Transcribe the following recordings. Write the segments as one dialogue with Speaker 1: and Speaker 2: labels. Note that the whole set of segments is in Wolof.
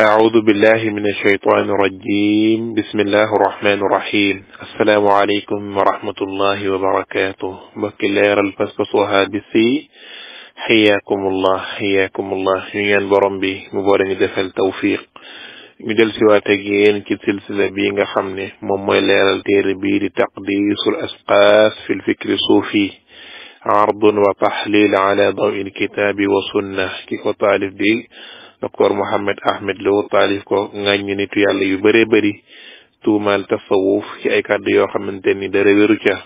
Speaker 1: أعوذ بالله من الشيطان الرجيم بسم الله الرحمن الرحيم السلام عليكم ورحمة الله وبركاته بكلير الفسفس وهادسي حياكم الله حياكم الله نيان برمبي مبارك مبارن التوفيق توفيق ñu تجين si waat ak yéen ci silsila bi nga xam ne عرض وتحليل على ضوء الكتاب والسنة كيف تعرف دي نكور محمد احمد لو طالف كو غاني نيت يالله يو بري بري تومال تفوف كي اي كاد يو خامتيني دا ريورو تيا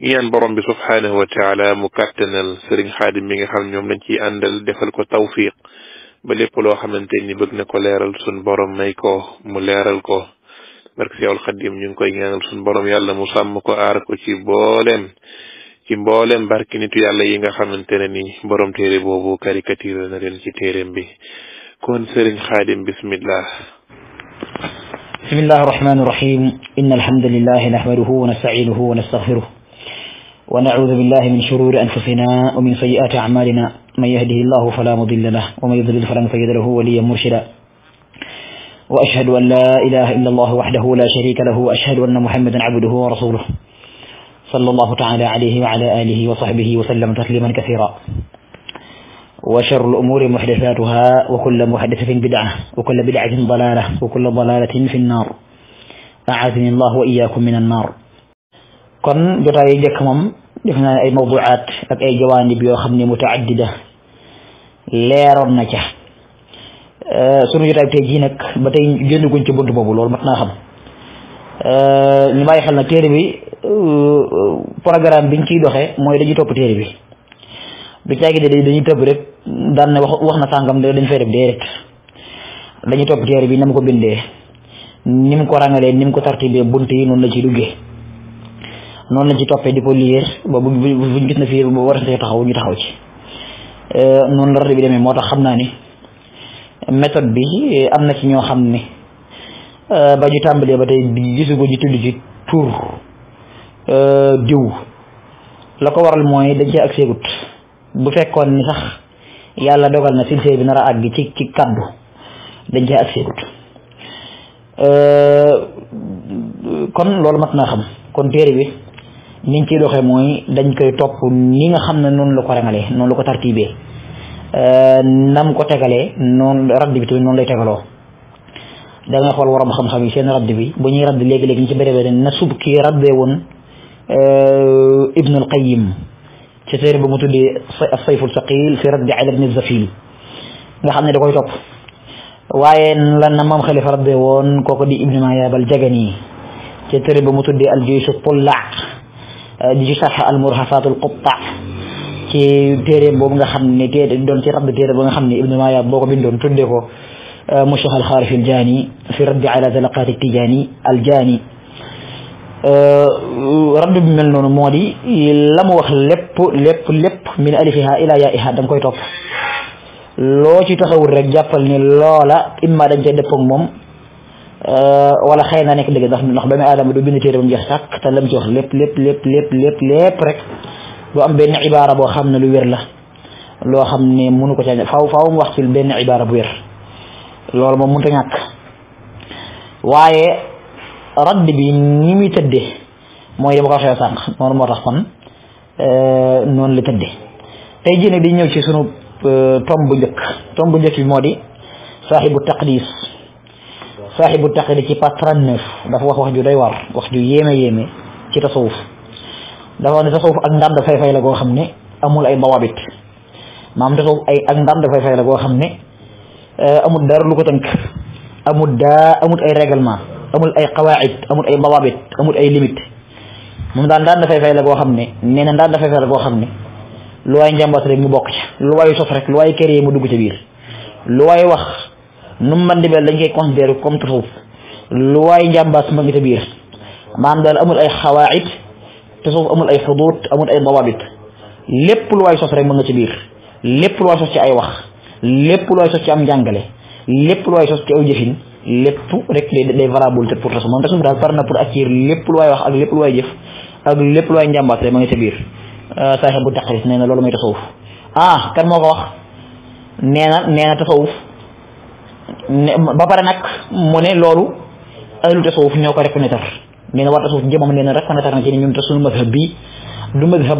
Speaker 1: يان بروم بي سبحانه وتعالى مكتنل سيرين خادم ميغا خام نيوم نانتي اندال ديفال كو توفيق با ليپ لو خامتيني بغ نكو ليرال سون بروم ماي كو مو ليرال كو برك سي اول خديم نيون كوي غانال سون بروم يالله مو سام كو ار كو سي بولين ci mboolem barki nitu yàlla yi nga xamantene ni borom téré bobu caricature na len ci téereem bi kon sëriñ xaadim bismillah
Speaker 2: بسم الله الرحمن الرحيم إن الحمد لله نحمده ونستعينه ونستغفره ونعوذ بالله من شرور أنفسنا ومن سيئات أعمالنا من يهده الله فلا مضل له ومن يضلل فلا مضل له وليا مرشدا وأشهد أن لا إله إلا الله وحده لا شريك له وأشهد أن محمدا عبده ورسوله صلى الله تعالى عليه وعلى آله وصحبه وسلم تسليما كثيرا وشر الأمور محدثاتها وكل محدثة بدعة وكل بدعة ضلالة وكل ضلالة في النار أعاذني الله وإياكم من النار كن جرائيجكم جفنا أي موضوعات أي جوانب يوخمن متعددة لا رنجة أه سنو جرائي تيجينك جنو كنت بند بابو متناهم أه نمائي كيربي Euh, programme bi biñ ciy doxee mooy dañuy topp téere bi du caagi de dañuy tëb rek daan ne wax wax na sàngam de dañ fay def déedéet dañuy topp téere bi na mu ko bindee ni mu ko rangalee ni mu ko tartibee bunt yi noonu la ci duggee noonu lañ ci toppee di ko liir ba bu buñ gis na fii ba war a taxaw ñu taxaw ci euh, noonu la rajo bi demee moo tax xam naa ni méthode bi euh, am na ci ñoo xam ni ba ñu tàmbalee ba tey gisu ko ñu tudd ci tur Euh, diw la ko waral mooy dañ cee ak bu fekkoon ni sax yàlla dogal na silsile bi nar a àgg ci ci kaddu dañ cee ak euh, kon loolu mat naa xam kon téere bi niñ ciy doxee mooy dañ koy topp ni nga xam ne noonu la ko rengalee noonu la ko tartibee euh, nam ko tegalee noonu radd bi tamit noonu lay tegaloo da nga xool waram xam-xam yi seen radd bi bu ñuy radd léegi-léegi ñu ci bérébé na sub kii raddee woon آه، ابن القيم كثير بمتل الصيف الثقيل في رد على ابن الزفيل نحن نقول طب وين لنا مام خليفة ردي وون كوكو دي ابن مايا بل جاني كثير بمتل الجيش الطلع الجيش شرح المرهفات القطع كي تيري بوم نغا خامني في رد على زلقات التجاني Euh, radd bi mel noonu moo di la mu wax lépp lépp lépp min alifiha ila yaiha da koy topp loo ci taxawul rek jàppal ni loola imma dañ cay dëppoog moom euh, wala xëy na nekk dëgg ndax ndax doomi aadama du bind téere ba mu jeex sàkk te lam ci wax lépp lépp lépp lépp lépp rek du am benn ibaara boo xam ne lu wér la loo xam ne mënu ko ca faaw faaw mu wax ci benn ibaara bu wér loolu moom mënut a ñàkk waaye radd bi ni muy tëddee mooy dama ko waxee sànq noonu moo tax kon euh, noonu la tëddee tey jii nag di ñëw ci sunu euh, tomb bu njëkk tomb bu njëkk bi moo di saaxibu taqdis saaxibu taqdis ci page 39 dafa wax wax ju doy war wax ju yéeme yéeme ci tasawuf dafa wax ne tasawuf ak ndànd fay fay la goo xam ne amul ay bawaabit maam tasawuf ak ndànd fay fay la goo xam ne euh, amul dara lu ko tënk amul daa amul ay règlement amul ay qawaid amul ay dawabit amul ay limite moom daan daan dafay fay la boo xam ne nee na daan dafay fay la boo xam ne lu waaye njàmbaas rek mu bokk lu waayu sos rek lu waayu kër yi mu dugg ci biir lu waay wax nu mu mën di mel dañ koy considéré comme tasawuf lu waay njàmbaas ma ngi ci biir maanaam daal amul ay xawaid tasawuf amul ay xuduut amul ay dawabit lépp lu waay sos rek ma nga ci biir lépp lu waay sos ci ay wax lépp lu waay sos ci am njàngale lépp lu waay sos lépp rek les les variables pour tas moom tasawuf daal par na pour acquérir lépp lu waay wax ak lépp lu waay jëf ak lépp lu waay njàmbaate ma ngi sa biir euh, saaxibu taqris nee na loolu mooy tasawuf ah moo ko wax nee na nee na tasawuf ba pare nag mu ne loolu ahlu tasawuf ñoo ko reconnaître nee na war tasawuf jëmam nee na reconnaître na ci ne bi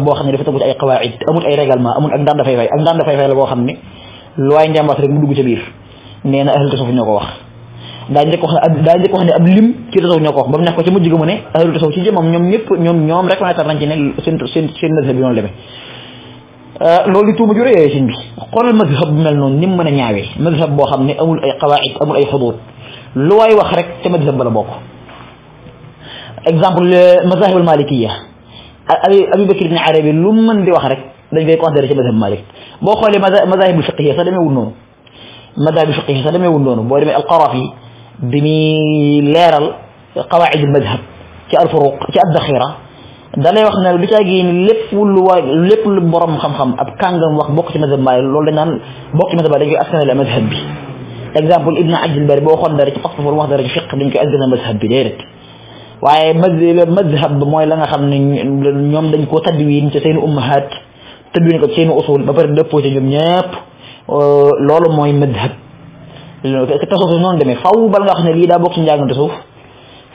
Speaker 2: boo xam ne dafa tegu ci ay qawaid amul ay règlement amul ak ndaan dafay ak ndaan dafay fay boo xam ne lu waay rek mu dugg ca biir nee ñoo ko wax daañu njëkk wax ne daañu njëkk wax ne ab lim ci tasawuf ñoo ko wax ba mu nekk ko ci mujj ga mu ne ahlu tasawuf ci jëmam ñoom ñëpp ñoom ñoom reconnaître nañ ci ne seen seen seen mazhab bi noonu demee loolu di tuuma ju rëy sëñ bi xoolal mazhab bu mel noonu ni mu mën a ñaawee mazhab boo xam ne amul ay qawaid amul ay xuduut lu waay wax rek te mazhab ba la bokk exemple mazahib al malikiya Abu Bakr ibn Arabi lu mën di wax rek dañ koy considéré ci mazhab Malik boo xoolee mazahib al fiqhiya sax demee wul noonu mazahib al fiqhiya sax demee wul noonu boo demee al Qarafi بمليار قواعد المذهب تي الفروق تي الذخيره دا لي واخنا بتاغي ليپ لو ليپ لو بروم خم خم اب كانغام واخ بوكو مذهب ماي لول دنان بوكو مذهب داغي اسنا المذهب بي اكزامبل ابن عبد البر بو خون دار تي فقط واخ دار تي دنجي ادنا مذهب بي ليرك waye mazhab mazhab moy la nga xamni ñom dañ ko taddi wi ci seen ummahat taddi ko ci seen usul ba pare depp ci ñom ñepp tasawuf noonu demee faw bal nga xam ne lii daa bokk ci njàngam tasawuf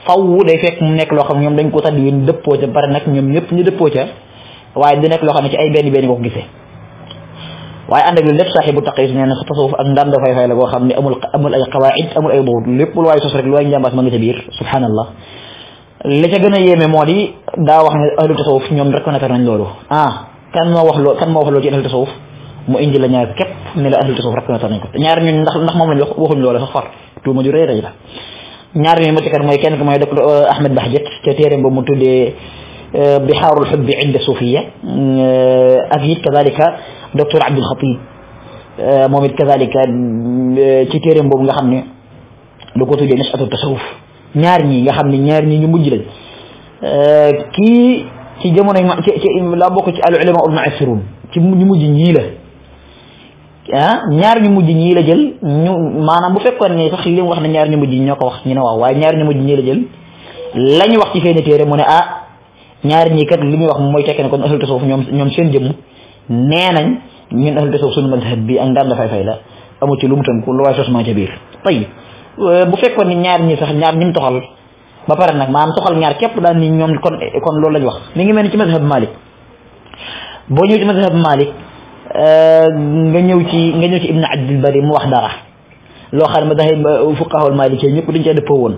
Speaker 2: faw day fekk mu nekk loo xam ne ñoom dañ ko tadwin dëppoo ca bare nag ñoom ñëpp ñu dëppoo ca waaye du nekk loo xam ne ci ay benn benn ko gisee waaye ànd ak loolu lépp saaxibu taqis nee na tasawuf ak ndam dafay fay la goo xam ne amul amul ay qawaid amul ay dowut lépp lu waay sos rek lu waay njàmbaas ma nga ca biir subhanallah li ca gën a yéeme moo di daa wax ne ahlu tasawuf ñoom rek ko nafer nañ loolu ah kan moo wax loolu kan moo wax loolu ci ahlu tasawuf mu indi la ñaar képp ne la ahlul tasawuf reconnaître nañ ko ñaar ñun ndax ndax moom lañ wax waxuñ loola sax far tuuma ju rëy rëy la ñaar ñi ma ci kat mooy kenn ko mooy docteur euh, Ahmed Bahjet ca téeréem ba mu tuddee euh, Bihaarul Hubbi inda Suufiya euh, ak it kazalika docteur Abdul Khatib moom it kazalika ci téeréem boobu nga xam ne du ko tuddee nashatu tasawuf ñaar ñi nga xam ne ñaar ñi ñu mujj lañ kii ci jamono ci la bokk ci al ulama al mu'assirun ci ñu mujj ñii la ah ñaar ñu mujj ñii la jël ñu maanaam bu fekkoon ne sax li wax ne ñu mujj ñoo ko wax ñu ne waaw waaye ñaar ñu mujj ñii la jël lañu wax ci seeni mu ne ah, kat li ñuy wax mooy tekki ne kon ahlu tasawuf ñoom ñoom seen jëmm nee nañ ñun ahlu tasawuf suñu bi ak ndaan la fay fay la amu maa ca biir tey euh, bu fekkoon ne ñaar ñi sax ñaar ñim toxal ba pare nag maanaam toxal ñaar képp daal ni ñoom kon kon loolu lañ wax mi ngi mel ni ci mazhab Malik boo ñëw ci mazhab Malik Euh, nga ñëw ci nga ñëw ci abdul bari mu wax dara loo xam ne madahib euh, fuqahawal maliki ñëpp dañ cee dëppoo woon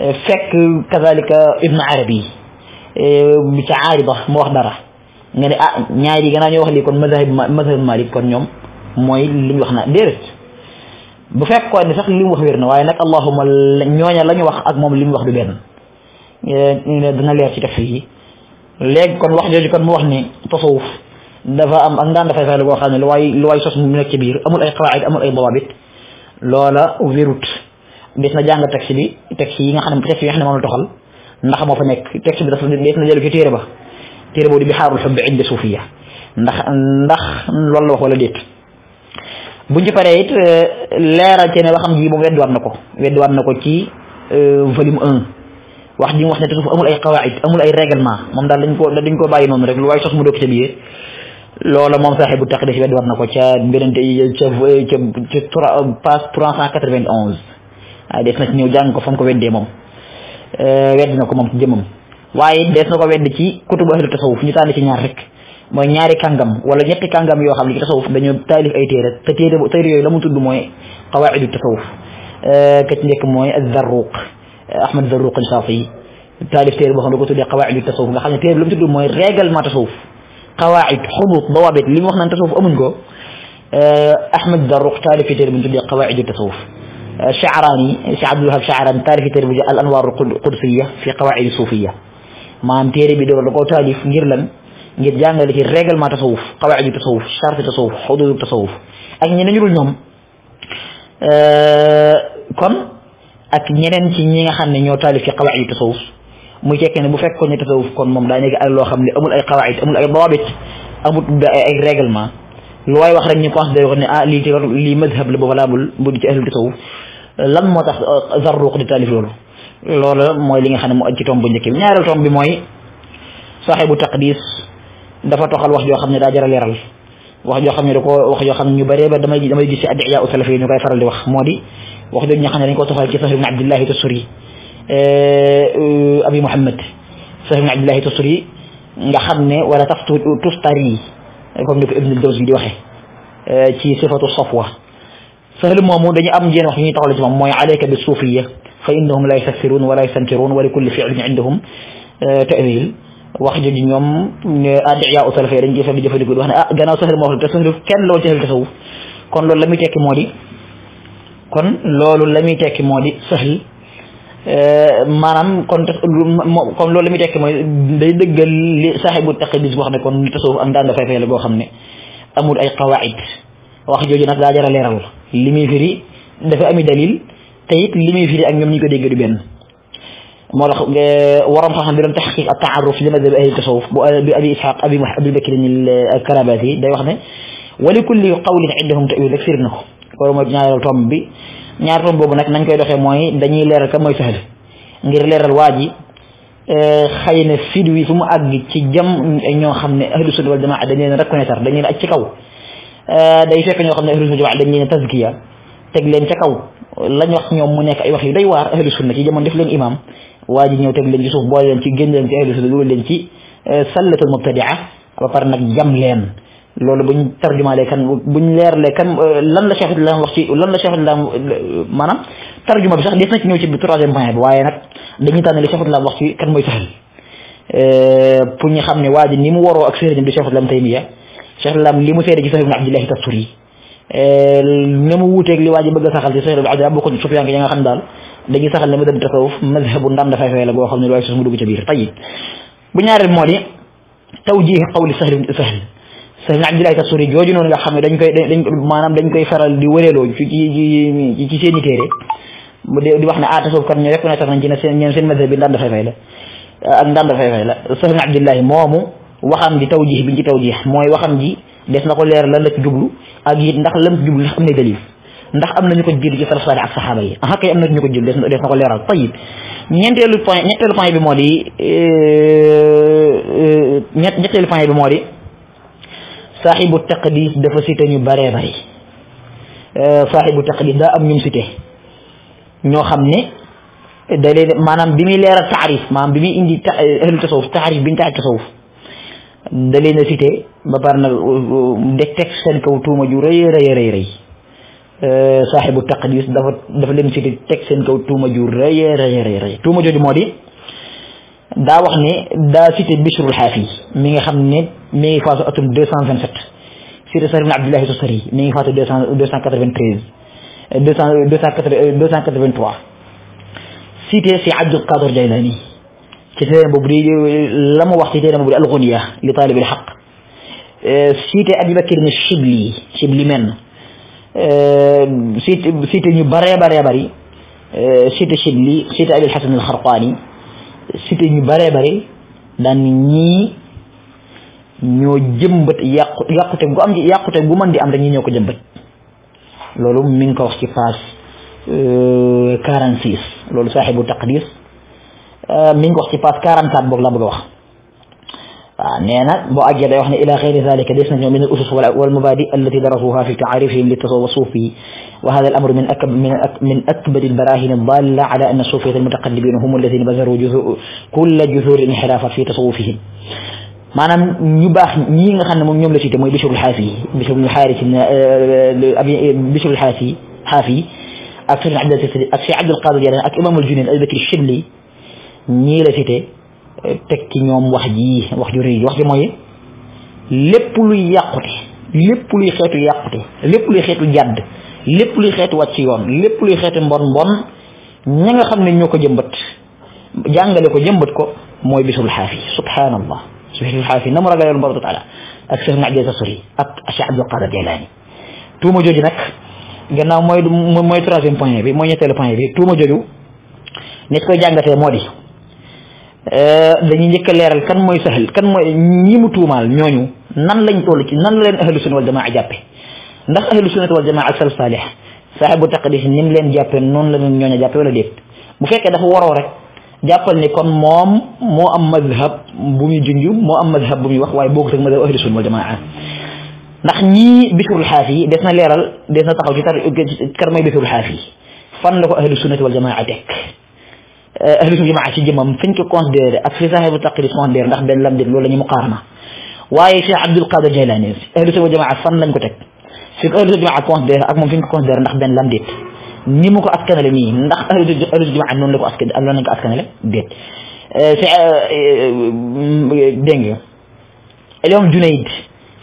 Speaker 2: euh, fekk kazalika ibnu arabi bi ca aarida mu wax dara nga ne ah ñaar yi wax lii kon madahib madahib malik kon ñoom mooy li ñu wax na déedéet bu fekkoon ne sax li mu wax wér na waaye nag allahuma ñooña la ñu wax ak moom li mu wax du benn dana leer ci tafsir yi léegi kon wax jooju kon mu wax ni tasawuf dafa am ak ndaan dafay fexe boo xam ne lu waay lu waay sos mu nekk ci biir amul ay xawaayit amul ay dawaabit loola wérut des na jàng texte bi texte yi nga xam ne texte yi nga xam ne moom la toxal ndax moo fa nekk texte bi dafa des na jëlu ci téere ba téere boobu di bixaarul xubbi inde suufiya ndax ndax loolu la wax wala déet buñ ci paree it leeral ci ne waxam ji moom weddiwaat na ko weddiwaat na ko ci volume 1 wax ji mu wax ne tasawuf amul ay xawaayit amul ay règlement moom daal dañ ko dañ ko bàyyi noonu rek lu waay sos mu dokk ca biir loola moom saaxibu taqrib wet war na ko ca mbirante ca ca ca trois page trois cent quatre vingt onze des na ci ñëw jàng ko fa mu ko weddee moom euh, wedd na ko moom ci jëmam waaye des na ko wedd ci kutubu ahlu tasawuf ñu tànn ci ñaar mooy ñaari kàngam wala ñetti kàngam yoo xam ne ci tasawuf dañoo taalif ay téere te téere téere yooyu la mu tudd mooy qawaidu tasawuf euh, ka ci njëkk mooy Zarruq Ahmad Zarruq al-Shafi'i taalif téere boo xam ne da ko tuddee qawaidu nga xam ne téere la mu tudd mooy règlement tasawuf قواعد حبوط ضوابط اللي مخنا نتصوف أمن جو أحمد دروق تاريخ تير من تبي قواعد التصوف شعراني شعب الوهاب شعران تاريخ تير بجاء الأنوار القدسية في قواعد الصوفية ما أنتيري بدور لقو تاليف نيرلن نجد جانجا لكي ريغل ما تصوف قواعد التصوف شرط التصوف حدود التصوف أك نينا نيرو نوم أه كون أك نينا نتي نيغا خان نيو تاليف في قواعد التصوف muy cekkee ne bu fekkoon ne tasawuf kon moom daa nekk loo xam ne amul ay xawaayit amul ay daabit amul ay règlement lu waay wax rek ñu considéré ko ne ah lii ci lii madhab la bu valable bu di ci ahlul tasawuf lan moo tax zarruq di taalif loolu loola mooy li nga xam ne mu aj ci tomb bu njëkk bi ñaareel tomb bi mooy saaxibu taqdis dafa toxal wax joo xam ne daa jar a leeral wax joo xam ne da ko wax joo xam ne ñu bëree ba damay damay gis ci adiya u salafi yi ñu koy faral di wax moo di wax jooju nga xam ne dañ ko toxal ci Sahl ibn Abdillahi Tusuri abi Mouhamed Sahih ibn Abdullah Tusri nga xam ne wala taf tustari comme ni ko Ibn al-Jawzi di waxe ci sifatu safwa Sahel moomu dañu am jéen wax ñuy taxawal ci moom mooy alayka bi suufiya fa innahum la yufassirun wala yustankiruun wa li kulli fi'lin indahum ta'wil wax jooju ñoom adiyaa u salafee dañ jëfe di jëfandiku di wax ne ah gannaaw Sahel moo wax te Sahel kenn loolu ci Sahel tasawuf kon loolu la muy tekki moo di kon loolu la muy tekki moo di Sahel maanaam kon kon loolu la muy tekki mooy day dëggal li saaxibu taqdis wax ne kon tasawuf ak ndaan dafay fayal goo xam ne amul ay qawaid wax jooju nag daa jar a leeral li muy firi dafa ami dalil te it li muy firi ak ñoom ñi ko dégg du benn moo tax waram xam-xam bi doon taxqiq ak taaruf li madhab ahli tasawuf bu bi abi ishaq abi abi bakr al karabati day wax ne wa li kulli qawlin indahum tawil rek firi na ko loolu mooy ñaareelu tomb bi ñaar toom boobu nak nañ koy doxé moy dañuy léral ka moy sahl ngir léral waji euh xëy na fiid wi fu mu àgg ci jam ñoo xamné ahlus sunna wal jamaa dañ leen reconnaître dañ leen aj ci kaw euh day fekk ñoo xamné ahlus sunna dañ leen tazkiya teg leen ci kaw lañ wax ñoom mu nekk ay wax yu day war ahlus sunna ci jamono def leen imam waji ñëw teg leen ci suuf boole leen ci génn leen ci ahlus sunna dugal leen ci sallatul mubtadia ba par nak jam leen loolu buñ tarjumalee kan buñ leerlee kan euh, lan la Cheikh Islam wax ci lan la Cheikh Islam maanaam tarjuma bi sax des na ci ñëw ci troisième point bi waaye nag dañuy tànn li Cheikh Islam wax ci kan mooy Sahel euh, pour ñu xam ne waa ji ni mu waroo ak sëriñam di Cheikh Islam Taymiya ah, Cheikh Islam li mu seede ci Sahel ibn Abdillahi Tasturi euh, ne mu wuuteeg li waa ji bëgg a saxal ci Sahel ibn Abdillah bokkuñ Sufyaan ya nga xam daal dañuy saxal ne madhab tasawuf madhabu ndam dafay fay la goo xam ne waaye sos mu dugg ca biir tayib bu ñaareel moo di tawjih qawli Sahel sëñ Abdoulaye Tassouri jooju noonu nga xam ne dañ koy dañ maanaam dañ koy faral di wëreloo ci ci ci seen i téere di wax ne ah tasawuf kan ñu rek na tax nañ ci ne seen ñoom seen mazhab bi ndànd fay fay la ak ndànd fay fay la sëñ Abdoulaye moomu waxam ji tawjih bi ci tawjih mooy waxam ji des na ko leer lan la ci jublu ak it ndax lam ci jublu ndax am na dalil ndax am nañu ko jiitu ci salaf ak saxaaba yi ah kay am ñu ko jiitu des na ko leeral tayib ñeenteelu point ñetteelu point bi moo di euh, euh, ñetteelu point bi moo saaxibu taqdis dafa site ñu baree bari euh, saaxibu taqdis daa am ñun cité ñoo xam ne da leen maanaam bi muy leeral taarif maanaam bi muy indi ahlu tasawuf taarif bi ñu taaj tasawuf da leen a cité ba pare nag de euh, teg seen kow tuuma ju rëy rëy rëy rëy euh, saaxibu taqdis dafa dafa leen cité teg seen kaw tuuma ju rëy rëy rëy rëy tuuma jooju moo di دا وخني دا سيتي بشر الحافي ميغا خامني ميغي فاتو اتوم 227 سيري سير بن عبد الله السري ميغي فاتو 293 283 سيتي سي عبد القادر جيلاني كتاب مبري لما وقت تيتي مبري الغنية لطالب الحق سيتي ابي بكر من الشبلي شبلي من سيتي سيتي ني باري باري باري سيتي شبلي سيتي ابي الحسن الخرقاني cité ñu baree bari daan ñii ñoo jëmbat yàqu yàqute gu am ci yàqute gu man di am rek ñi ñoo ko jëmbat loolu mi ngi ko wax ci page euh, quarante six loolu saaxibu taqdis euh, mi ngi ko wax ci page quarante quatre boog laa bëgg a wax نعم. يعني مؤجد إلى غير ذلك ديسنا من الأسس والمبادئ التي درسوها في تعاريفهم للتصوف الصوفي وهذا الأمر من أكبر من, من أكبر البراهين الضالة على أن الصوفية المتقلبين هم الذين بذروا جذور كل جذور الانحراف في تصوفهم maanaam ñu baax ñii nga xam ne moom ñoom la cité mooy bishrul xaaf bishrul xaaris euh, euh, bishrul xaaf yi xaaf yi ak sëriñ abdul ak sëriñ abdul qadir ak shibli la teg ci ñoom wax ji wax ju rëy wax ji mooy lépp luy yàqute lépp luy xeetu yàqute lépp luy xeetu jàdd lépp luy xeetu wàcc yoon lépp luy xeetu mbon mbon ña nga xam ne ñoo ko jëmbat jàngale ko jëmbat ko mooy bisul xaafi subhanallah bisul xaafi na mu ragale woon borom taala ak Cheikh Nadia Sassouri ak Cheikh Abdul Qadir Jilani tuuma jooju nag gannaaw mooy mooy troisième point bi mooy ñetteelu point bi tuuma jooju ni koy jàngatee moo Euh, dañuy njëkk leeral kan mooy sahal kan mooy ñii mu tuumaal ñooñu nan lañ toll ci nan la leen ahlu sunna wal jamaa jàppe ndax ahlu sunnat wal jamaa ak salaf saalih saaxibu taqdis ni mu leen jàppe noonu la leen ñooñu jàppe wala bu fekkee dafa waroo rek jàppal ni kon moom moo am mazhab bu muy junj moo am mazhab bu muy wax waaye bokkut ak mazhab ahlu sunna wal jamaa ndax ñii bisirul xaaf yi des na leeral des na taxaw ci tar kar mooy bisirul xaaf yi fan la ko ahlu sunnat wal jamaa ahlu jamaa ci jëmam fiñ ko considéré ak fi sahibu taqrir considéré ndax ben lam dit lolou lañu muqarna waye Cheikh Abdul Qadir jilani ahlu sunna jamaa fan lañ ko tek ci ko ahlu jamaa considéré ak mom fiñ ko considéré ndax ben lam dit ni mu ko askanale ni ndax ahlu jamaa non la ko askan Allah nañ ko askanale dit ci nga Elhom Junayd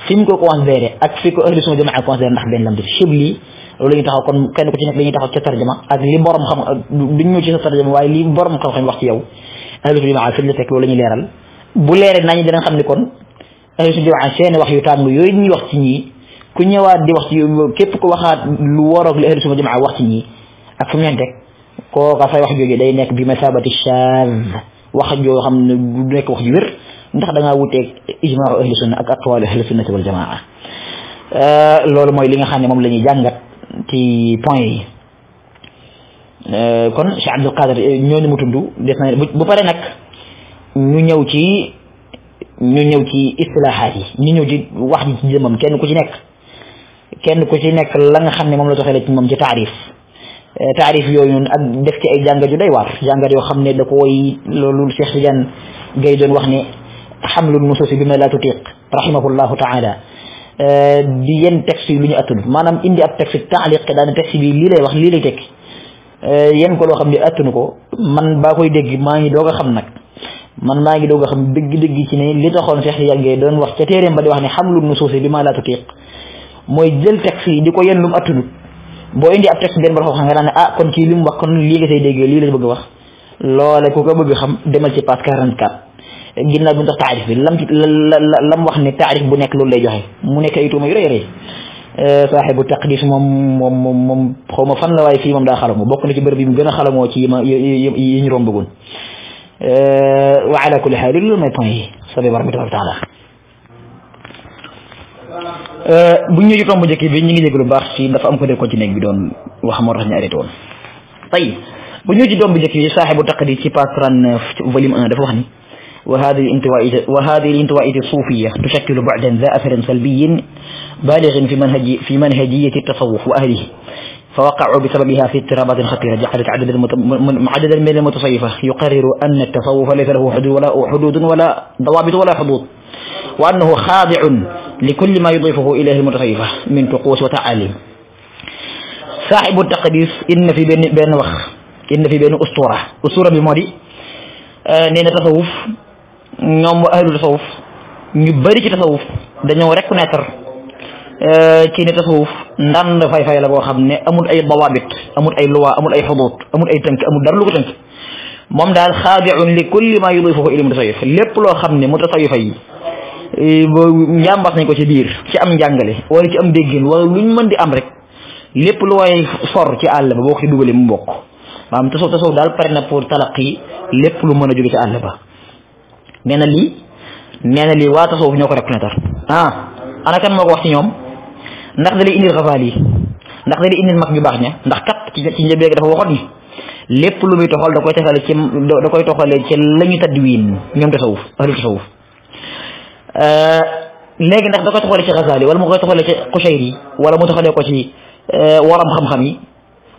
Speaker 2: fi mu ko considéré ak fi ko ahlu jamaa considéré ndax benn lam dit Chibli loolu la ñu taxaw kon kenn ku ci nekk dañuy taxaw ca tarjama ak li borom xam duñ ñëw ci sa tarjama waaye li borom xam-xam wax ci yow ahlu sunna jamaa fi la teg loolu bu leeree nañu dinañ xam ni kon ahlu sunna wax yu tàng yooyu ñuy wax ci ku ñëwaat di wax képp ku waxaat lu waroog li ahlu sunna wax ci ñii ak fu mu leen teg wax jooju day nekk bi masabati shaaz wax joo xam ne du nekk wax ju wér ndax da ngaa wuteeg ijmaa ahlu sunna ak aqwaal ahlu sunnati wal jamaa euh, loolu mooy li nga xam ne moom la ñuy jàngat ci point yi euh, kon Cheikh Abdul Qadir euh, ñooñu mu tudd des bu pare nag ñu ñëw ci ñu ñëw ci istilahaat yi ñu ñëw ci wax ji ci jëmmam kenn ku ci nekk kenn ku ci nekk la nga xam ne moom la doxalee ci moom ci taarif euh, taarif yooyu noonu ak def ci ay jàngat yu day waar jàngat yoo xam ne da ko woy loolu Cheikh Tidiane Gaye doon wax ne xamlul nusuusi bi ma la tutiq rahimahullahu taala di yenn texte yi lu ñu attunu maanaam indi ab texte taaliq daane texte bi lii lay wax lii lay tekki eh, yenn ko loo xam ne attunu ko man baa koy dégg maa ngi doog a xam nag man maa ngi doog a xam dëgg-dëgg ci ne li taxoon Cheikh yàggee doon wax ca teere mba di wax ne xam lu nu suusi bi maa laa tutiiq mooy jël texte yi di ko yenn lu mu attunu boo indi ab texte benn borom xam nga daan ne ah kon kii li mu wax kon lii nga say déggee lii lay bëgg wax loole ku ko bëgg xam demal ci page 44 ginnaaw bi mu dox taarif bi lam wax ni taarif bu nekk loolu lay joxe mu nekk ay tuuma yu rëy rëy euh, saaxibu taqdis moom moom moom moom xaw ma fan la waaye fii moom daa xalamu bokk na ci bërëb yi mu gën a xalamoo ci yi ñu rombagun euh, wa ala kulli xaal yi sabi borom bi tabaraka taala euh, bu ñu ñëwee tomb njëkk bi ñu ngi lu baax ci dafa am ko nekkoon ci néeg bi doon wax moo tax ñu arrêté woon tey bu ñu ci tomb jëkk bi saaxibu taqdis ci page 39 volume 1 dafa wax ni وهذه الانطوائية وهذه الانطوائية الصوفية تشكل بعدا ذا أثر سلبي بالغ في منهج في منهجية التصوف وأهله فوقعوا بسببها في اضطرابات خطيرة جعلت عددا عددا من المتصوفة يقرر أن التصوف ليس له حدود ولا حدود ولا ضوابط ولا حدود وأنه خاضع لكل ما يضيفه إليه المتصوفة من طقوس وتعاليم صاحب التقديس إن في بين بين وخ إن في بين أسطورة أسطورة بموري آه نين تصوف ñoom ahlu tasawuf ñu bari ci tasawuf dañu rek dañoo euh ci ne tasawuf ndànd fay-fay la bo xamne amul ay dawaabit amul ay loi amul ay hudud amul ay tank amul dar lu ko tank mom dal khadi'un li kulli ma yudifuhu ilmu tasawuf lépp lo xamne ne mu tasawifa yi njàmbaas nañ ko ci bir ci am jangale wala ci am déggin wala luñ mën di am rek lépp lu way for ci Allah ba boo ko mu bok maanaam tasawuf tasawuf dal pare pour talaqi lépp lu mëna jóge ci Allah ba nee na lii nee na lii waa tasawuf ñoo ko reconnaître ah ana kan moo ko wax ci ñoom ndax da lay indil xafaal yi ndax da lay indil mag ñu baax ña ndax kat ci ci njëbeeg dafa waxoon ni lépp lu muy toxal da koy toxale ci da koy toxale ci la ñu tadwiin ñoom tasawuf ahlu tasawuf léegi ndax da koy toxale ci xasaali wala mu koy toxale ci Qushayri wala mu toxale ko ci waram xam-xam yi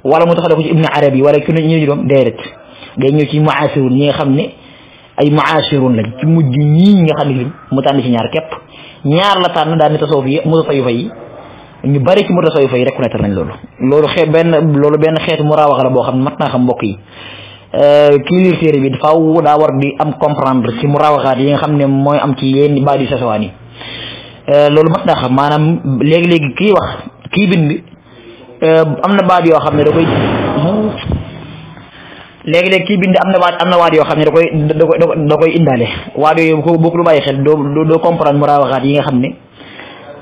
Speaker 2: wala mu toxale ko ci Ibn Arabi wala ki ñu ñu doom déedéet day ñëw ci muasirun ñi nga xam ne ay muasirun lañ ci mujj ñii nga xam ne mu tànn ci ñaar képp ñaar la tànn daal ni tasawuf yi mu tasawufa yi ñu bari ci mu tasawufa yi reconnaître nañ loolu loolu benn loolu benn xeet mu raawax la boo xam ne mat naa xam mbokk yi euh, kii liir bi faaw daa war di am comprendre ci mu raawaxaat yi nga xam ne mooy am ci yenn baadi sasawaan yi euh, loolu mat naa xam maanaam léegi-léegi kii wax kii bind euh, am na baat yoo xam ne da koy léegi-léeg kii bind am na waat am na waat yoo xam ne dakoy koy da koy da koy indaale waat yooyu ko boo ko bàyyi xel doo doo comprendre mu raawaxaat yi nga xam ne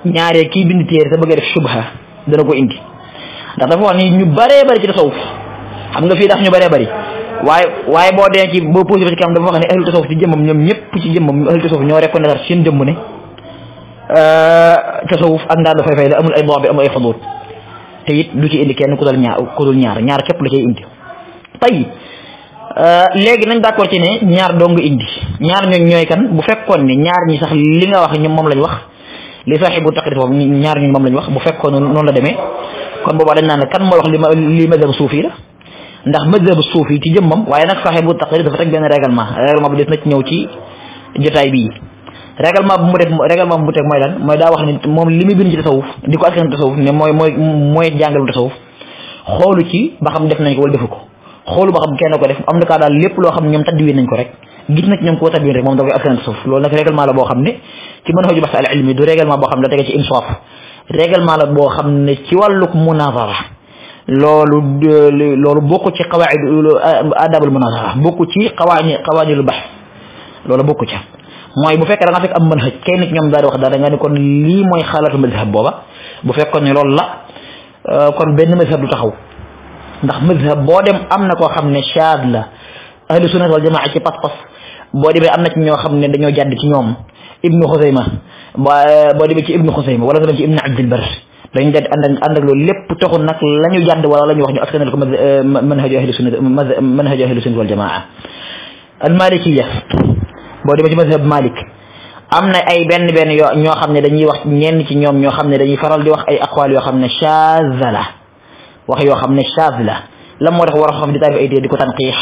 Speaker 2: ñaaree kii bind téere te bëgg a def subha dana ko indi ndax dafa wax ni ñu bëree bëri ci tasawuf xam nga fii daf ñu bëree bëri waaye waaye boo dee ci boo posé ci kam dafa wax ne ahlu tasawuf ci jëmmam ñoom ñëpp ci jëmmam ahlu tasawuf ñoo reconnaître seen jëmm ne euh, tasawuf ak ndaa dafay fay la amul ay boobi amul ay xaduut te it du ci indi kenn ku dul ñaar ku dul ñaar ñaar képp la cay indi tey Euh, léegi nañ d'accord ci ne ñaar dong indi ñaar ñooñ ñooy kan bu fekkoon ni ñaar ñi sax li nga wax ñoom moom lañ wax li saaxibu taqrir boobu ñaar ñooñ moom lañ wax bu fekkoon noonu la demee kon boobaa dañ naan kan moo wax li ma li mazhab suufi la ndax mazhab suufi ci jëmmam waaye nag saaxibu taqrir dafa teg benn règlement règlement bi des na ci ñëw ci jotaay bii règlement bu mu teg règlement bu mu teg mooy lan mooy daa wax ne moom li muy bind ci tasawuf di ko askan tasawuf ne mooy mooy mooy jàngalu tasawuf xoolu ci ba xam def nañ ko wala defu ko xoolu ba xam kenn ko def am na kaa daal lépp loo xam ne ñoom tadwiin nañ ko rek gis nag ñoom koo tadwiin rek moom da koy askan la boo xam ne ci mën a xoju bas al ilmi du règlement boo xam ne ci insaaf règlement la boo xam ne ci wàlluk munazara loolu loolu ci qawaid adabul munazara ba ci qawaani loolu bokk ca mooy bu fekkee da nga fekk am manhaj kenn nit ñoom daal wax daal da nga ne kon lii mooy xalaatu mazhab booba bu fekkoon ne loolu la euh, kon benn mazhab du taxaw ndax mazhab bo dem amna ko xamne shad la ahli sunna wal jamaa ci pass pass bo demee amna ci ño xamne dañu jàdd ci ñom ibnu khuzaimah bo demee ci ibnu khuzaimah wala nga dem ci ibnu abd albar dañu jàdd ànd ak ànd ak loolu lépp taxul nak lañu jàdd wala lañu wax ñu askanal ko manhaj ahli sunna manhaj ahli sunna wal jamaa al malikiyya bo demee ci mazhab malik amna ay ben ben ño xamne dañuy wax ñen ci ñom ño xamne dañuy faral di wax ay aqwal yo xamne shazala wax yo xamne ne la lam moo tax war xam di tabi ay di ko tanqih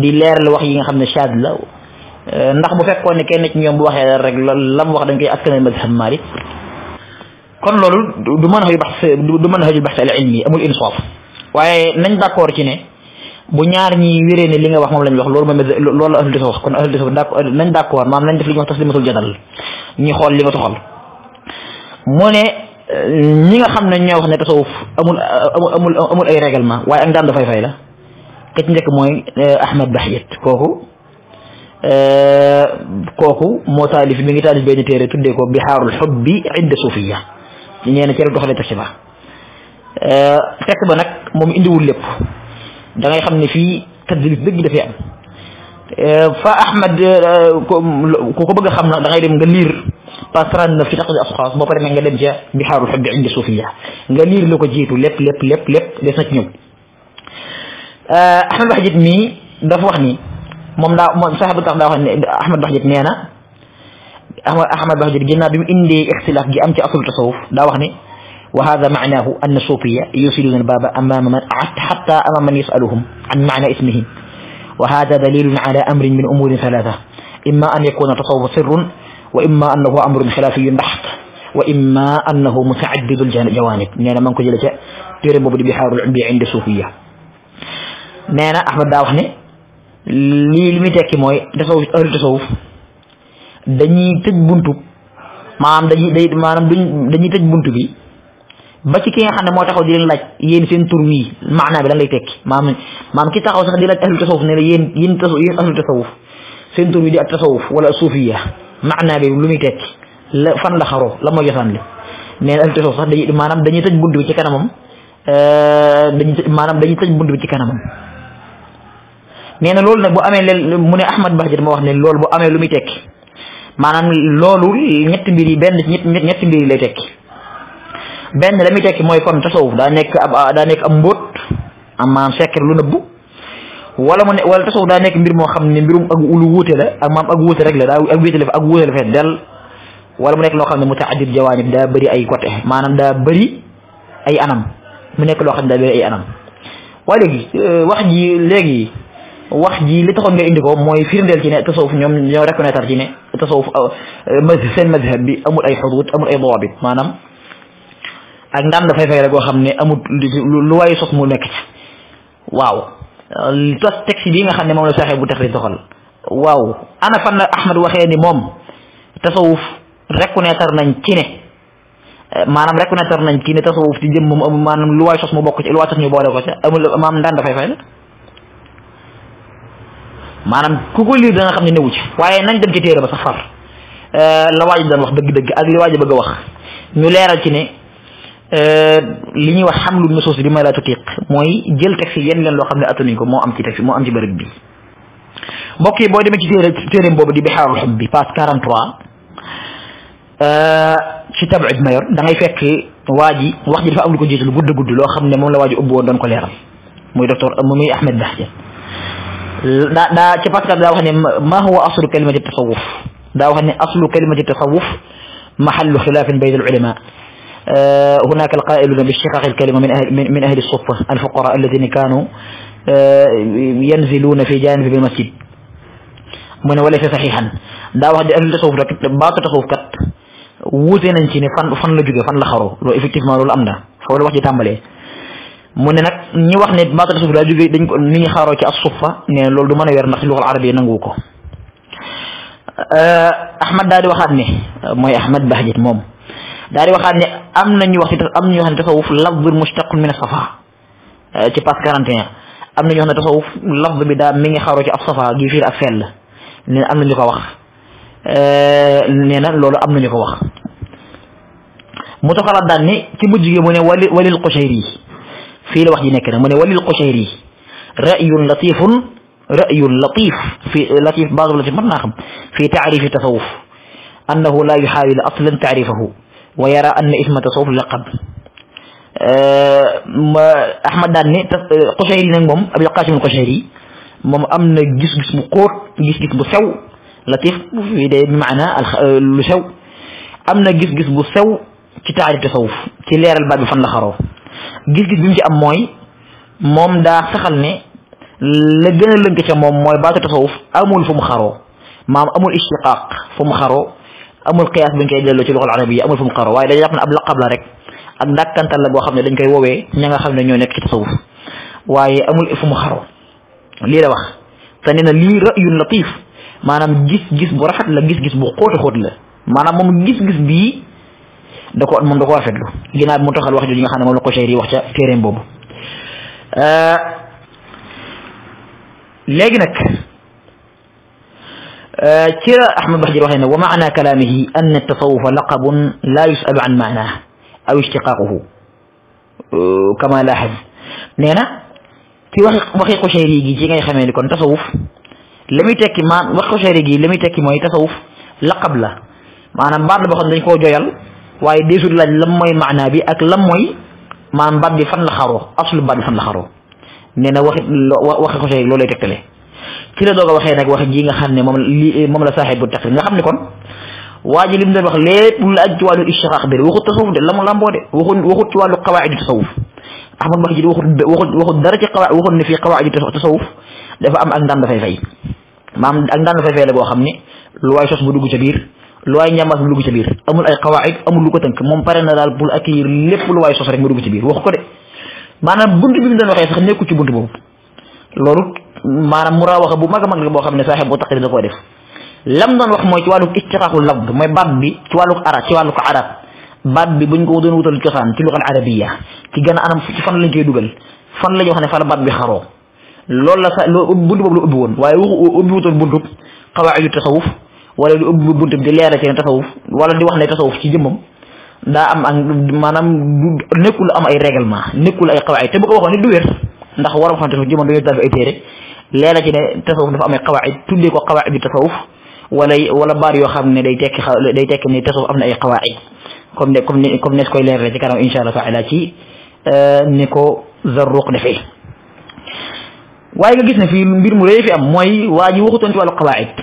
Speaker 2: di leeral wax yi nga xamne ne la ndax bu fekkone ne kenn ci ñom bu waxe rek lam wax dañ koy askanal mazhab malik kon lolu du man hay bax du man hay xëju al ilmi amul insaf waye nañ d'accord ci ne bu ñaar ñi wéré ne li nga wax mom lañ wax lolu lolu la ahlul wax kon ahlul tasawuf nañ d'accord maanaam nañ def li ñuy wax taslimatul jadal ñi xol li nga soxal mo ne ñi nga xam ñoo wax ne tasawuf amul amul amul ay règlement waye ak daan da fay fay la ke ci nek moy Ahmed Bahiyat euh koku mo talif mi ngi talif ben téré tuddé ko Bihaarul Hubbi inda sufiyya ñi na ci la doxalee tax ci ba fekk ba nag moom indiwul lépp da ngay xamne fi fii tadlis da fi am fa Ahmed ko ko bëgg a xam nag da ngay dem nga lire pasran na fi taqdi asqas bo pare nga dem ja bi bixaarul hubbi indi sufiya nga lir lu ko jiitu lépp lépp lépp lépp des na ci ñëw ahmad baxjit mi dafa wax ni mom da mom sahabu tax da wax ni ahmad baxjit neena na ahmad baxjit ginnaaw bi indi ikhtilaf gi am ci asul tasawuf da wax ne وهذا معناه أن الصوفية يسيلون الباب أمام من حتى أمام من يسألهم عن معنى اسمهم وهذا دليل على أمر من أمور ثلاثة إما أن يكون التصوف سر وإما أنه أمر خلافي بحت وإما أنه متعدد الجوانب نينا من كجلة تيرم بدي بحار العنبي عند صوفية نينا أحمد داوحني لي لمي تاكي موي دسوف أهل دسوف دني تج بنتو ما أم دني دني ما أم دني تج بنتو بي كي خانا مو تاخو دين لاج يين سين تروي معنى بلا لي تاكي ما أم ما كي تاخو سخ دين لاج أهل دسوف نينا يين يين تسوف يين أهل دسوف سين تروي دي أهل ولا صوفية maanaa bi lu muy tekki la fan la xaro la mooy josaan li mais al tasawuf sax dañuy maanaam dañuy tëj bunt bi ci kanamam euh, dañuy maanaam dañuy tëj bunt ci kanamam nee na loolu nag boo amee leen mu ne Ahmad Bahjat ma wax ne loolu boo amee lu muy tekki maanaam loolu ñetti mbir yi benn ñetti mbir lay tekk benn la muy tekki mooy kon tasawuf daa nekk ab daa nekk ab mbóot am maanaam lu nëbbu wala mu ne wala tasawuf daa nekk mbir moo xam ne mbirum ak lu wuute la ak maam ak wuute rek la daa ak wuute la ak wuute wala mu nekk loo xam ne mutaaddid jawaanib daa bëri ay côté maanaam daa bëri ay anam mu nekk loo xam ne daa ay anam waaye léegi euh, wax ji léegi wax ji li taxoon nga indi ko mooy firndeel ci ne tasawuf ñoom ñoo reconnaître ci ne tasawuf euh, seen mazhab bi amul ay xuduut amul ay dawaabit maanaam ak ndaan dafay fay rek goo xam ne amul lu waay soog mu nekk waaw tos texte bi nga xam ne moom la saxee bu taxriij doxal waaw ana fan la Ahmad waxee ni moom tasawuf reconnaître nañ ci ne euh, maanaam reconnaître nañ ci ne tasawuf ci jëm moom amul maanaam lu waay sos mu bokk ci lu waay sos ñu boole ko ca amul maam ndaan dafay fay la maanaam ku ko liir danga xam ne newu ci waaye nañ dem ci téere ba sax far euh, la waaj doon wax dëgg-dëgg ak li waaj bëgg a wax ñu leeral ci ne li ñuy wax xamlu nusus bi ma la tutiq moy jël taxi yeen leen lo xamne ne attanuñ ko mo am ci taxi mo am ci bërëb bi mbokk yi boo demee ci téré téeréem boobu di bihar hubbi pas 43 euh ci tabu bi ma yor da ngay fekk waji wax ji dafa am lu ko jiitu lu gudd gudd lo xamne mom la waji ji won don ko leral moy docteur muy Ahmed Bahja da da ci pas 43 da wax ni ma huwa aslu kalimati tasawuf da wax ni aslu kalimati tasawuf mahallu xilaafin bayna al ulama آه، هناك القائل بالشقاق الكلمة من أهل, من أهل الصفة الفقراء الذين كانوا آه، ينزلون في جانب المسجد من وليس صحيحا دا واحد أهل تصوف لك باطل تصوف وزن انتين فن فن لجوجي فن لخرو لو افكتف ما لول أمنا فولو واحد يتعمل ايه من نك ني واخ ني باطل تصوف لجوجي دنك خارو كي الصفة ني لول دمان وير نخي لغة العربية ننغوكو آه، أحمد دادي واحد ني موي أحمد بحجت موم daal di waxaat ne am nañu wax am nañu wax ne tasawuf lafz mustaqun min safa ci page 41 am nañu wax ne tasawuf lafz bi daa mi ngi xaroo ci ab safa gi fiir ak fell nee na am nañu ko wax nee na loolu am nañu ko wax mu toxalaat daan ni ci mujj gi mu ne wali walil qushayri fii la wax ji nekk na mu ne walil qushayri ra'yun latifun ra'yun latif fi latif baax latif mën naa xam fi taarifi tasawuf annahu la yuxaawil aslan taarifahu ويرى أن اسم تصوف لقب أه، أحمد داني قشيري نعم أبي القاسم القشيري مم أمن جس جس مكور جس جس بسو لطيف في بمعنى الشو أه، أمن جس جس بسو كتاب التصوف كلير الباب فن لخرو جس جس بمشي أموي مم دا سخلني لجن لجن كتاب مم موي باتو تصوف أمول فم خرو مام أمول إشتقاق فم خرو amul xiyaas buñ koy delloo ci loxol arabiya amul fu mu xaro waaye dañuy jàpp ne ab laqab la rek ak dàkkantal la boo xam ne dañ koy woowee ña nga xam ne ñoo nekk ci tasawuf waaye amul fu mu xaro lii la wax te nee na lii rayun latif maanaam gis-gis bu rafet la gis-gis bu xóota xóot la maanaam moom gis-gis bii da ko moom da ko rafetlu ginnaaw bi mu toxal wax jooju nga xam ne moom la ko Qushayri wax ca téeréem boobu euh, léegi nag آه، كرا أحمد بحجر وهنا ومعنى كلامه أن التصوف لقب لا يسأل عن معناه أو اشتقاقه كما لاحظ نينا في وحي قشيريجي جينا يخمين لكم تصوف لم يتكي ما وحي قشيريجي لم يتكي ما يتصوف لقب لا معنى بعض بخان دين كو جويل واي ديسو لاج لموي معنى بي اك لموي ما بعد فن لخارو اصل بعد فن لخارو نينا وحي وحي قشيريجي لولي تكتلي ci la doog a waxee nga xam ne moom li moom la saaxibu nga xam ne kon waa ji li wax lépp lu aj ci wàllu ishraq bi waxut tasawuf de la mu lamboo de waxut waxut ci wàllu qawaaidi tasawuf ahmad bax ji waxut waxut waxut dara ci qawa waxut ne fii qawaaidi tasawuf dafa am ak ndam dafay fay maam ak ndam dafay fay boo xam ne lu waay sos bu dugg ca biir lu waay ñambaas bu dugg ca biir amul ay qawaaid amul lu ko tënk moom pare na daal pour accueillir lépp lu waay sos rek mu dugg ci biir wax ko de maanaam bunt bi mu doon waxee sax nekku ci bunt boobu loolu maanaam wax bu mag a mag la boo xam ne saaxibu taqrir da ko def lam doon wax mooy ci wàlluk istixaaqul lafd mooy baat bi ci wàlluk arab ci wàlluk arab baat bi buñ ko doon wutal cosaan ci luxal ci gën a anam ci fan lañ koy dugal fan la ñu wax ne fa la baat bi xaroo loolu la sa loolu buntu boobu la ubbi woon waaye ubbi wutoon buntub xawaayu tasawuf wala di ubbi buntub di leeral seen tasawuf wala di wax ne tasawuf ci jëmmam daa am ak maanaam nekkul am ay règlement nekkul ay xawaay te bu ko waxoon ne du ndax waram xam dafa jëmoon dañoo def ay téré leela ci ne tasawuf dafa am ay qawaid tuddee ko qawaid bi tasawuf wala wala bar yo xamné day tekki day tekki ni tasawuf amna ay qawaid comme ne comme ne comme ne koy leerale ci karam inshallah taala ci euh ne ko zarruq defé waaye nga gis ne fi mbir mu rëy fi am moy waji waxuton ci wàllu qawaid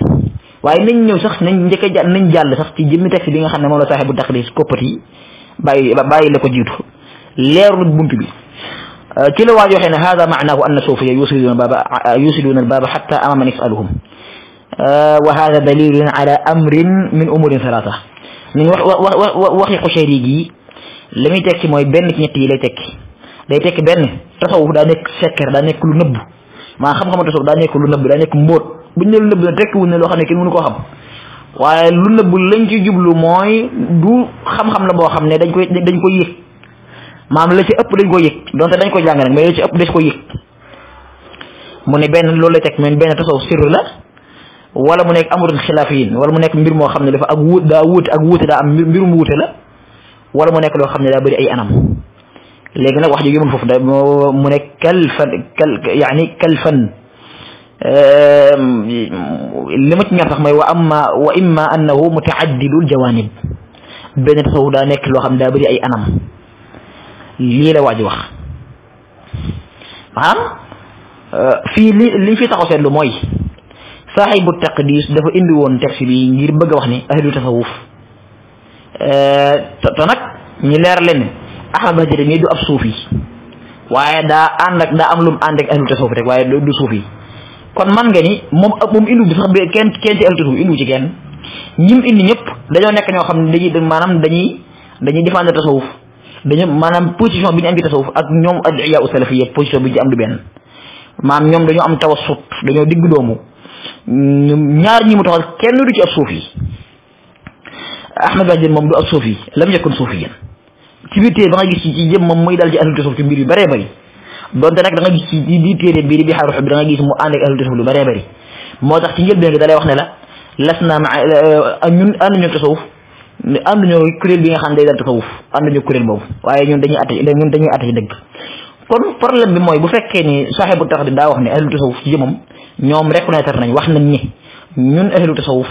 Speaker 2: waaye nañ ñëw sax nañ njëkk jàll nañ jàll sax ci jëmmi texte bi nga xamné mo la sahibu taqdis koppati bàyyi bàyyi la ko jitu leerul buntu bi آه، كل واحد هذا معناه أن الصوفية يسردون الباب, آه، يسردون الباب حتى أمام من يسألهم آه، وهذا دليل على أمر من أمور ثلاثة من وخي قشيريجي لم يتك ما يبين لك نقي ليتك ليتك بين تصوف دا نيك سكر دا نيك لو نب ما خم خم تصوف دا نيك لو نب دا نيك مور بو نيل نب تك و نيل وخني كين مونو كو خم واي لو نب لنجي جوبلو موي دو خم خم لا بو خم ني دنج كو دنج كو ييك maam la ci ëpp dañ ko yëg donte dañ ko jàng nag mais la ci ëpp des ko yëg mu ne benn loolu la teg men benn tasaw sirru la wala mu nekk amrun xilaafiyin wala mu nekk mbir moo xam ne dafa ak wut daa wut ak wuute daa am mbir mbirum wute la wala mu nekk loo xam ne daa bëri ay anam léegi nag wax ji yëmul foofu da mu ne kal fan kal yaani kal fan li ma ci ñor sax mooy wa amma wa imma annahu mutaaddidul jawanib benn tasaw daa nekk loo xam ne daa bëri ay anam lii la waa ji wax maanaam euh, fii li li fi taxaw seetlu mooy bu saaxibu taqdis dafa indi woon texte bi ngir bëgg a wax ni ahlu tasawuf euh, te nag ñu leer leen ahmad bajëri mii du ab suufi waaye daa ànd ak daa am lu mu ànd ak ahlu tasawuf rek waaye du suufi kon man nga ni moom moom indiwu bi sax bi kenn kenn ci ahlu tasawuf indiwu ci kenn ñim indi ñëpp dañoo nekk ñoo xam ne dañuy maanaam dañuy dañuy défendre tasawuf dañu maanaam position bi ñu am ci tasawuf ak ñoom adiya u salafiya position bi ci am du benn maam ñoom dañoo am tawassut dañoo digg doomu ñaar ñi mu taxal kenn du ci ab suufi Ahmad Badiane moom du ab suufi lam yakun suufiyan ci biir téere gis ci moom mooy dal ci ahlu tasawuf ci mbir yu bëree bëri donte nag da nga gis ci biir bi xaaru bi da gis mu ànd lu bëree bëri moo tax ci njëlbeen gi da wax ne la las naa ma ñun ànd ñu tasawuf ànduñu kuréel bi nga xam ne day dal tasawuf ànduñu kuréel boobu waaye ñun dañuy atte ñun dañuy atte ci dëgg kon problème bi mooy bu fekkee ni saaxibu taqdim daa wax ne ahlu tasawuf ci jëmam ñoom reconnaître nañ wax nañ ni ñun ahlu tasawuf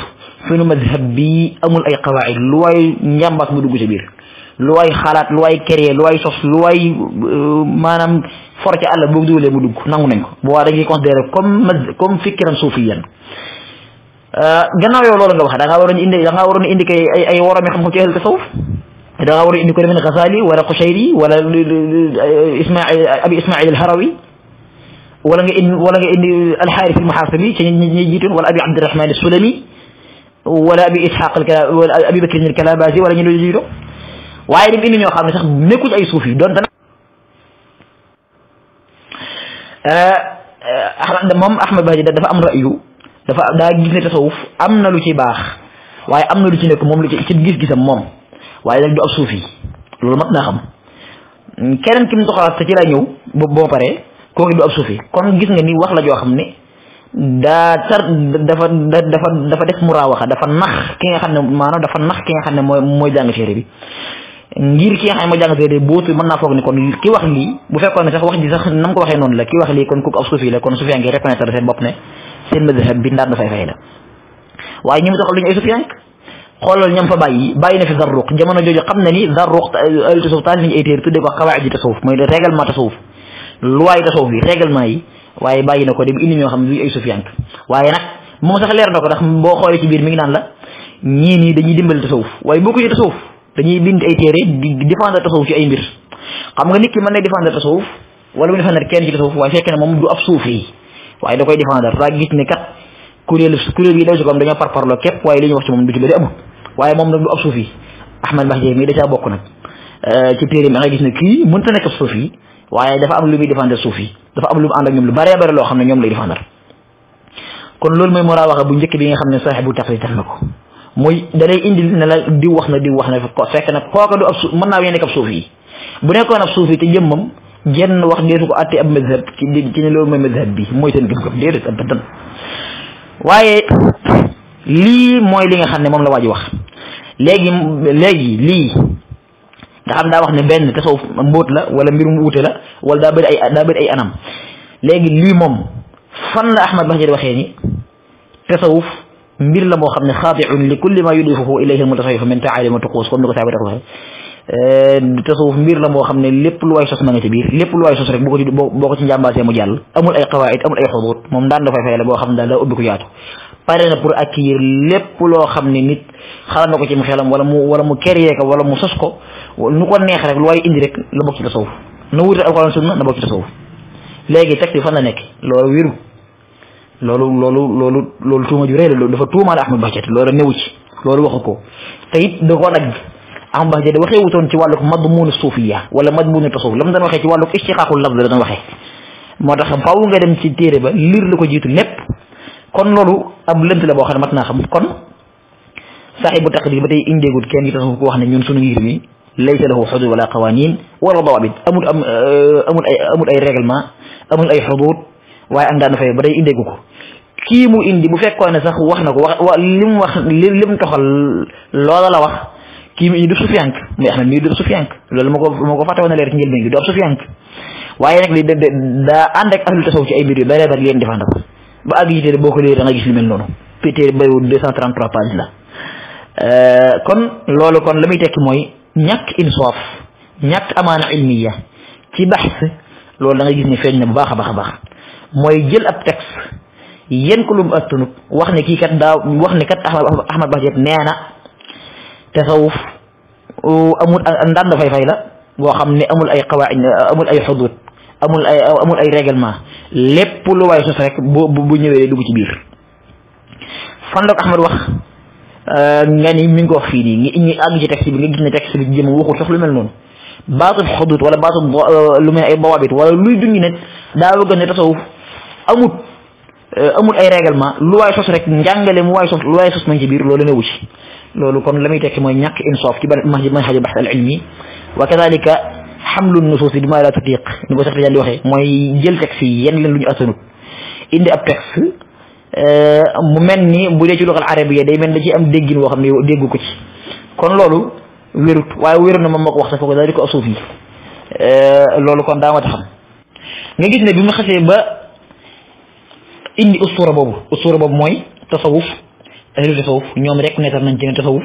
Speaker 2: suñu madhab bi amul ay qawaid lu waay njàmbaas mu dugg ci biir lu waay xalaat lu waay créé lu waay sos lu waay euh, maanaam for ca àll boog dugalee mu dugg nangu nañ ko bu waa dañuy considéré comme comme fikiran suufiyan gannaaw yow loolu nga wax da nga waroon indi da nga waroon indi kay ay ay woromi xam ko ci ahlu sawf da nga waroon indi ko demee ne Ghazali wala Qushayri wala Ismail Abi Ismail al-Harawi wala nga indi wala nga indi al-Harith al-Muhasibi ci ñi ñi jiitoon wala Abi abd Abdurrahman al sulami wala Abi Ishaq al-Kala wala Abi Bakr al-Kalabazi wala ñi la jiito waaye dem indi ñoo xam ne sax nekkuñ ay don tan donte nag mom ahmed Bahji dafa am ra'yu dafa daa gis ne tasawuf am na lu ci baax waaye am na lu ci nekk moom lu ci ci gis-gisam moom waaye nag du ab suufi loolu mat naa xam keneen ki mu doxalaat te ci laa ñëw ba boo paree kooku du ab suufi kon gis nga ni wax la joo xam ne daa tar dafa dafa dafa def muraawaxa dafa nax ki nga xam ne maanaam dafa ne mooy mooy jàng téere ki nga xam ne mooy jàng téere bi bootu mën naa foog ni kon ki wax lii bu fekkoon ne sax wax ji sax nam ko waxee noonu la ki wax lii kon kooku ab suufi la kon suufi yaa ngi reconnaître seen bopp ne seen madhhab bi ndaan dafay fay la way ñu itam xam nañu ay sufiya nekk ñam fa bàyyi bàyyi na fi zarruq jamono jooju xamna ni zarruq al tasawuf ni ay teer tudde ko xawaid tasawuf moy le ma tasawuf loi yi tasawuf yi ma yi waye bàyyi na ko dem indi ñoo xamni ne duñu ay sufiyank waaye nag moom sax leer nako ko ndax boo xoolee ci biir mi ngi nan la ñii ni ni danuy dimbal tasawuf waaye bokku ñu tasawuf dañuy bind ay téere di défendre tasawuf ci ay mbir xam nga nit ki man lay défendre tasawuf wala mu défendre kenn ci tasawuf waaye fekk na mom du af soufi waye da koy défendre ra gis ni kat kurel kuréel kuréel yi lay sukam dañoo parparloo képp waaye li ñu wax ci mom du ci bëri amul waye mom nak du ab suufi Ahmad Bahjaji mii da caa nak euh ci pire mi nga gis ne kii mënta nekk ab suufi waaye dafa am lu muy défendre suufi dafa am lu ànd ak ñom lu bëree bëri lo xamne ñom lay défendre kon lool loolu mooy muraawaxa bu ñëk bi nga xamne sahibu saaxibu taqrir nako moy ko muy da lay indil ne la di wax na di wax na fekk na kooka du ab suuf mën na wéne nekk ab suufi bu nekkoon ab suufi te jëmmam jenn wax deesu ko àtte ab mazhab ci ci ne loolu mooy mazhab bi mooy seen gëm-gëm déedéet abadan waaye lii mooy li nga xam ne moom la waa ji wax léegi léegi lii nga xam daa wax ne benn tasawuf mbóot la wala mbirum wuute la wala daa bëri ay daa bëri ay anam léegi lii moom fan la Ahmad Bahjani waxee ni tasawuf mbir la moo xam ne xaatiun li kulli ma yudifuhu ilayhi almutasawifu min taalim wa tuquus comme ni ko saa bi Ehm, te tasawuf mbir la moo xam ne lépp lu waay sos ma nga ci biir lépp lu waay sos rek boo ko ci boo ko ci njàmbaasee mu jàll amul ay xawaayit amul ay xuduut moom daan xam ne daal daa ubbi ko yaatu pare na pour wala mu wala mu créer ko wala mu sos ko nu ko neex rek lu waay indi rek la bokk ci tasawuf na wuute alquran sunna na bokk ci teg bi fan la nekk loolu wéru loolu loolu loolu loolu tuuma ju la loolu dafa tuumaale Ahmad Bahjat loolu newu ci loolu waxu ko te it ko nag am ba de waxé wutoon ci walu madmun suufiya wala madmun tasawuf lam dañ waxé ci walu istiqaaqul lafz dañ waxé motax moo faaw nga dem ci téré ba lire lako jitu lépp kon lolu am leunt la bo xam matna xam kon sahibu taqdir batay tey indeegul kenn gi ko wax ne ñun suñu ngir mi laysa lahu hudud wala qawanin wala dawabit amul amul ay amul ay règlement amul ay hudud way am daan fay batay tey indeegu ko kii mu indi mu fekkone sax wax na lim wax lim mu wax toxal loola la wax kii mi ñu def sufiyank muy ahmad mi ñu def loolu moo ko moo ko fàtte woon na leer ci njëlbéen gi du ab sufiyank waaye nag li daa ànd ak ahlu tasaw ci ay biir yu bare bari leen defandal ba àgg yite boo ko leer da nga gis lu mel noonu pété bayu 233 pages la euh, kon loolu kon la muy tekki mooy ñàkk insaaf ñàkk amaana ilmiya ci baxs loolu da gis ne feeñ na bu baax a baax a baax mooy jël ab texte yéen ku lu mu attunut wax ne kii kat daa wax ne kat ahmad ahmad baxjeet nee na tasawuf amul ndànd fay-fay la boo xam ne amul ay qawaid amul ay xudud amul ay amul ay règlement lépp lu waay sos rek bu bu ñëwee dugg ci biir fan la ko Ahmad wax euh, nga ni mi ngi ko wax fii nii ñi àgg ci texte bi nga gis ne texte bi jëm waxul sax lu mel noonu baatub xudud wala baatub euh, lu mel ay dawaabit wala luy junj ne daa bëgg ne tasawuf amut euh, amul ay lu waay sos rek njàngale mu waay waay sos ci biir loolu newu ci loolu kon la muy tekki mooy ñàkk insaaf ci ban manhaj bahth al ilmi wa kadalika xamlu nusuusi bi ma la tutiq ni ko Seex Tijaan di waxee mooy jël texte yi leen lu ñu attanut indi ab texte euh, mu bu dee ci luxal arabiya day mel da ci am déggin woo xam ne déggu ko kon loolu wérut waaye wéru na moo ko wax sax ko daal di ko asuuf euh, loolu kon daa ma taxam nga gis ne bi mu xasee ba indi ustura boobu ustura boobu mooy tasawuf ahlu tasawuf ñoom reconnaître nañ ci ne tasawuf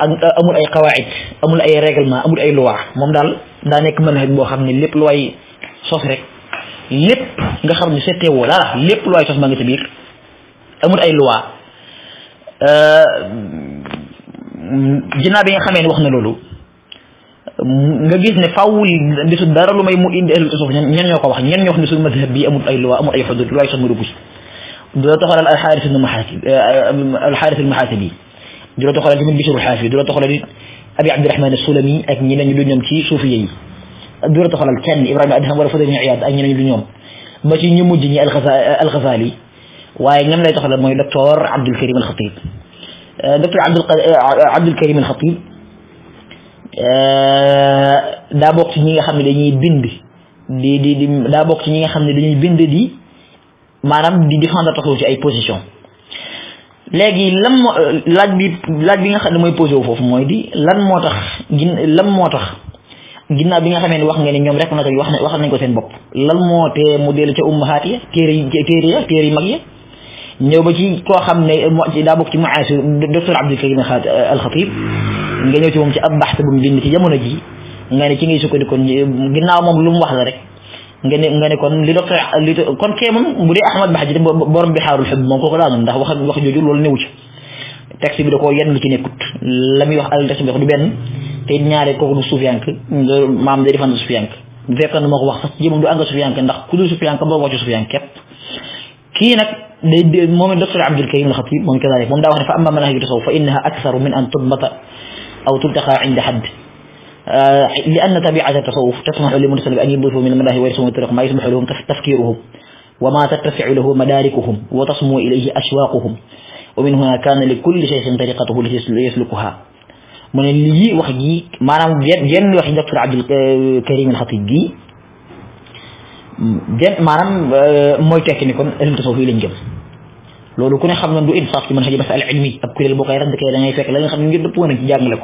Speaker 2: amul ay qawaid amul ay règlement amul ay loi moom daal daa nekk manhaj boo xam ne lépp lu waay sos rek lépp nga xam ne setteewoo dara lépp lu waay sos maa ngi ci biir amul ay loi ginnaaw bi nga xamee ne wax na loolu nga gis ne faaw li dara lu may mu indi ahlu tasawuf ñan ñoo ko wax ñan ñoo xam ne suñu madhab bi amul ay loi amul ay xudud lu waay sos ma dugg ci دولا خلال الحارث بن آه، الحارث المحاسبي دولا خلال من بشر الحافي دولا خلال أبي عبد الرحمن السلمي أكنينا يدون يوم صوفيي دولا خلال الكن إبراهيم أدهم ولا فضل بن عياد أكنينا يدون يوم باشي ñu mujj الغزالي alxafaali waaye ñam lay taxalal mooy docteur Abdul Karim al عبد docteur Abdul Abdul Karim al Khatib daa bokk ci ñi nga xam دي, dañuy bind di di di daa bokk maanaam di défendre taxaw ci ay position léegi lan moo euh, laaj bi laaj bi nga xam ne mooy posé foofu mooy di lan moo tax gin lan moo tax ginnaaw bi nga xamee ne wax nga ne ñoom rek na ko wax waxal nañ ko seen bopp lan moo te mu dellu ca ummahaat ya téere yi téere ya téere yi mag ya ñëw ba ci koo xam ne daa bokk ci maasir docteur Abdul Karim euh, Al-Khatib nga ñëw ci moom ci ab baxte bu mu bind ci jamono ji nga ne ci ngay sukkandikoon ginnaaw moom lu mu wax la rek nga ne nga ne kon li dox li kon kee moom bu dee ahmad baxaj te borom bi xaarul xib moom kooku daanul ndax wax wax jooju loolu newu ci texte bi da koo yenn lu ci nekkut la muy wax al texte bi wax du benn te ñaare kooku du suufiyank maam day defan suufiyank bu fekkoon moo ko wax sax jëmam du anga suufiyank ndax ku dul suufiyank boo wax ci suufiyank képp kii nag day moom it docteur Abdul Karim al-Khatib moom kazalik moom daa wax ne fa amma manahiju tasawuf fa innaha aktharu min an tudbata aw tultaqa inda hadd آه، لأن تبعة التصوف تسمح للمنسل أن يبثوا من المباهي ويرسموا الطرق ما يسمح لهم تفكيرهم وما تتسع له مداركهم وتصمو إليه أشواقهم ومن هنا كان لكل شيخ طريقته التي يسلكها من اللي وحجي ما نعم جن وحجي دكتور عبد الكريم آه، الخطيب جي جن ما نعم آه، موي تكنيكون علم تصوفي لنجم لولو كوني خمنا دو إنصاف كمن هجي بس العلمي أبكي للبقى يرد كي لنجي فاك لنجي خمنا جاغن لكو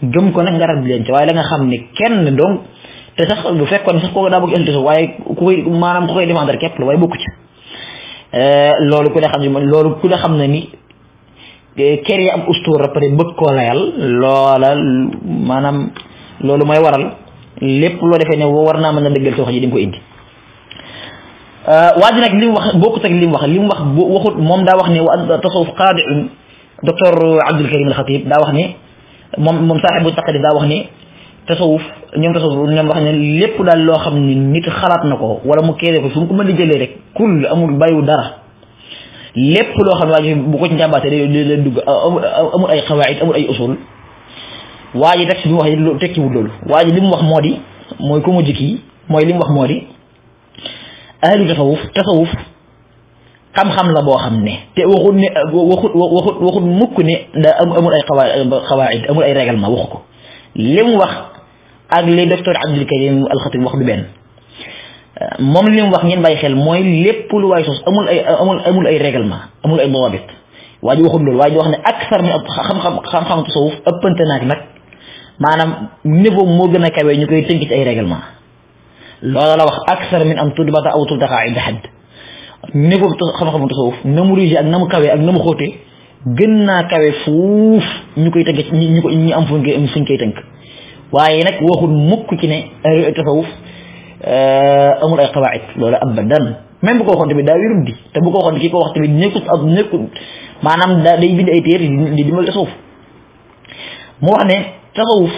Speaker 2: gëm ko nag nga rab leen ci waaye la nga xam ne kenn donc te sax bu fekkoon sax kooku daa bëgg indi suuf waaye ku koy maanaam ku koy képp la waaye bokku euh, loolu ku ne xam ne loolu ku ne xam ne ni euh, kër yi am ustuur pare bëgg koo layal loola maanaam loolu mooy waral lépp loo defee ne war naa mën a dëggal soo ji di nga ko indi euh, waa nag li mu wax bokkut ak li mu wax li mu wax waxut moom daa wax ne wa tasawuf qaadiun docteur Abdul Karim al daa wax ni mom sahibu saaxibu taqdir daa wax ni tasawuf ñom tasawuf ñom wax ni lépp dal lo xamni nit xalat nako wala mu kéré ko fu ko mën jëlé rek kul amul bayu dara lépp lo xamni waji bu ko ci njàmbaatee day day dugg amul ay xawaayit amul ay usul waji tax bi wax lu tekki wu waa waji li wax modi moy ko mu jikki moy li wax modi ahli tasawuf tasawuf xam-xam la boo xam ne te waxut ne waxut waxut waxut mukk ne da amul ay xawaid amul ay règlement waxu ko li mu wax ak li docteur Abdul Karim Al Khatib wax du benn moom li mu wax ngeen bàyyi xel mooy lépp lu waay sos amul ay amul amul ay règlement amul ay dawabit waa ji waxul loolu waa ji wax ne aksar mi xam-xam xam-xam tasawuf ëppante naak nag maanaam niveau moo gën a kawee ñu koy tënk ci ay règlement loola la wax aksar min am tudbata aw tubtaqa inda hadd niveau xam-xamu tasawuf na mu rige ak na mu kawe ak na mu xóote gën naa kawe fuuf ñu koy tëgg ci ñu ko ñu am fuñ koy fuñ koy tënk waaye nag waxul mukk ci ne tasawuf amul ay qawaid loolu abadan même bu ko waxoon tamit daa wérum di te bu ko waxoon ki ko wax tamit nekkut ak nekkut maanaam da day bind ay téere di dimbal tasawuf mu wax ne tasawuf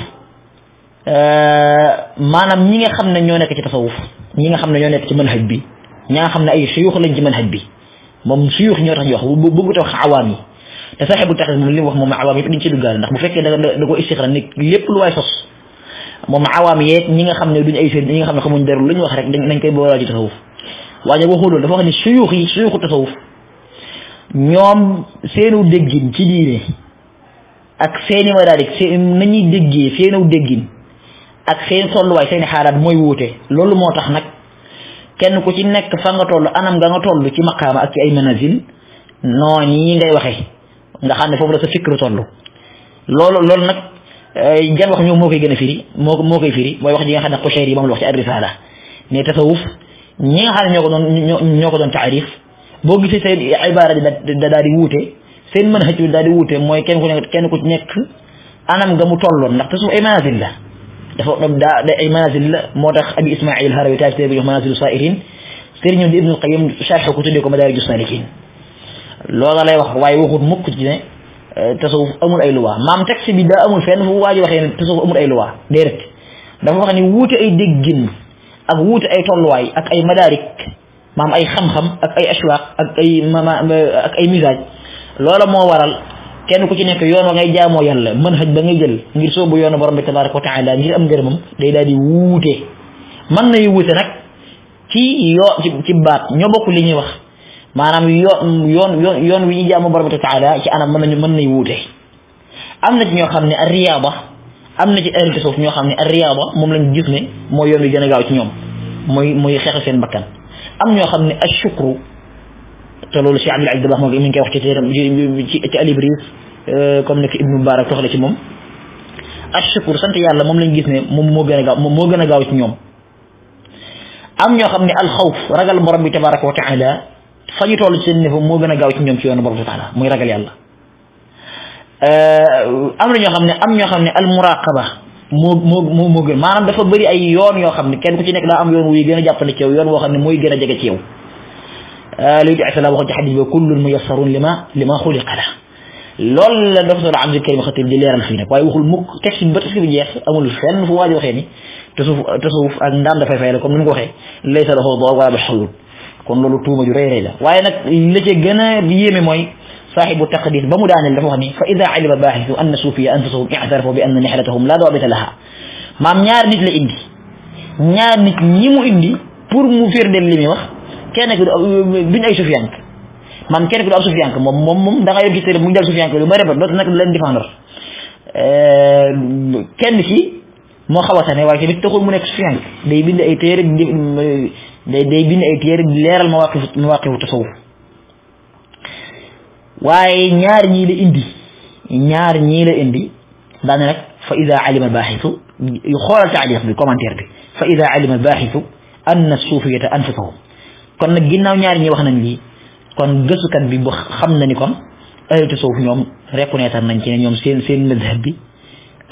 Speaker 2: maanaam ñi nga xam ne ñoo nekk ci tasawuf ñi nga xam ne ñoo nekk ci manhaj bi ñaa xam ne ay suyuux lañ ci manhaj bi moom suyuux ñoo tax ñu wax bëggut a wax awaam yi te saaxibu taxis moom li wax moom awaam yëpp dañ ci duggaale ndax bu fekkee da da ko istixra ne lépp lu waay sos moom awaam yeeg ñi nga xam ne duñ ay sëriñ ñi nga xam ne xamuñ dara lu ñu wax rek dañ koy boolaa ci tasawuf waaye waxu loolu dafa wax ne suyuux yi suyuuxu tasawuf ñoom seenu déggin ci diine ak seeni madaarik seen nañuy déggee seenu déggin ak seen tolluwaay seeni xaalaat mooy wuute loolu moo tax nag kenn ku ci nekk fa nga toll anam nga nga toll ci maqaama ak ay manazil noon yi ngay waxe nga xamne fofu la sa fikru tollu toll loolu nak ay jan wax ñoom moo koy gën firi moo koy firi moy wax ji nga xamne ne Qushayri yi moom wax ci ar risala ne tasawuf ñi nga xamne ñoko don ñoko don ta'rif bo doon taarif boo gisee seen ibaara da daal di wuute seen manhajul daal di wuute mooy kenn ku nek kenn ku ci nekk anam nga mu tolloon ndax tasawuf ay manazil la dafa dom daa day ay manazil la moo tax abi ismail harawi taaj tey bu jox manazilu sairin sëriñam di ibnul qayim charxe ko tuddee ko madaariju salikin loola lay wax waaye waxut mukk ci ne tasawuf amul ay luwa maam texte bi daa amul fenn fu waaji waxee ne tasawuf amul ay luwa déedéet dafa wax ni wuute ay déggin ak wuute ay tolluwaay ak ay madarik maam ay xam-xam ak ay ashwaq ak ay ak ay misaaj loola moo waral kenn ku ci nekk yoon wa ngay jaamoo yàlla mën xaj ba ngay jël ngir soobu yoonu borom bi tabaraka wa taala ngir am ngërëmam day daal di wute mën nay wute nag ci yoo ñoo bokk li ñuy wax maanaam yoon yoon yoon yoon wi ñuy jaamoo borom bi taala ci anam mën nañu mën nay wuute am na ci ñoo xam ne ar riyaada am na ci ahlu tasawuf ñoo xam ne ar riyaada moom lañ gis ne mooy yoon wi gën a gaaw ci ñoom mooy mooy xeexal seen bakkan am ñoo xam ne ashukru te loolu Cheikh Abdul Aziz Dabakh moom mi ngi koy wax ci téeram ci ci Al-Ibriz comme nekk Ibnu Mubarak soxla ci moom ashukur sant yàlla moom lañ gis ne moom moo gën a gaaw moo gën a gaaw ci ñoom am ñoo xam ne alxawf ragal borom bi tabaraka wa taala fa ñu toll ci seen niveau moo gën a gaaw ci ñoom ci yoonu borom bi taala muy ragal yàlla am na ñoo xam ne am ñoo xam ne almuraqaba moo moo moo gën maanaam dafa bëri ay yoon yoo xam ne kenn ku ci nekk daa am yoon wuy gën a jàppale ci yow yoon woo xam ne mooy gën a jege ci yow لوجع سلام وجه حديث وكل الميسر لما لما خلق له لول لا دكتور عبد الكريم خطيب دي ليران فينا واي وخل موك تكسي بتس في جيس امول فن فو وادي وخيني تسوف تسوف اك ندان دا فاي فاي كوم نغه وخي ليس له ضوء ولا بحلول كون لولو توما جو ري ري لا واي نك لا تي غنا ييمي موي صاحب التقدير بامو دان لا فخني فاذا علم باحث ان صوفيا انفسه اعترفوا بان نحلتهم لا ضابط لها مام نيار نيت لا اندي نيار نيت ني مو اندي بور مو فير دم لي مي كان بن اي سفيان من كان ابو سفيان مم دا غير جيت مو جال سفيان كلو مريبر دوت نك لين ديفاندر ا كان شي مو خلاص انا واجب تخول مو نك سفيان دي بن اي تير دي دي بن اي تير ليرال مواقف مواقف التصوف واي ñaar ñi la indi ñaar ñi la indi da na rek fa iza alima al-bahith yu xolal ta'liq bi commentaire bi fa iza alima al-bahith anna as-sufiyyah anfusuhum kon nak ginnaw ñaar ñi wax nañ li kon kat bi bu xam na ni kon ayatu tasawuf ñom reconnaître nañ ci ne ñoom seen seen mazhab bi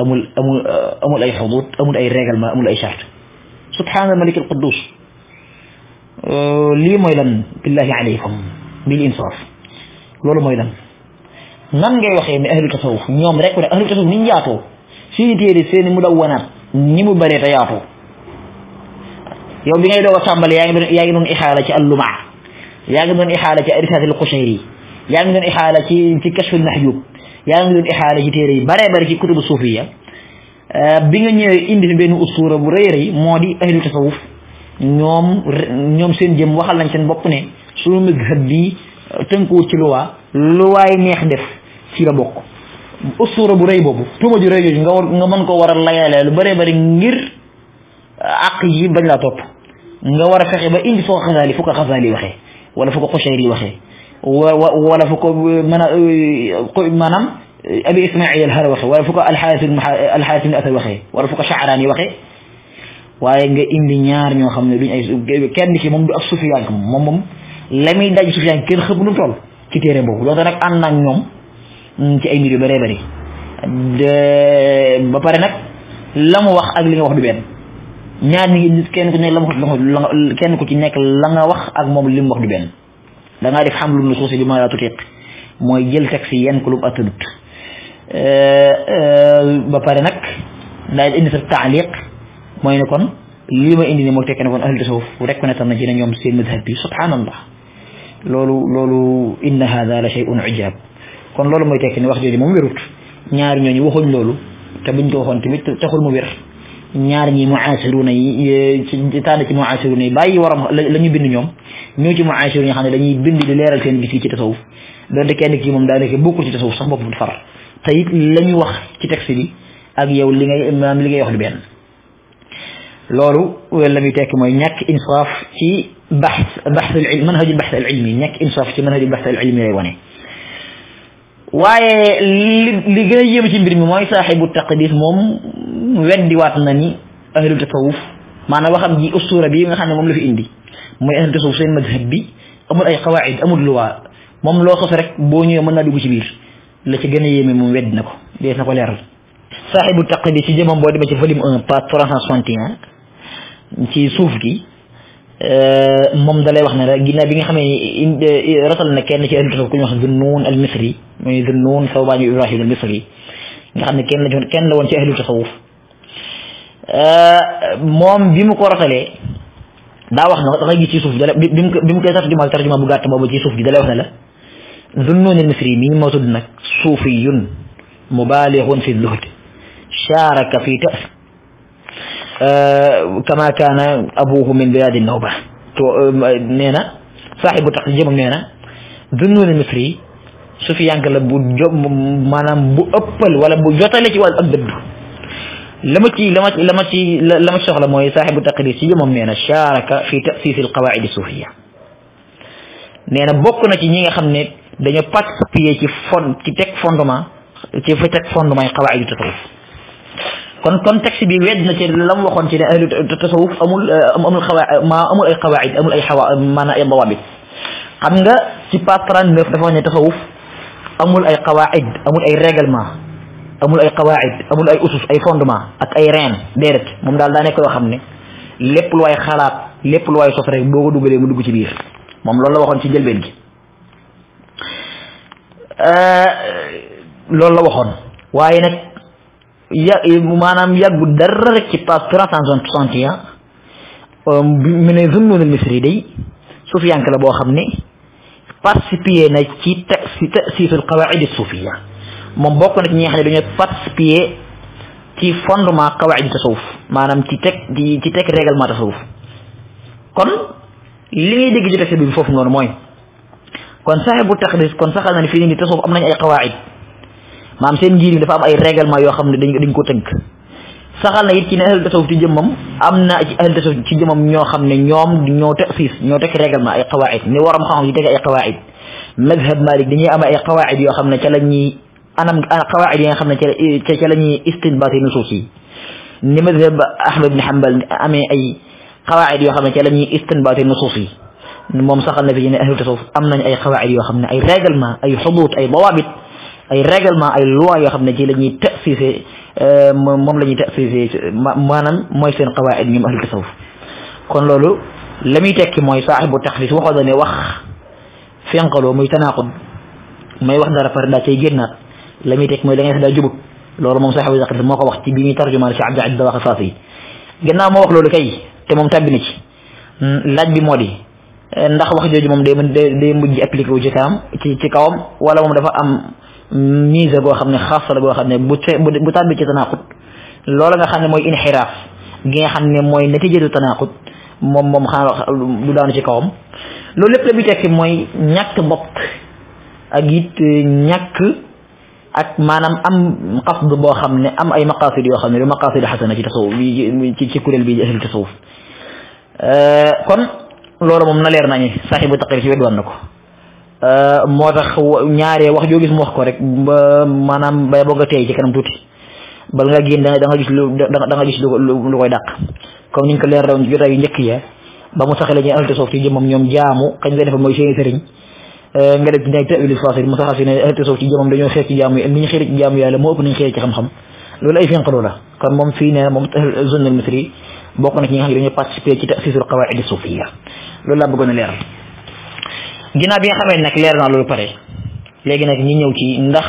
Speaker 2: amul amul amul ay hudud amul ay règlement amul ay charte subhaana malik al quddus lii mooy lan billahi alaykum bil insaf loolu mooy lan nan ngay waxee ne ahlu tasawuf ñoom rek ne ahlu tasawuf ni ñu yaatoo seeni téere seeni mudawwanaat ni mu bëree te yaatoo yow bi ngay doog a tàmbali yaa ngi doon yaa ngi doon ixaala ci allumaa yaa ngi doon ixaala ci arisatil qushayri yaa ngi doon ixaala ci ci kashful mahjub yaa ngi doon ixaala ci téere yi baree bari ci kutubu suufiya euh, bi nga ñëwee indi fi benn ustura bu rëy rëy moo di ahlu tasawuf ñoom ñoom seen jëm waxal nañ seen bopp ne suñu mazhab bi euh, tënkuwut ci luwaa luwaay neex def ci la bokk ustura bu rëy boobu tuuma ju rëy nga mën koo waral a layalee lu bëree bëri ngir àq yi bañ laa topp nga war a fexe ba indi foo xasaali fu ko xasaali waxee wala fu ko xosayri waxee wala fu ko mën a maanaam abi ismail alhara waxee wala fu ko alxaaris ibn asad waxee wala fu ko shaaraani waxee waaye nga indi ñaar ñoo xam ne duñ ay kenn ki moom du ab sufiyaan moom moom moom la muy daj sufiyaan kenn xëpp nu toll ci téere boobu loolu nag ànd ak ñoom ci ay mbir yu bëree bëri ba pare nag la mu wax ak li nga wax du benn ñaar ñi nit kenn ku nekk la wax la kenn ku ci nekk la nga wax ak moom li mu wax du benn da ngaa def xam lu nu suusi bi ma laa tutiq mooy jël taxi yenn ku lu attanut ba pare nag daal indi sa taaliq mooy ne kon lii ma indi ni mooy tekki ne kon ahlu tasawuf reconnaître na ci ne ñoom seen madhab bi subhanallah loolu loolu inna hada la shay'un ujab kon loolu mooy tekki ne wax jooju moom wérut ñaar ñooñu waxuñ loolu te buñ ko waxoon tamit taxul mu wér ñaar ñi muasiruna yi ci taada ci muasiruna yi bàyyi waram la ñu bind ñoom ñoo ci muasiruna yi xam ne dañuy bind di leeral seen gis ci tasawuf donte kenn ki moom daanaka bokkul ci tasawuf sax boppam du far te it la ñu wax ci texte bi ak yow li ngay maanaam li ngay wax du benn loolu la muy tekki mooy ñàkk insaaf ci baxs baxs al ilmi manhaj baxs al ilmi ñàkk insaaf ci manhaj baxs al ilmi lay wane waaye li gën a yéeme ci mbir mi mooy saaxibu taqdis moom weddiwaat na ni ahlu tasawuf maanaam waxam ji ustura bi nga xam ne moom la fi indi mooy ahlu tasawuf seen madhab bi amul ay qawaid amul luwaa moom loo sos rek boo ñëwee mën naa dugg ci biir la ci gën a yéeme moom weddi na ko dees na ko leeral saaxibu taqdis ci jëmam boo demee ci volume 1 page 361 ci suuf gi moom da lay wax ne rek ginnaaw bi nga xamee ni rasal na kenn ci ahlu tasawuf ku ñu wax Zunnun al Misri muy Zunnun Sawbaani Ibrahim al Misri nga xam ne kenn la kenn la woon ci ahlu tasawuf moom bi mu ko ratalee daa wax na da ngay gis ci suuf da bi mu bi mu koy tarjuma tarjuma bu gàtt boobu ci suuf gi da lay wax ne la Zunnun al Misri mii moo tudd nag suufiyun mubaalighun fi zuhd shaaraka fi آه، كما كان أبوه من بلاد النوبة آه، نينا صاحب تقديم نينا دون المصري سفيان قال بو جو بو أبل ولا بو جوتالي كي وال أدد لما تي لما تي لما تي لما تي لما تي صاحب تقديم سيجم نينا شارك في تأسيس القواعد الصوفية نينا بوكو نتي نيغا خمني دانيو باتسبيي كي فون كي تك فوندما كي فتك فوندما القواعد التطرف kon contexte bi wedd na ci la mu waxoon ci ne ahlu tasawuf amul eh, amul xawa ma amul ay xawaid amul ay xawa maanaam ay dawaabit xam nga ci page 39 dafa wax ne tasawuf amul ay xawaid amul ay règlement amul ay xawaid amul ay usus ay fondement ak ay reen déedéet moom daal daa nekk loo xam ne lépp lu waay xalaat lépp lu waay sos rek boo ko dugalee mu dugg ci biir moom loolu la waxoon ci njëlbeen gi eh, loolu la waxoon waaye nag ya manam yàggu dara rek ci pas 361 cent soixante et un ne misri day sufiyank la bo xamne participer na ci ta si fil qawaid sufiya mom bokk na ci ñi nga dañu participer ci fondement qawaid tasawuf manam ci tek di ci tek règlement tasawuf kon li ngay deg ci tek bi fofu non moy kon sahibu taxris kon saxal na ne fii nii tasawuf am ay qawaid maam seen ngir dafa am ay règlement yo xamne dañ dañ ko teunk saxal na yit ci neul ahlu ci jëmmam amna ci ahl tasawuf ci jëmmam ño xamne ñom ño ñoo tasis ñoo teg règlement ay qawaid ni waram xam yi tek ay qawaid mazhab malik dañuy am ay qawaid yo xamne ci lañ ni anam qawaid yi nga xamne ci ci lañ ni istinbat nusus yi ni mazhab ahmad ibn hanbal amee ay qawaid yo xamne ci lañ ni istinbat nusus yi mom saxal na fi ni ahl tasawuf amnañ ay qawaid yo xamne ay règlement ay xudut ay dawaabit ay règlement ay loi yoo xam ne ci la ñuy tasise euh, moom la ñuy tasise maanaam mooy seen qawaid ñoom ahlu tasawuf kon loolu la muy tekki mooy saaxibu taxris waxoon na ne wax fenqaloo muy tanaaqud may wax dara par daa cay génnaat la muy tekki mooy da ngay sax daa jubut loolu moom saaxibu taxris ko wax ci bi ñuy tarjumaal ci abdi abdi wax saasi gannaaw moo wax loolu kay te moom tàbbi na ci hmm, laaj bi moo di ndax wax jooju moom day mën day mujj appliqué wu ci kawam ci ci kawam wala moom dafa am mise goo xam ne xaasa la goo xam ne bu bu tàbbi ci tanaqut loola nga xam ne mooy inxiraaf gi nga xam ne mooy natijatu tanaqut moom moom xanaa du daanu ci kawam loolu lépp la bi tekki mooy ñàkk bopp ak it eh, ñàkk ak maanaam am qasd boo xam ne am ay maqasid yoo xam ne du maqasid xasana ci tasawuf ci ci kuréel bi ahli tasawuf eh, kon loolu moom na leer nañu saaxibu taqrir ci weddu wan na ko Euh, moo tax ñaaree wax joo gis mu wax ko rek maanaam bay boo nga tey ci kanam tuuti bal nga génn da nga gis lu da nga gis lu koy dàq comme niñ ko leer raw jotaay yu njëkk ya ba mu saxale ñuy altasoof ci jëmmam ñoom jaamu kañ koy defe mooy seeni sëriñ euh, nga nekk tawil fasil mu saxal si ne altasoof ci jëmmam dañoo xeer ci jaamu yi ni ñu xeer ci jaamu yàlla ëpp ni xeer ci xam-xam loolu ay finqaloo la kon moom fii ne moom zone al misri bokk na ci ñi nga xam ne dañoo participer ci tasisul qawaid sufiya loolu laa bëggoon a leeral gina bi nga xamé nak leer na loolu pare légui nak ñi ñëw ci ndax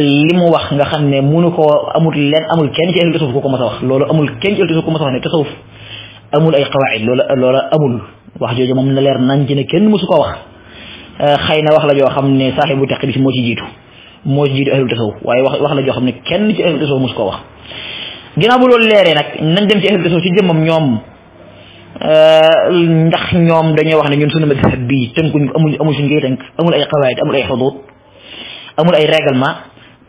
Speaker 2: limu wax nga xamné mënu ko amul leen amul kenn ci ëllëg ko ko mas wax loolu amul kenn ci ëllëg ko mas wax ne tasawuf amul ay qawaid loola loola amul wax jojo mom na leer nañ ci ne kenn mosu ko wax xëy wax la jo xamné sahibu taqdis mo ci jitu mo ci jitu ahlul tasawuf waaye wax wax la jo xamné kenn ci ahlul tasawuf mosu ko wax ginnaaw bu loolu leeree nag nañ dem ci ahlul tasawuf ci jëmam ñom Euh, ndax ñoom dañoo wax ne ñun suñu madhab bii tënkuñ ko amul amul suñ koy tënk amul ay qawaid amul ay xudud amul ay règlement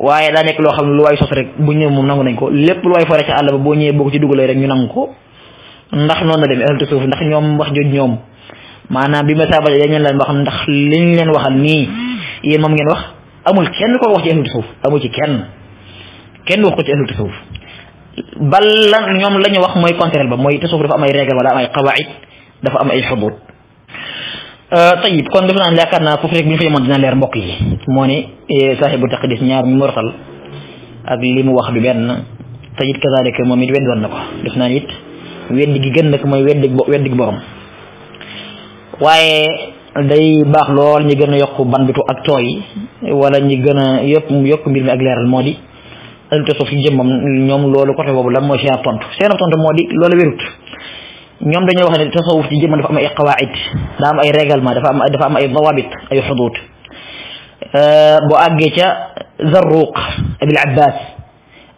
Speaker 2: waaye daa nekk loo xam ne lu waay sos rek bu ñëw moom nangu nañ ko lépp lu waay fore ca boo ñëwee boo ci dugalee rek ñu nangu ko ndax noon na demee ahlu tasawuf ndax ñoom wax jooju ñoom maanaam bi ma saabale dañ leen wax ndax liñ leen waxal nii yéen moom ngeen wax amul kenn ko wax ci ahlu tasawuf amul ci kenn kenn wax ko ci ahlu foofu bal lan ñoom la ñu wax mooy contraire ba mooy tasawuf dafa am ay règle wala am ay qawaid dafa am ay xudud euh, tayib kon def naan yaakaar naa foofu rek bu ñu fa yemoon dina leer mbokk yi moo ne eh, saaxibu taqdis ñaar mi mortal ak li wax du benn tayit kazalika moom it weddi woon na ko def naan it weddi gi gën nag mooy weddi weddi gi borom waaye day baax lool ñi gën a yokk banditu ak tooy wala ñi gën a yëpp yokk mbir mi ak leeral moo أنت سوف يجمع نعم لولو كتر بابو لما شيء أطنط شيء أطنط مودي لولو بيروت نعم دنيا وحنا تسوف يجمع دفع ما إقواعد دام أي رجال ما دفع ما دفع ما أي ضوابط أي حدود بو أجيتا زروق أبي العباس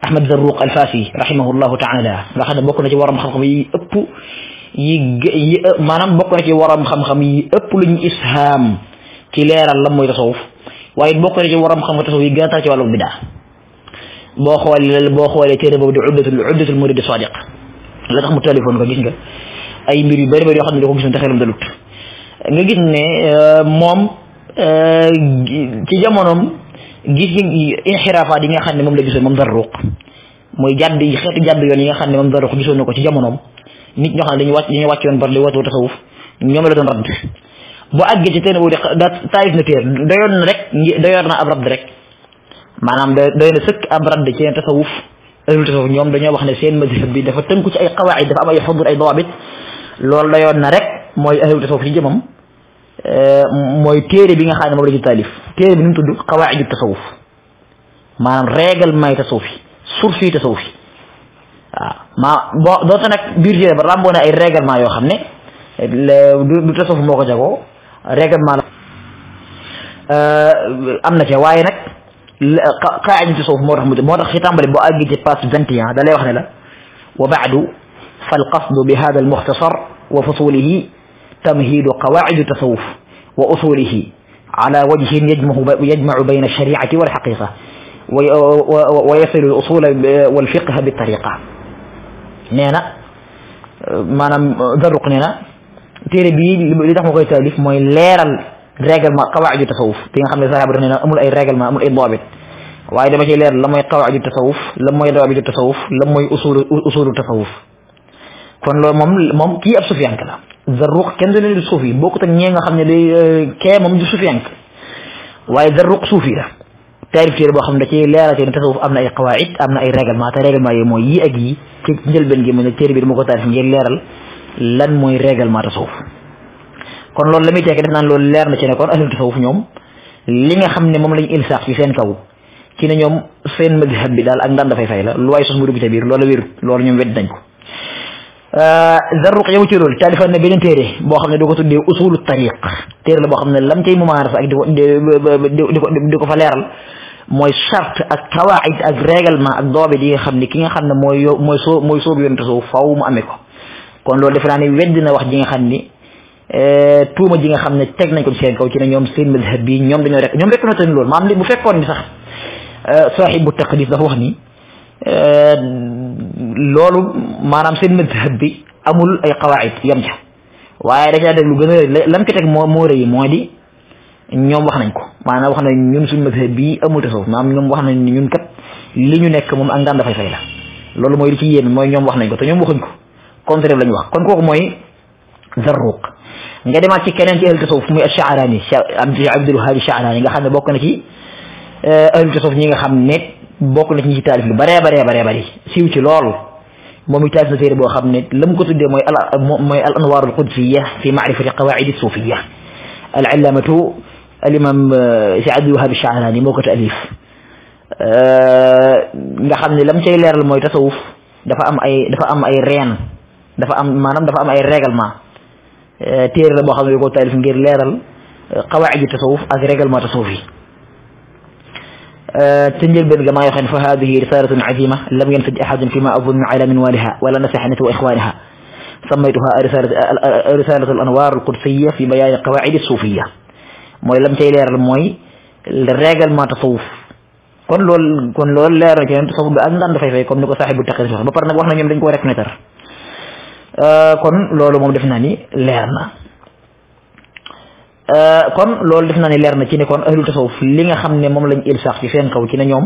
Speaker 2: أحمد زروق الفاسي رحمه الله تعالى لأخذ بوكو نجي ورم خم خمي أبو يي ما نم بوكو نجي ورم خم خمي لين إسهام كلير الله ما يتسوف وايد بوكو نجي ورم خم تسوف يجاتا كي بدأ boo xoolee boo xoolee téere boobu di uddatul uddatul muridi sadiq la tax mu téléphone ko gis nga ay mbir yu bëri bëri yoo xam ne da ko gisoon te xelam dalut nga gis ne moom ci jamonoom gis inxiraafaat yi nga xam ne moom la gisoon moom Zarruq mooy jàdd yi xeetu jàdd yoon yi nga xam ne moom Zarruq gisoon na ko ci jamonoom nit ñoo xam ne dañuy wàcc dañuy wàcc yoon bar li wootu tasawuf ñoom la doon radd bu àggee ci teen boobu da taayif na téer doyoon na rek doyoon na ab radd rek maanaam da doy na sëkk ab radd ci tasawuf ahlul tasawuf ñoom dañoo wax ne seen madhab bi dafa tënku ci ay qawaid dafa am ay xudur ay dawabit loolu dayoon na rek mooy ahlul tasawuf ci jëmam eh, bi nga xam ne moom la ñu taalif téere bi nu mu tudd qawaidu tasawuf maanaam règlement yi tasawuf yi source yi tasawuf yi nag biir téere ba ràmboo ay règlement yoo xam ne du tasawuf moo ko jagoo règlement la eh, am na ci waaye nag قاعده suuf moo مورخ mu moo tax xitambale boo àgg ci page vingt et un فالقصد بهذا المختصر وفصوله تمهيد قواعد التصوف وأصوله على وجه يجمع بين الشريعة والحقيقة ويصل الأصول والفقه بالطريقة نينا ما نم ذرق نينا تيري بي غير تاليف ما يلير ma qawaidu tasawuf bi nga xamne sahaba dañ na amul ay ma amul ay doobit waye dama ci leer la mooy qawaaju tasawuf la mooy doobitu tasawuf la mooy usul usulu tasawuf kon lo mom mom ki ab sufyan kala zarruq ken du leen sufi bokut ak ñee nga xamne day ke mom du sufyan waye zarruq sufi la tarif ci bo xamne da ci leer ci tasawuf amna ay qawaid am na ay règlement te règlement yooyu moy yi ak yi ci ben gi mo ne téere bi dama ko taarif ngir leeral lan mooy ma tasawuf kon loolu la muy tekki def naan loolu leer na ci ne kon ahlu tasawuf ñoom li nga xam ne moom lañ ilsaax ci seen kaw ci ne ñoom seen mazhab bi daal ak ndan dafay fay la lu way sos mu dugg ca biir loola wér loolu ñoom wedd nañ ko zarruq yow ci loolu taalifan na beneen téere boo xam ne du ko tuddee usulu tariq téere la boo xam ne lam cay mumaarasa ak di ko di ko di ko fa leeral mooy charte ak qawaid ak règlement ak doobe di nga xam ne ki nga xam ne mooy mooy soo mooy bi yoon tasawuf faw mu amee ko kon loolu defe naa ne wedd na wax ji nga xam ni Euh, tuuma ji nga xam ne teg nañ ko ci seen kaw ci ne ñoom seen madhab bi ñoom dañoo rek ñoom reconnaître nañ loolu maanaam li bu fekkoon ni sax euh, saaxibu dafa wax ni euh, loolu maanaam seen madhab bi amul ay qawaid yam ca waaye da caa gën a lam ci teg moo moo rëy mooy di ñoom wax nañ ko maanaam wax nañ ñun suñu madhab bi amul tasawuf maanaam ñoom wax nañ ni ñun kat li ñu nekk moom ak ndaan dafay fay la loolu mooy li ci yéen mooy ñoom wax nañ ko te ñoom waxuñ ko contraire lañu wax kon kooku mooy zarruq nga demat ci keneen ci ahlu tasawuf muy al sharani Abdul Wahhab sharani nga xamne ne bokk na ci euh ahlu tasawuf ñi nga xamne ne bokk na ci ci talif lu bare bare bare bare siiw ci lool momi tass na fere bo xamne lam ko tudde moy al moy al anwar al qudsiya fi ma'rifati qawa'id al suufiya al-allaamatu al imam sa'd Abdul Wahhab sharani moko ta'lif euh nga xamne lam cey leral moy tasawuf dafa am ay dafa am ay reen dafa am manam dafa am ay règlement téere la boo xam ne bi ko taalif ngir leeral euh, qawaacidi tasawuf ak règlement tasawuf yi تنجلبن كما رسالة عظيمة لم ينفد أحد فيما أظن على منوالها ولا نسحنة وإخوانها سميتها رسالة, الأنوار القدسية في بيان قواعد الصوفية موي لم تيلير الموي الرجل ما تصوف كون لول كون لول لير كان تصوف بأن دان دا فاي فاي كوم نيكو صاحب التقرير با بار نك واخنا نيوم دنج كو ريكنيتر Euh, kon loolu moom def naa ni leer na euh, kon loolu def na ni leer na ci ne kon ahlul tasawuf li nga xam ne moom lañ ilsaax ci seen kaw ci ne ñoom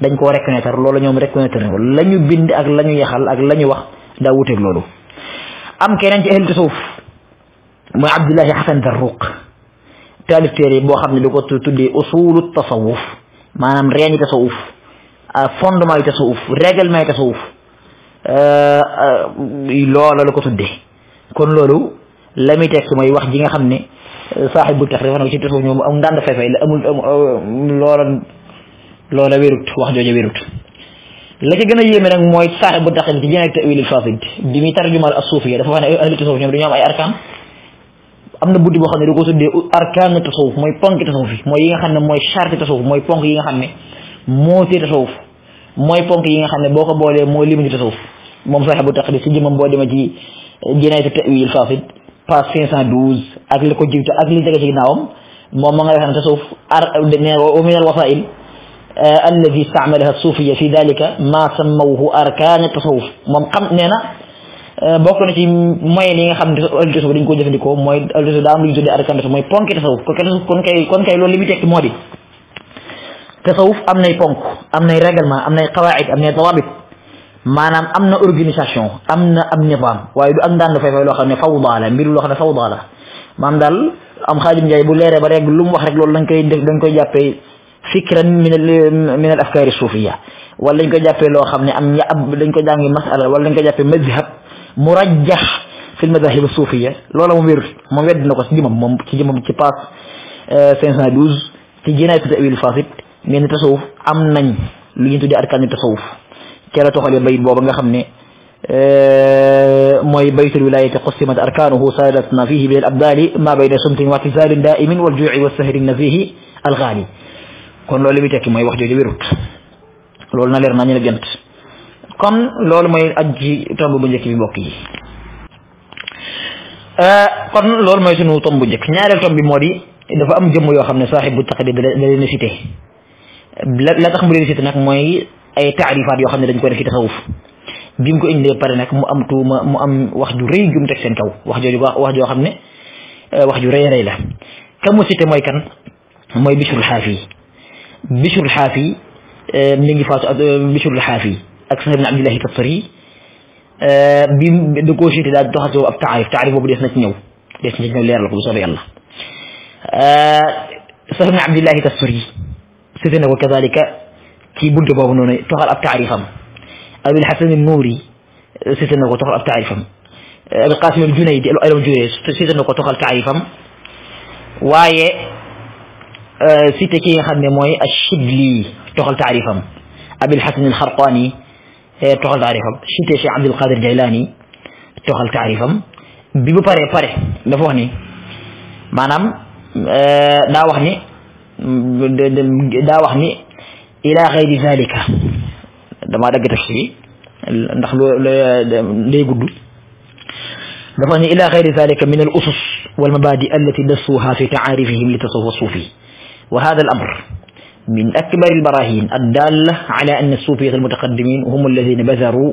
Speaker 2: dañ koo reconnaître loolu ñoom reconnaître la ñu bind ak la ñu yaxal ak la ñu wax daa wuteeg loolu am keneen ci ahlul tasawuf mooy Abdullahi Xasan Darruq taalif téere boo xam ne du ko tuddee usulu tasawuf maanaam reeni tasawuf euh, fondement yi tasawuf règlement yi tasawuf Euh, euh, loola la ko tuddee kon loolu la muy teg mooy wax ji nga xam ne euh, saaxibu tax dafa na ci tasawuf ñoom am ndànd fay fay la amul loola loola wérut wax jooja wérut la ca gën a yéeme nag mooy saaxibu tax bi ci jëne ak tawilil fasid bi muy tarjumal as-suufiya dafa wax ne ahlu tasawuf ñoom dañoo am ay arkaan am na buddi boo xam ne du ko tuddee arkaanu tasawuf mooy ponk tasawuf mooy yi nga xam ne mooy charte tasawuf mooy ponk yi nga xam ne moo tee tasawuf mooy ponk yi nga xam ne boo ko boolee moo limu ñu tasawuf moom saaxibu taqrir si jëmam boo demee ci jinaayatu ta'wil fasid page 512 ak li ko jiw ak li tege ci ginnaawam moom ma nga wax ne tasawuf ar wa min al wasail eh, alladi istaamalaha suufiya fi dalika ma sammawhu arkaan tasawuf moom na eh, bokk na ci moyen yi nga xam ne tasawuf dañ ko jëfandikoo mooy daa am lu ñu tuddee arkaan tasawuf mooy ponki tasawuf kon kay kon kay loolu li muy tekki moo تصوف أمنا يبونك أمنا يرجل ما أمنا قواعد أمنا ضوابط ما نام أمنا أورجينيشن أمنا أمن نظام وايد أندان في فيلو خلنا فوضى له ميلو خلنا فوضى له ما ندل أم خادم جاي بقول له بريك لوم وخرج لون لنكي لنكي جابي فكرا من ال من الأفكار الصوفية ولا لنكي جابي لو خلنا أم يا أب لنكي جامي مسألة ولا لنكي جابي مذهب مرجح في المذاهب الصوفية لولا مبير مبير نقص دي مم كي مم كي باس آه، سنسنا دوز تيجينا mel tasawuf am nañ lu ñu tuddi arkaani tasawuf ci la toxalee bayit bobu nga xamne euh moy baytul wilayati qusimat arkanuhu sadatna fihi bil abdali ma bayna sumtin wa tizalin daimin wal ju'i was sahri nafihi al ghali kon lolu mi tekki moy wax joju wirut lolu na leer naa ñu la kon lolu moy ajji tombu bu ñëk bi mbokk yi kon lolu moy sunu tombu ñëk njëkk tombu bi modi di dafa am jëm yo xamne sahibu taqdid da leen cité la tax mu leen cité nag mooy ay taarifaat yoo xam ne dañ koy def ci tasawuf bi mu ko indee pare nag mu am tuuma mu am wax ju rëy ju mu teg seen kaw wax jooju wax joo xam ne wax ju rëy rëy la ka mu cité mooy kan mooy Bishrul Xaafi Bishrul Xaafi mi ngi faatu ak Bishrul Xaafi ak Sahib ibn Abdillahi Tabtari bi da koo cité daal doxatoo ab taarif taarif boobu des na ci ñëw des na ci ñëw leeral ko bu soobee yàlla Sahib ibn Abdillahi Tabtari سيدنا وكذلك كي بند بابن تغل أبتعرفهم أبي الحسن النوري سيدنا وتغل أبتعرفهم أبي القاسم الجنيدي أبي القاسم الجنيدي سيدنا وتغل تعرفهم واي آه، سيتكي خدمي موي الشبلي تغل تعرفهم أبي الحسن الخرقاني آه، تغل تعرفهم شيتي شيخ عبد القادر الجيلاني تغل تعرفهم بيبو باري باري دافوخني مانام دا آه، واخني daa wax ni ila xayri zalika damaa dagg tafsir yi ndax lay gudd dafa ni ila xayri zalika min al usus wal mabadi allati dassuha fi taarifihim li tasawuf sufi wa hada al amr من أكبر البراهين الدالة على أن الصوفية المتقدمين هم الذين بذروا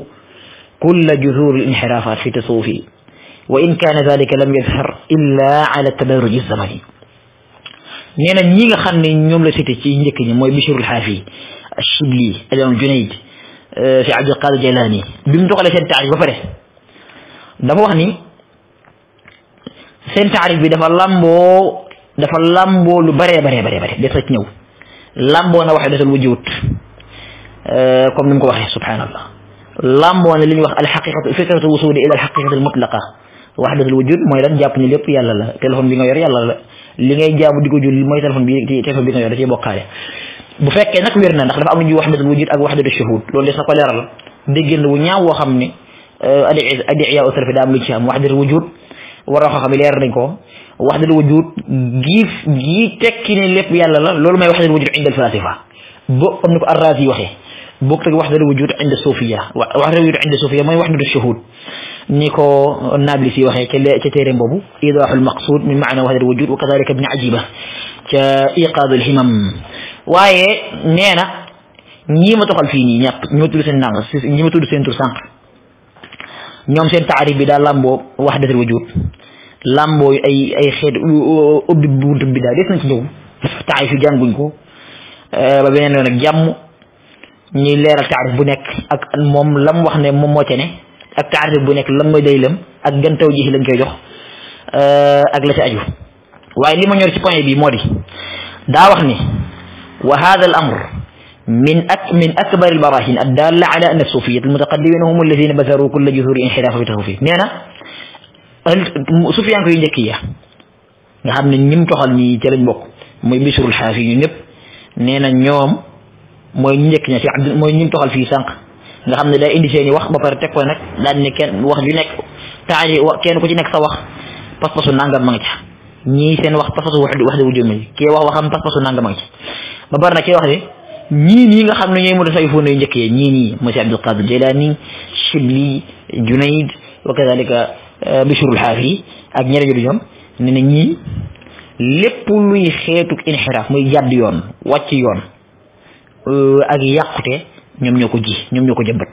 Speaker 2: كل جذور الانحرافات في تصوفه وإن كان ذلك لم يظهر إلا على التدرج الزمني nee na ñi nga xam ne ñoom la cité ci njëkk ñi mooy Bishrul Xaafi Shibli Al-Imam Junayd Cheikh Abdul Qadir Jilani bi mu doxalee seen taarif ba pare dafa wax ni seen taarif bi dafa lamboo dafa lamboo lu baree baree baree bare des na ci ñëw lamboo na waxee desal wujud comme ni mu ko waxee subhanallah lamboo na li ñuy wax alxaqiqatu fikratu wusuli ila alxaqiqati almutlaqa wahdatul wujud mooy lan jàpp ni lépp yàlla la téléphone bi nga yor yàlla la li ngay jaamu di ko jul mooy téléphone bi téléphone bi nga yor da ciy bokkaale bu fekkee nag wér na ndax dafa am ñu wahdatul wujud ak wahdatul shuhud loolu des na ko leeral déggéen wu ñaaw woo xam ne adiya usrafi daa am lu ci am wahdatul wujud waroo xam leer nañ ko wahdatul wujud gii gii tekki ne lépp yàlla la loolu mooy wahdatul wujud inda al falasifa boo comme ni ko Arrazi waxee bokk teg wahdatul wujud inda sufiya wahdatul wujud inda sufiya mooy wahdatul shuhud ni ko Nablisi waxee ca téeréem boobu idaaxul maqsuud min maana wahdat wujud wa kadalika ibn ajiba ca iqaadul himam waaye nee na ñii ma toxal fii ñii ñàpp ñi ma tudd seen nang ñi ma tudd seen tur sànq ñoom seen taarif bi daal làmboo wahdatul wujud làmboo ay ay xeet ubbi buntu bi daal des na ci ñëw taarif yu jànguñ ko eh, ba beneen yoon ak jàmm ñuy leeral taarif bu nekk ak moom lam wax ne moom moo ca ne ak taarif bu nekk lan mooy dalilam ak gan taw ji lañ koy jox ak la ci aju waaye li ma ñor ci point bi moo di daa wax ni wa hada al amr من أك من أكبر البراهين الدالة على أن الصوفية المتقدمين هم الذين بثروا كل جذور انحراف وتخوفيه نينا سفيان كوي نجكية nga xam ne ñim toxal ñi ci lañ bokk muy bisrul xaafi ñu ñëpp nee na ñoom mooy ñu njëkk ña ci mooy ñim toxal fii sànq nga xam ne day indi seeni wax ba pare teg ko nag daan ne kenn wax ju nekk taari kenn ku ci nekk sa wax pas-pasu nangam ma nga ca ñii seen wax pas-pasu wax wax dëgg jëmm ji kii wax waxam pas-pasu nangam ma nga ca ba pare nag wax ne ñii nii nga xam ne ñooy mutasawwifuun yu njëkk yi ñii nii monsieur Abdul Qadir Jilani Shibli Junayd wa kadalika euh, Bishrul Haafi ak ñeneen ñu ñoom ne na ñii lépp luy xeetu inxiraaf muy jàdd yoon wàcc yoon euh, ak yàqute ñoom ñoo ko ji ñoom ñoo ko jëmbat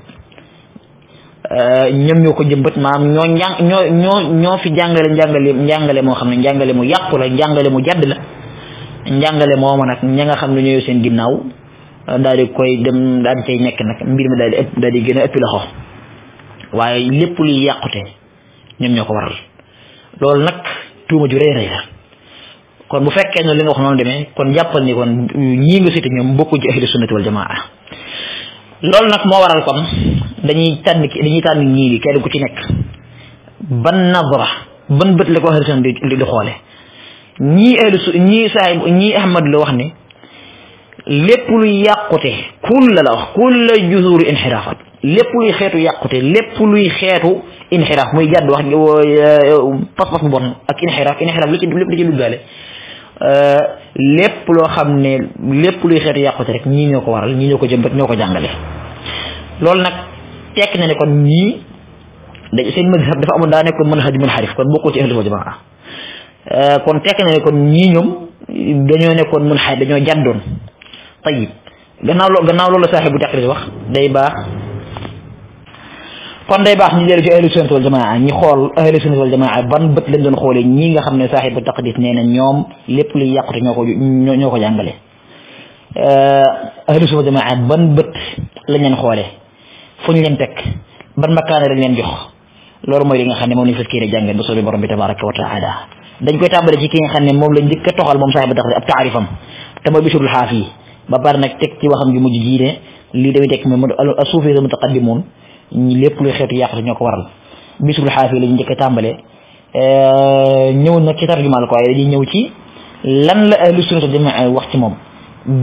Speaker 2: euh, ñoom ñoo ko jëmbat maanaam ñoo njàng ñoo ñoo ñoo fi jàngale njàngale moo xam ne njàngale mu yàqu la njàngale mu jàdd la njàngale mooma nag ña nga xam ne ñooy seen ginnaaw euh, daal di koy dem daal di cay nekk nag mbir mi daal di ëpp daal di gën a ëpp loxo waaye lépp luy yàqute ñoom ñoo ko waral loolu nag tuuma ju rëy rëy la kon bu fekkee ne li nga wax noonu demee kon jàppal ni kon ñii nga seeti ñoom bokku ci ahlu lol nak mo waral kon dañuy tànn dañuy tan ñi bi kenn ku ci nek ban nazra ban bët la ko xaritam di di xolé ñi ahlu su ñii saay ñii ahmad lo wax ni lépp lu yàqute kul la wax kul la juzur inxiraafat lépp lu xétu yàqute lépp lu xétu inhiraf muy jàdd wax ni pass pass bon ak inhiraf inhiraf lu ci lépp lu ci dugalé Euh, lépp loo xam ne lépp luy xeetu yàqute rek ñii ñoo ko waral ñii ñoo ko jëmbat ñoo ko jàngale loolu nag tekk na ne kon ñii da seen mazhab dafa amoon daa nekkoon mën xaj mën xarif kon bokkoo ci ahlu wa jamaa euh, kon tekk na ne kon ñii ñoom dañoo nekkoon mën xarif dañoo jàddoon tayib gannaaw loo gannaaw loolu la saaxibu taqrir wax day baax kon day bax ñu jël ci ahlus sunnah wal jamaa ñi xol ahlus sunnah wal jamaa ban bëtt lañ doon xolé ñi nga xamne sahibu saaxibu taqdis nee na lépp lu yaq ñoko ñoko jangalé euh ahlus sunnah wal jamaa ban bëtt lañ leen xolé fu leen tek ban makana lañ leen jox lor moy li nga xamne ne moom lañ fas kéere jàngal ba soobee borom bi tabaaraku wa taala dañ koy tàmbale ci ki nga xamne ne moom lañ dikk a toxal moom saaxibu taqdis ab taarifam te moy bisirul hafi ba par nak tek ci waxam ju mujj jii ne lii dañuy teg mooy asuufisme mutaqaddimuun lépp luy xeetu yàqatu ñoo ko waral bisrul xaafi la ñu njëkk a tàmbalee euh, ñëw nag ci tarjumaal ko waaye dañuy ñëw ci lan la ahlu sunnat wal jamaa wax moom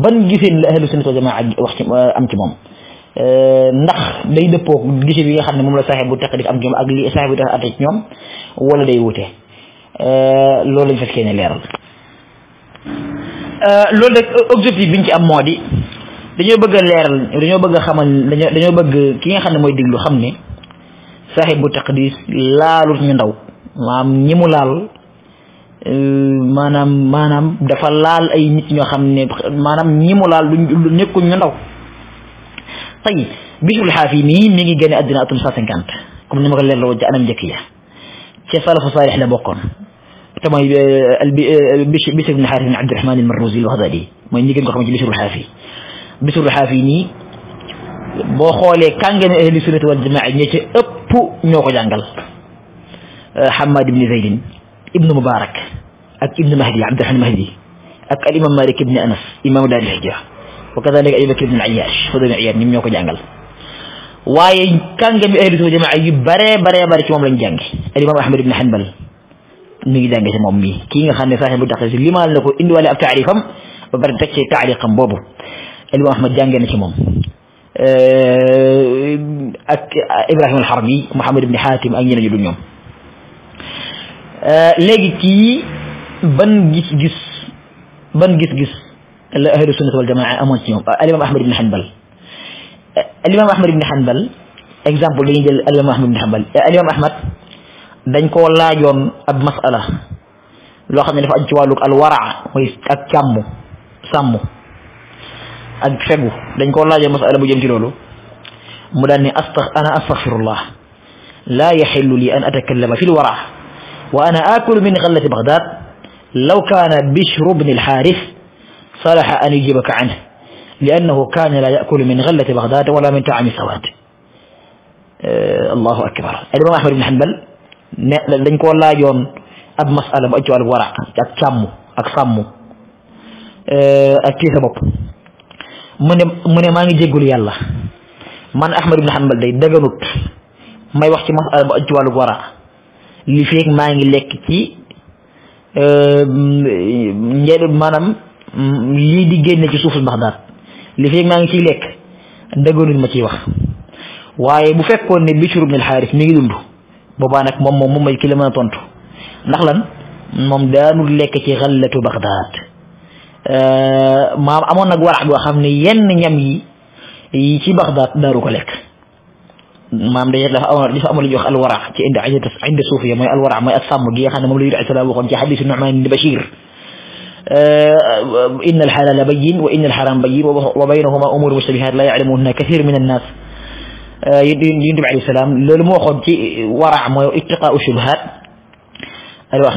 Speaker 2: ban giseen la ahlu sunnat wal jamaa wax ci euh, am ci moom euh, ndax day dëppoo gisee bi nga xam ne moom la saaxee bu taqdif am ci ñoom ak li saaxee bu tax ñoom wala day wute loolu lañ fas yéene leeral loolu rek objectif biñ ci am moo di dañoo bëgg a leeral dañoo bëgg a xamal dañoo bëgg ki nga xam ne mooy diglu xam ne saaxibu taqdis laalut ñu ndaw maanaam ñi mu laal euh, maanaam maanaam dafa laal ay nit ñoo xam ne maanaam ñi mu laal du nekkuñ ñu ndaw tey Bishrul Xaafi mii mi ngi génne àddina atum cent cinquante comme ni ma ko leeraloo ci anam njëkk ya ci salafu la bokkoon te mooy Bishr euh, Bishr euh, ibn Xaaris ibn Abdurahmaan al-Marwazi al-Bagdaadi mooy ñi ko xam ci Bishrul Xaafi bisul xaafi ni bo xolé kangene ahli sunnati wal jamaa ñi ci ëpp ñoko jàngal Hamad ibn zayd ibn Mubarak ak ibn Mahdi abd al Mahdi ak al imam Malik ibn Anas imam dal hijra wa kadalika ibn al-Ayyash fodo ni ayyash ñoo ñoko jàngal waye kàngami ahli sunnati wal jamaa yu bare bare bare ci mom lañu jàngi al imam Ahmad ibn Hanbal ñi ngi jànge ci mom mi ki nga xamné sahibu saaxibu taqriir limaal na ko indiwaale ab taarifam ba bar teg ci taariqam boobu ابو احمد جانجا نتي موم أه، اك ابراهيم الحرمي محمد بن حاتم اني نيو نيوم أه، لغي كي بن غيس غيس بن غيس غيس اهل السنه والجماعه امون سي نيوم أه، الامام احمد بن حنبل الامام احمد بن حنبل اكزامبل لي نديل الامام احمد بن حنبل الامام احمد دنجكو لاجون اب مساله لو خا ني دا فا الورع موي سامو ak fegu dañ ko laaje masala bu jëm ci lolu mu daan ni astax ana astaghfirullah la yaxillu li an atakallama fil wara wa ana akulu min gallati baghdad law kaana bishru bni alxaaris salaxa an yujibaka anhu liannahu kaana laa yaakulu min gallati bagdad wala min taami sawaad allahu akbar alimam ahmad ibn hanbal ne dañ koo laajoon ab masala bu aju wàllu wara ak càmm ak sàmm ak téye sa bopp mu ne mu ne maa ngi jéggul yàlla man Ahmad ibn Hanbal day daganut may wax ci masala bu euh, ci wàllu wara li feeg maa ngi lekk ci euh, njëriñ maanaam lii di génne ci suufu ndax daal li feeg maa ngi ciy lekk daganut ma ciy wax waaye bu fekkoon ne Bishr ibn al-Harith mi ngi dund boobaa nag moom moom may ki tontu ndax lan moom daanul lekk ci xallatu Bagdaad maam amoon nag warax goo xam ne yenn ñam yi yi ci Baxdaad daaru ko lekk maam dañuy dafa amoon dafa amoon lu ñuy wax alwarax ci indi indi indi suuf ya mooy alwarax mooy ak sàmm gi nga xam ne moom la yur islam waxoon ci xadisu Nu'maan ibn Bashir إن الحلال بين وإن الحرام بين وبينهما أمور مشتبهات لا يعلمونها كثير من الناس يندب عليه السلام loolu moo waxoon ci warax mooy ittiqaau shubhaat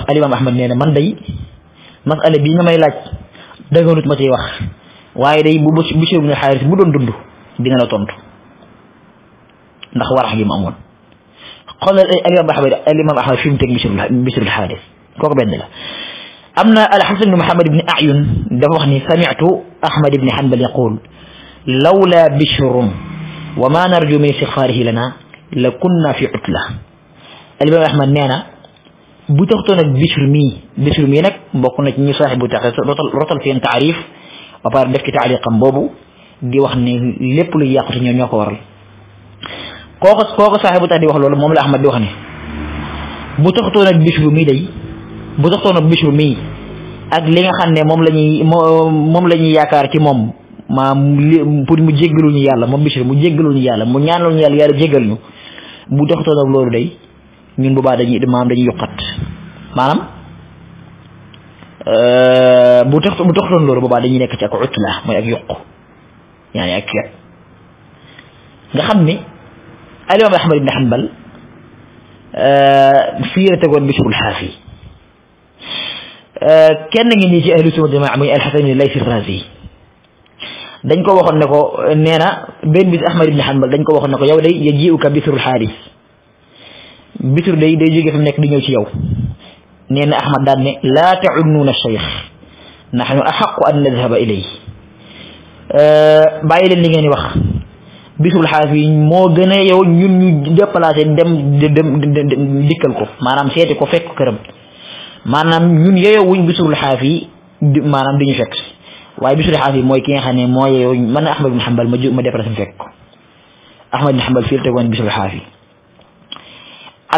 Speaker 2: al imaam Ahmad nee na man day masala bii nga may laaj dëgërut ma ci wax waye day bu Bashir ibn Xaaris bu doon dund dina la tontu ndax warax gi mu qala xoolal alimam Ahmad alimam Ahmad fi mu teg Bashir Bashir al Xaaris kooku ben la amna al hasan ibn Muhammad ibn Ayun da wax ni sami'tu Ahmad ibn Hanbal yaqul lawla bishrun wa ma narju min sikharihi lana lakunna fi utlah al alimam Ahmad nena bu taxutoon ak Bichri mii Bichri mii nag mbokk na ci ñu saaxibu tax rotal rotal seen taarif ba pare def ci taaliqam boobu di wax ne lépp lu yàqu ci ñoo ko waral kooko kooko bu tax di wax loolu moom la Ahmad di wax ne bu taxutoon ak Bichri mii day bu taxutoon ak Bichri mii ak li nga xam ne moom la ñuy moom la yaakaar ci moom maam pour mu jéggalu ñu yàlla moom Bichri mu jéggalu ñu yàlla mu ñaanal ñu yàlla yàlla jéggal ñu bu taxutoon ak loolu day ñun bu ba dañuy imam dañuy yokkat manam euh bu tax bu lolu bu ba dañuy nekk ci ak utla moy ak yokku yani ak ceeb nga xamni ali ibn ahmad ibn hanbal euh fii la bi bisrul hafi كان ngi ni ci ahlu sunna jamaa al hasan alxasan laysi razi dañ ko waxon ne ko neena ben bis ahmad ibn hanbal dañ ko waxon ne ko yow day yajiuka bisrul xaalis bitur day day jóge fa nekk di ñëw ci yow nee na ahmad daan ne laa taunnuuna cheikh nahnu axaqu an nadhaba ilay bàyyi leen li ngeen wax bisul xaaf yi moo gën a yow ñun ñu déplacé dem dem dikkal ko maanaam seeti ko fekk këram maanaam ñun yeyoo wuñ bisul xaaf yi maanaam di ñu fekk waaye bisul xaaf yi mooy ki nga xam ne moo yeyoo man ahmad bin xambal ma ju ma déplacé mu fekk ko ahmad bin xambal fii la tegoon bisul xaaf yi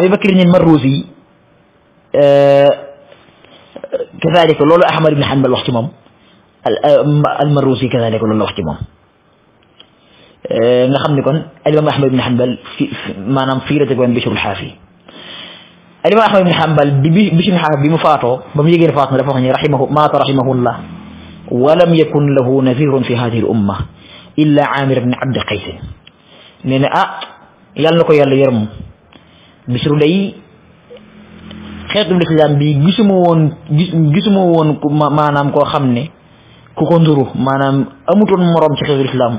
Speaker 2: أبي بكر المروزي آه، كذلك لولو أحمد بن حنبل واحتمام المروزي كذلك لولو واحتمام آه، نخم نكون الإمام أحمد بن حنبل في ما نام في رتبة من بشر الحافي الإمام أحمد بن حنبل بشر الحافي بمفاته بمجيء فاطمة رفعه رحمه ما رحمه الله ولم يكن له نذير في هذه الأمة إلا عامر بن عبد القيس نناء يلقى يلقى يرمو Bichru day xeetu lislaam bi gisuma woon gisuma woon maanaam koo xam ne ku ko nduru maanaam amutoon moroom ci xeetu lislaam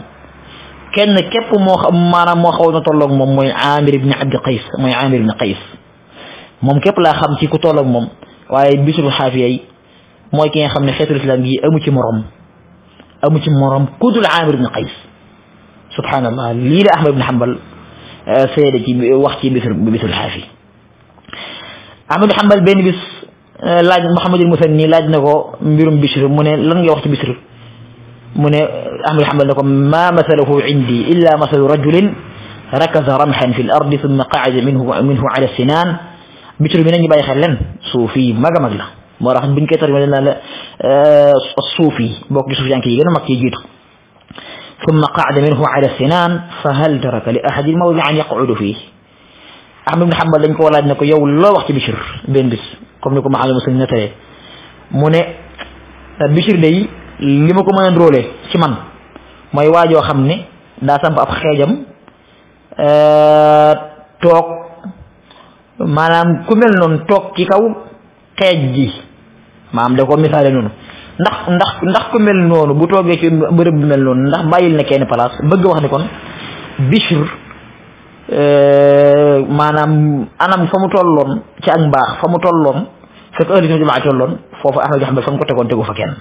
Speaker 2: kenn képp moo xam maanaam moo moom mooy Amir ibn Abdi Qays mooy Amir ibn Qays moom képp laa xam ci ku tolloog moom waaye Bichru Xaafiyay mooy ki nga xam ne xeetu lislaam gi amu ci moroom amu ci moroom Amir ibn Qays subhanallah lii la Ahmad ibn Hanbal سيد وقتي بسر بسر الحافي عبد الحمد بن بس آه، محمد المثني لاج نكو ميرم بشر من لان وقت بشر من عبد ما مثله عندي الا مثل رجل ركز رمحا في الارض ثم قعد منه منه على السنان بشر من باي خلن صوفي ما جمد ما راح بن كتر لا آه، الصوفي بوك سفيان يعني كي جنا ما كي جيتو ثم قعد منه على السنان فهل ترك لأحد الموضع أن يقعد فيه أحمد بن حنبل لنكو ولا أدنكو يو لا وقت بشر بين بس قم لكم على المسلمين تري من بشر دي لما كم يندروله شمان ما يواجه خمني داسم باب خيجم توك manam ku mel نون توك ci kaw xej ji manam da ko ndax ndax ndax ku mel noonu bu toogee ci bërëb bu mel noonu ndax bàyyil na kenn place bëgg wax ni kon Bishr euh, maanaam anam fa mu tolloon ci ak mbaax fa mu tolloon fekk ahlu sunna jamaa tolloon foofu Ahmad Hanbal fa mu ko tegoon tegu fa kenn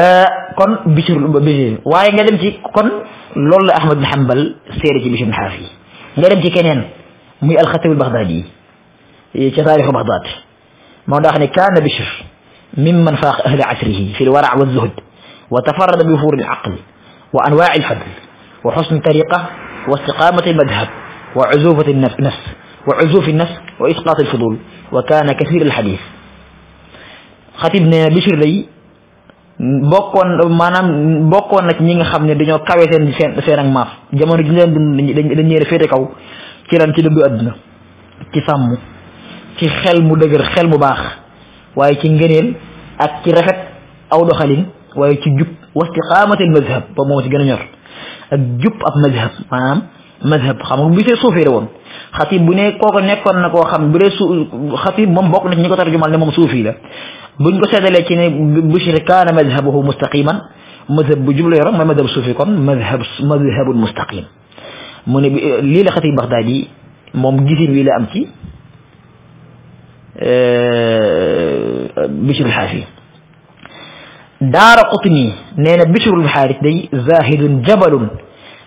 Speaker 2: euh, kon Bishr Bishr waaye nga dem ci kon loolu la Ahmad Hanbal séere ci Bishr Xaafi nga dem ci keneen muy alxatib al Baxdaadi taarixu Baxdaad moo tax ne kaana Bishr ممن فاق أهل عصره في الورع والزهد وتفرد بوفور العقل وأنواع الفضل وحسن الطريقة واستقامة المذهب وعزوفة النفس وعزوف النفس وإسقاط الفضول وكان كثير الحديث خطيبنا بشر لي bokkoon maanaam bokkoon na ci ñi nga xam ne dañoo kawe seen seen seen ak maaf jamono ji leen dund dañ leen féete kaw ci lan ci dëddu àdduna ci sàmm ci xel mu dëgër xel mu baax waaye ci ngëneel ak ci rafet aw doxalin waaye ci jub wastiqaamatil mazhab ba moo ci gën a ñor ak jub ab mazhab maanaam mazhab xam nga bu gisee suufee la woon xatib bu ne kooko nekkoon na koo xam bu dee su xatib moom bokk na ci ñi ko tarjumal ne moom suufi la buñ ko seddalee ci ne Bichri kaana madhabuhu mustaqiman madhab bu jub la yoroon mooy madhab suufi kon madhab madhabun mustaqim mu ne lii la xatib Baxdaadi moom gisin wi la am ci آه، بشر الحارث دار قطني نين بشر الحارث دي زاهد جبل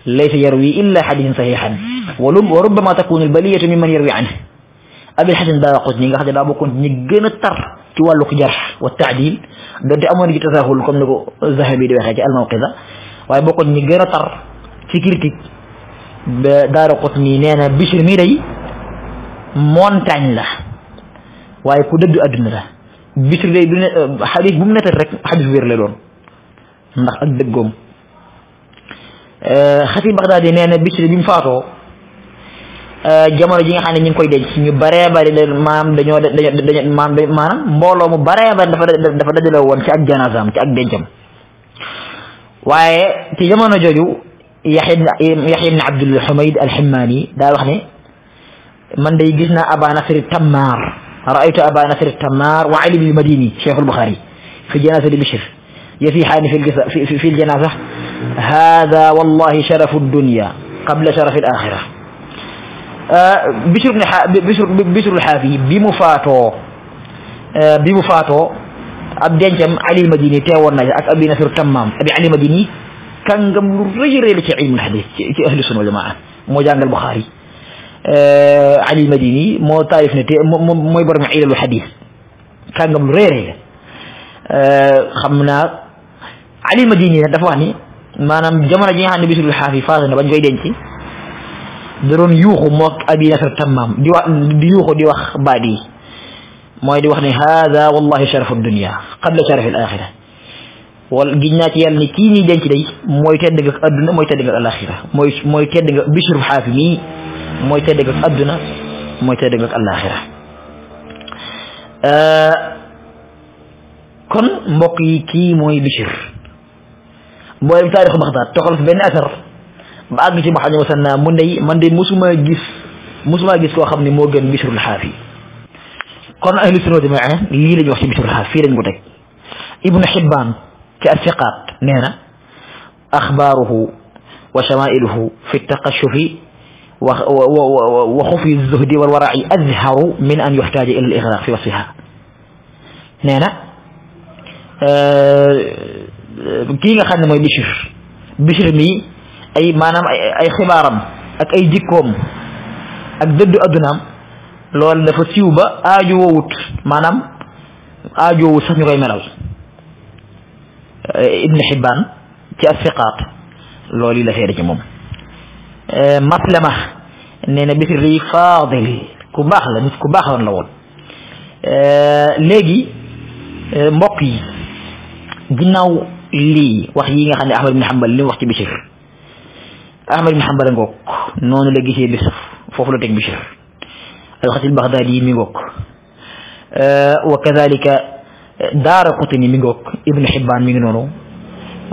Speaker 2: ليس يروي إلا حديث صحيحا وربما تكون البلية ممن يروي عنه أبي الحسن دار قطني قد بابو كنت نجن التر توالق جرح والتعديل دار أمان جتزاهل كم نقو زهبي دي بحاجة الموقذة ويبو كنت نجن التر تكيرتي دار قطني نين بشر ميري مونتاين لا waaye ku dëddu adduna la bisu day du ne euh, xadis rek xadis wér la doon ndax ak dëggoom euh, xati Bagdaadi nee na bisu bi euh, jamano ji nga xam ne ñu ngi koy denc ñu baree bari de maam dañoo dañoo maam maanaam mbooloo mu baree dafa dafa dajale woon ci ak janazaam ci ak dencam waaye ci jamono jooju Yaxya ibn Abdul Humayd al-Himmaani daa wax ne man day gis naa Aba Nasri Tammaar رأيت أبا نصر التمار وعلي بن المديني شيخ البخاري في الجنازة بشر يا في, حالي في, في الجنازة هذا والله شرف الدنيا قبل شرف الآخرة آه، بشر بن بشر بشر الحافي بمفاتو آه، بمفاتو عبد الجم علي المديني تاورنا ابي نصر التمام ابي علي المديني كان قبل رجل علم الحديث اهل السنه والجماعه مو البخاري آه، علي المديني مو طائف نتي مو يبر معيل الحديث كان قبل غير هيك آه، خمنا علي المديني دفعني ما انا جمعنا جيها النبي صلى الله عليه وسلم فاضل نبان درون يوخو موك ابي نصر تمام يوخو دي وخ بادي موي دي وخني هذا والله شرف الدنيا قبل شرف الاخره والجنات يلني كيني دنتي دي موي تدغ ادنا موي تدغ الاخره موي موي تدغ بشرف حافي مي moy tedd ak aduna moy tedd ak alakhirah euh kon mbok yi ki moy bishir moy tarikh baghdad toxal fi ben asar ba ag ci Mouhamadou Sanna mu ndey man de mosuma gis musuma gis ko xam ne moo gën Bichirul Xaafi kon ahli sunna jamaa lii la ñu wax ci bishir al-hafi lañ ko tek Ibnu hibban ci Asiqaat nee na axbaaruhu wa shamaa'iluhu fi وخفي الزهد والورع أزهر من أن يحتاج إلى الإغراق في وصفها نانا كين خدنا ما بشر بشر مي أي ما نم أي خبارم أك أي جيكم أك ضد أدنام لو أن فسيوبا أجو ووت ما نم أجو وسني غير مرض ابن حبان كأسقاط لو لي لا هيرجمهم maslama nee na bi rii faadil ku baax la nit ku baaxoon la woon léegi mbokk yi ginnaaw lii wax yi nga xam ne Ahmad bin Hanbal li mu wax ci Bichir Ahmad bin Hanbal ngoog noonu la gisee Bichir foofu la teg Bichir alxasi albaxdaadi yi mi ngoog wa kadalika daara Qutni mi ngoog Ibn Xibbaan mi ngi noonu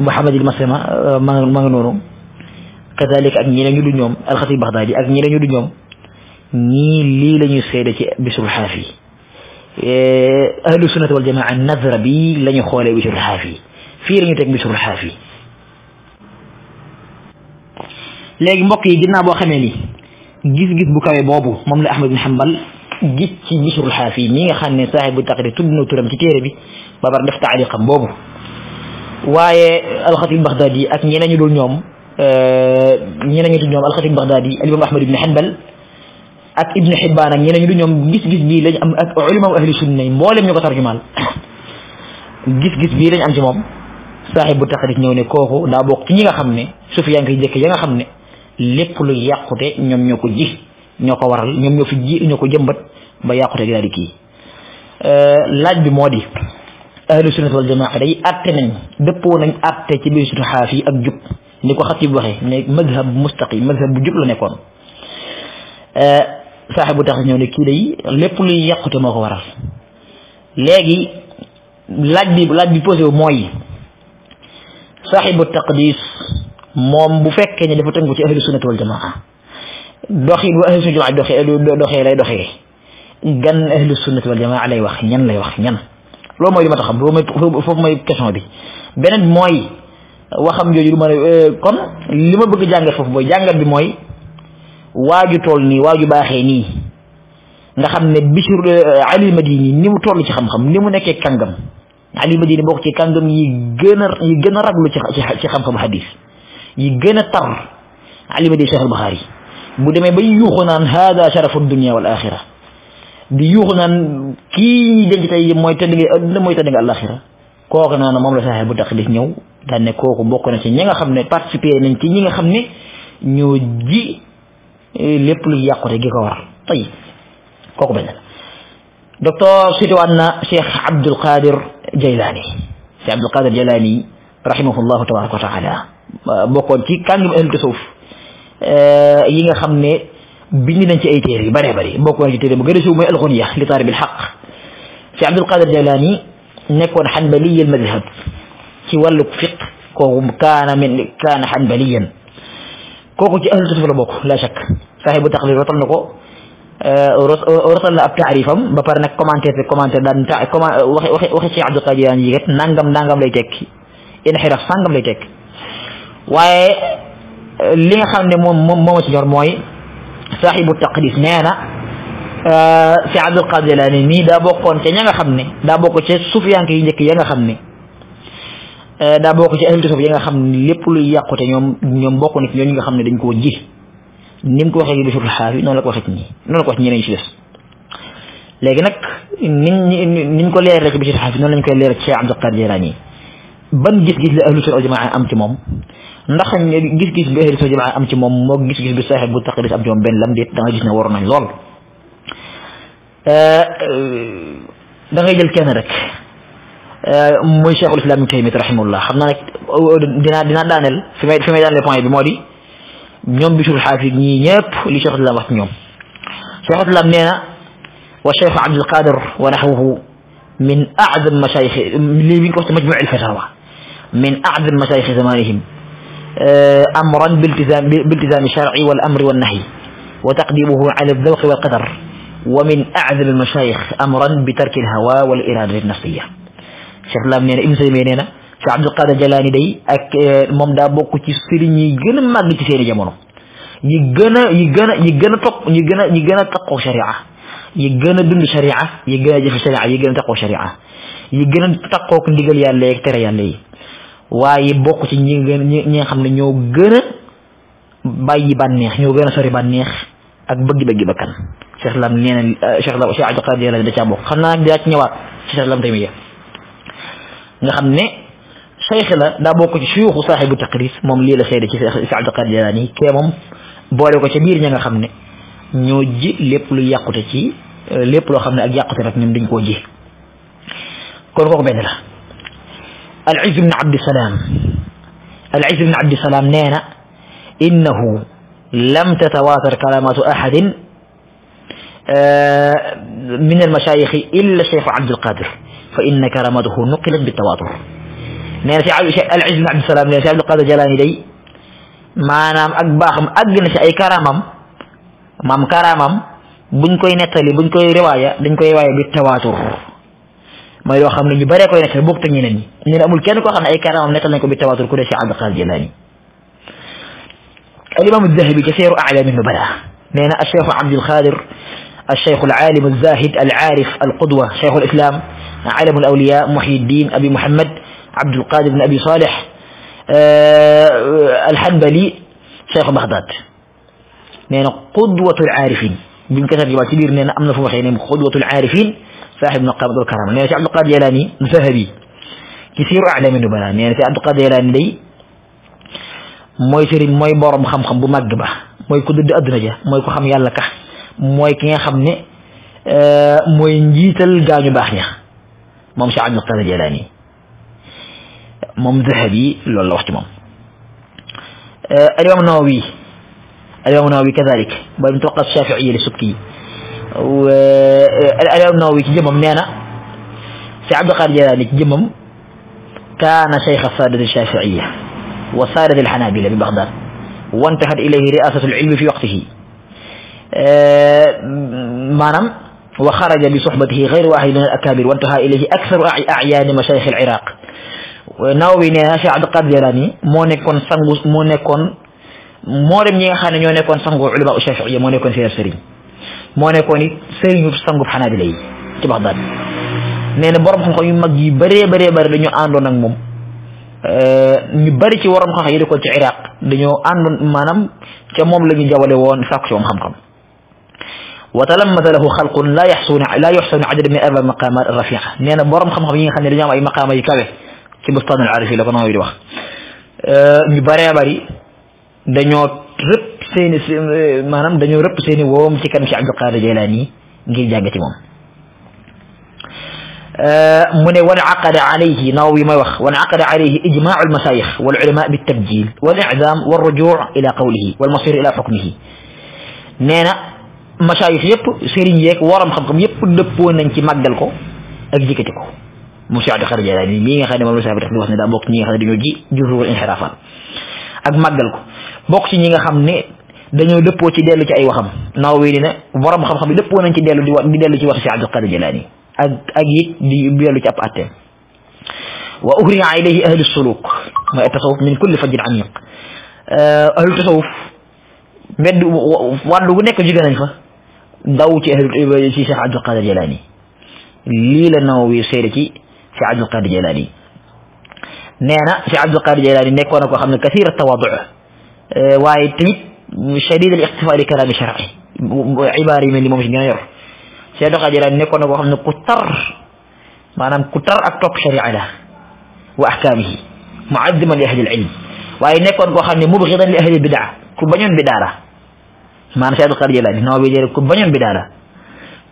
Speaker 2: Muhammad al Maslama ma ngi noonu kazalika ak ñi nañu du ñoom alxatib baxdaadi ak ñi nañu du ñoom ñii lii la ñuy seede ci bisrul xaafi ahlu sunnat wal jamaa nazra bi la ñu xoolee bisrul xaafi fii la ñu teg bisrul xaafi léegi mbokk yi ginnaaw boo xamee ni gis-gis bu kawe boobu moom la Ahmad bin Hanbal gis ci bisrul xaafi mi nga xam ne saaxibu taqrir tudd na turam ci téere bi ba bar def taaliqam boobu waaye alxatib baxdaadi ak ñi nañu dul ñoom Euh, ñeneen ñu tudd ñoom alxatib baghdadi alimam ahmad ibn hanbal ak ibn hibbaan ak ñeneen ñu tudd ñoom gis-gis bii lañ am ak ulamaaw ahli sunna yi mboolem ñu ko bii lañ am ci moom saaxibu taxrij ñëw ne kooku daa bokk ci ñi nga xam ne sufiyaan koy jëkk ya nga xam ne lépp lu yàqute ñoom ñoo ko ji ñoo ko waral ñoom ñoo fi ji ñoo ko jëmbat ba yàqute gi daal kii euh, laaj bi moo di ahlu sunnat wal jamaa day atte nañ dëppoo nañ atte ci biir sutu xaaf ak jub ni ko xatib waxee ne mazhab mustaqim mazhab bu jub la euh saaxibu tax ñëw ne ki day lépp luy yàqute mako waral legi laaj bi laaj bi posé moy sahibu taqdis mom bu fekke ne dafa teungu ci ahlu sunnah wal jamaa doxi bu ahlu sunnah doxi jamaa doxee lay doxee gan ahlu sunnah wal jamaa lay wax ñan lay wax ñan lo moy li ma taxam bo moy fofu moy question bi benen moy waxam jooju du ma ne eh, kon li ma bëgg jàngat foofu mooy jàngat bi mooy waaju tool nii waaju baaxee nii nga xam ne Bichir eh, Ali Madini ni mu toll ci xam-xam ni mu nekkee kàngam Ali Madini bokk ci kàngam yi gën a gën a raglu ci ci xam-xamu yi gën a tar Ali Madini Cheikh al bu demee ba yuuxu naan hada sharafu dunia wal axira di yuuxu naan kii ñi denc tey mooy tëdd nga adduna mooy tëdd nga alaxira moom la saxee bu taq di ñëw daan ne kooku bokk na ci ñi nga xam ne participer nañ ci ñi nga xam ne ñoo ji lépp lu yàqute gi ko war tay kooku bañ la docteur situwaan na cheikh abdul qadir jaylani cheikh abdul qadir jaylani rahimahullahu tabaraka wa taala bokkoon ci kàngum ahlu tasawuf yi nga xam ne bind nañ ci ay téere yu bëree bëri bokkoon ci téere bu gën a siiw mooy alxunya li taaribil xaq cheikh abdul qadir jaylani nekkoon xanbaliyal madhab ci wàllu fiq كوكو كان من كان حنبليا كوكو جي اهل الكتب البوك لا شك صاحب التقرير وطن نكو ورسل آه، لا تعريفهم بابار نك كومونتير كومونتير دان تاع كومون واخي واخي واخي شي عبد القادر يعني جيت نانغام نانغام لاي تيك انحراف سانغام لاي تيك واي لي خامني موم موم سي موي صاحب التقرير نانا في آه، عبد القادر لاني يعني مي دا بوكون تي نيغا خامني دا بوكو تي سفيان كي نيك ياغا خامني Euh, daa bokk ci ahlul tasawuf yi nga xam ne lépp lu yàqute ñoom ñoom bokk na ci ñooñu nga xam ne dañ koo ji ni mu ko waxee ci bisul xaafi noonu la ko waxee ci ñi léegi nag niñ ko leer rek ci bisul xaafi noonu lañ koy leer ci Cheikh Abdul Qadir Jilani ban gis-gis la ahlu sunna am ci moom ndax gis-gis bi ahlu sunna wal jamaa am ci moom moo gis-gis bi saaxib bu taqdis am ci moom benn lam déet da nga gis ne waroon euh, euh, jël kenn rek mooy cheikhul islam ibnu taymiyya rahimahullah xam naa nag dinaa dinaa daaneel fi may fi may daaneel point bi moo di ñoom Bishrul Hafiz ñii ñëpp li cheikhul islam wax ci ñoom cheikhul islam nee na wa cheikh Abdul Qadir wa nahwuhu min a'zam mashayikh lii mi ngi ko wax ci majmu' al-fatawa min a'zam mashayikh zamanihim أمرا بالتزام بالتزام الشرع والأمر والنهي وتقديمه على الذوق والقدر ومن أعذب المشايخ أمرا بترك الهوى والإرادة النفسية Cheikh Lam nee na Ibnu Taymiya nee na Cheikh Abdul Qadir jalani day ak eh, mom da bokk ci serigne yi gëna mag ci seen jamono ñi gëna yi gëna yi gëna ñi gën a topp ñi gën a ñi gën sharia yi gëna dund sharia yi gëna jëf sharia yi gëna a sharia yi gëna a ko ndigal yalla ak tere yalla yi waye bokk ci ñi gën ñi xamne ñoo gëna bayyi banex ñoo gëna sori banex ak bëgg-bëgg bakkan Cheikh Lam neena Cheikh eh, Lam Cheikh Abdul Qadir jalani da ca bok xana ak da ci ñëwaat Cheikh Lam Taymiya nga xam ne cheikh la daa bokk ci suyuxu saaxibu taqris moom lii la seede ci si abdulqadir jilaani kee moom boole ko ca biir ña nga xam ne ñoo ji lépp lu yàqute ci lépp loo xam ne ak yàqute rek ñun duñ koo ji kon kooku benn la al izz ibn abdisalaam al izz ibn abdisalaam nee na innahu lam tatawaatar kalaamaatu ahadin min al mashaayixi illa cheikh abdulqadir فإن كرمته نقلت بالتواتر نير نعم، سي عبد الشيخ العز بن عبد السلام نير سي عبد القادر جلاني دي ما نام أكباخم أجن سي أي كرمم مام كرمم بن كوي نتالي بن كوي رواية بن كوي رواية بالتواتر ما يروح خمر ني بري كوي نتالي بوك تنين ني نير أمول كانو كو خمنا أي كرمم نتالي كو بالتواتر كوري سي عبد القادر جلاني الإمام الذهبي كثير أعلى منه بلا نير الشيخ عبد القادر الشيخ العالم الزاهد العارف القدوة شيخ الإسلام عالم الأولياء محي الدين أبي محمد عبد القادر بن أبي صالح آه، الحنبلي شيخ بغداد نينا قدوة العارفين بنكسر جواب كبير نينا أمن فما خينا قدوة العارفين صاحب مقام نقابة الكرامة نينا عبد القادر يلاني ذهبي كثير أعلى منه بلا نينا عبد القادر يلاني لي موي سيرين موي borom xam-xam bu màgg ba mooy ku dëdd adduna ja mooy ko xam moy ki nga xamne euh moy njital gañu bax ña mom Cheikh Abdul Qadir jelani mom Zahabi lolou wax ci moom al-Imam Nawawi al-Imam Nawawi kadalik ba mu tawqat Shafi'i li Subki al-Imam Nawawi ci jëmmam nee na Cheikh Abdul Qadir Jilani ci jëmmam kaana shaykha saadati Shafi'iyya wa saadati al-Hanabila bi Baghdad وانتهت إليه رئاسة العلم في وقته آه، مانم وخرج بصحبته غير واحد من الاكابر وانتهى اليه اكثر اعيان مشايخ العراق ناوي نيا شي عبد القادر جيلاني مو نيكون سانغو مو نيكون مورم نيغا خاني ньо نيكون سانغو علماء الشافعي مو نيكون سير سيرين مو نيكون سيرين سانغو حنابلي تي بغداد نينا بروم خنكو يو ماغي بري بري بري دانيو اندون اك موم ا ني بري سي وروم خاخ يي ديكو سي العراق دانيو اندون مانام تي موم لا ني جاوالي وون ساكيو خام خام وتلمذ له خلق لا يحصون لا يحصون عدد من أربع مقامات الرفيعة نحن برام خم خبيين خان الرجال أي مقام يكابه في بستان العارف إلى بناه يروح مباري باري دنيو رب سين أه، ما نام دنيو رب سين ووم تكن في عبد القادر جيلاني جي جاجتي مم أه، من وانعقد عليه ناوي ما وخ وانعقد عليه إجماع المشايخ والعلماء بالتبجيل والإعدام والرجوع إلى قوله والمصير إلى حكمه نينا masaayix yëpp sëriñ yeeg waram xam-xam yëpp dëppoo nañ ci màggal ko ak yëkkati ko mu Cheikh Abdou Khadre Jeylaani mii nga xam ne moom la Cheikh Abdou wax nga xam ne dañoo ak màggal ko bokk ci ñi nga xam ne dañoo dëppoo ci dellu ci ay waxam naaw wi ne waram xam-xam yi dëppoo nañ ci dellu di di dellu ci wax Cheikh Abdou Khadre Jeylaani ak ak it di dellu ci ab atteem wa uhria ilayhi ahlu suluk mooy tasawuf min kulli fajjin amiq ahlu tasawuf bu nekk jóge nañ fa داوتي أهل العلم شيخ عبد القادر الجيلاني ليلا النووي سيركي في عبد القادر الجيلاني نانا في عبد القادر الجيلاني نكون خمن كثير التواضع أه واي تميت شديد الاقتفاء لكلام شرعي عباري من اللي مش غير في عبد القادر الجيلاني نكون خمن كتر ما نام كتر اكتوك شريعة له واحكامه معظما لاهل العلم واي نكون خمن مبغضا لاهل البدعه كل بنيان بداره man shaadu Abdul la Jilani non bi dee ku bañoon bidaa la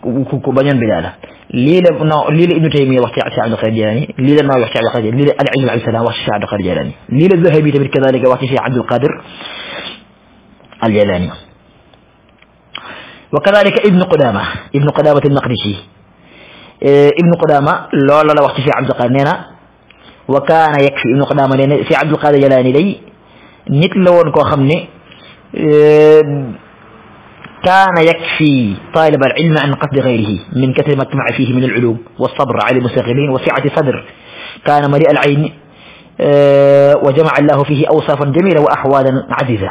Speaker 2: ku ku bañoon bidaa la lii la non lii la Ibnu taymi wax ci Cheikh Abdul Qadir Jilani li la Nawawi wax ci Abdul Qadir lii la Al Ayn al Salam wax ci Cheikh Abdul Qadir Jilani la Zahabi tamit kadalika wax ci Abdul Qadir Al Jilani وكذلك ابن قدامة ابن قدامة المقدسي ابن قدامة لولا لا وقت في عبد القادر وكان يكفي ابن قدامة لأن في عبد القادر جلاني لي نيت لون كو خمني كان يكفي طالب العلم عن قصد غيره من كثر ما اجتمع فيه من العلوم والصبر على المستغلين وسعة صدر كان مليء العين آه، وجمع الله فيه أوصافا جميلة وأحوالا عزيزة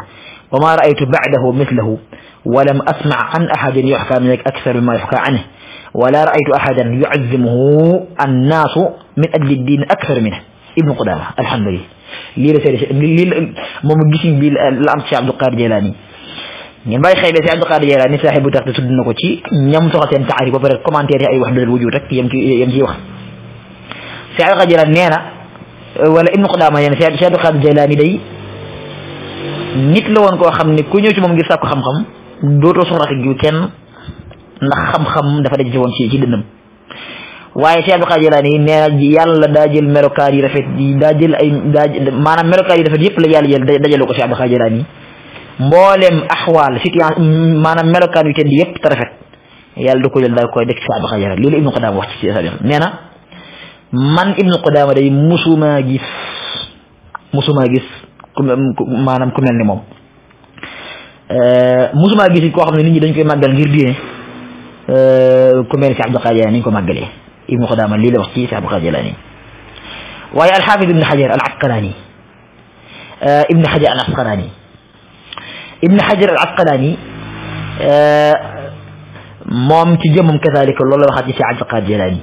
Speaker 2: وما رأيت بعده مثله ولم أسمع عن أحد يحكى منك أكثر مما يحكى عنه ولا رأيت أحدا يعزمه الناس من أجل الدين أكثر منه ابن قدامة الحمد لله ليه رسالة ممجيشين بالأمس عبد القادر جيلاني ngeen bàyyi xel si Abdul Qaadir Jilaani saaxibu tax tudd na ko ci ñam soxal seen taarif ba pare commentaire yi ay wax dalal wujud rek yem ci yem ciy wax si Abdul Qaadir Jilaani nee na wala Ibnu Qudaama nee na si Abdul Qaadir Jilaani day nit la woon koo xam ne ku ñëw ci moom ngir sàkku xam-xam dootoo soxla ak jiw kenn ndax xam-xam dafa daj ci woon ci ci dënnam waaye si Abdul Qaadir Jilaani nee na yàlla daa jël melokaan yi rafet yi daa jël ay daa maanaam melokaan yi rafet yëpp la yàlla jël dajale ko si Abdul Qaadir Jilaani mboolem axwaal situation maanaam melokaan yu tedd yépp te rafet yàlla du ko jël daal koy dëkk ci Abou Xajara loolu Ibnu Qudaama wax ci Sadio nee na man Ibnu Qudaama day musuma gis musuma gis ku maanaam ku mel ni moom musuma gis koo xam ne nit ñi dañ koy màggal ngir diine ku mel ni si Abdou Xajara ni ñu ko màggalee Ibnu Qudaama lii la wax ci si Abou Xajara nii waaye alxaafid Ibnu Xajar al Asqalaani Ibnu Xajar al Asqalaani ابن حجر العسقلاني آه، مام تجمم كذلك والله واحد شيخ عبد القادر الجيلاني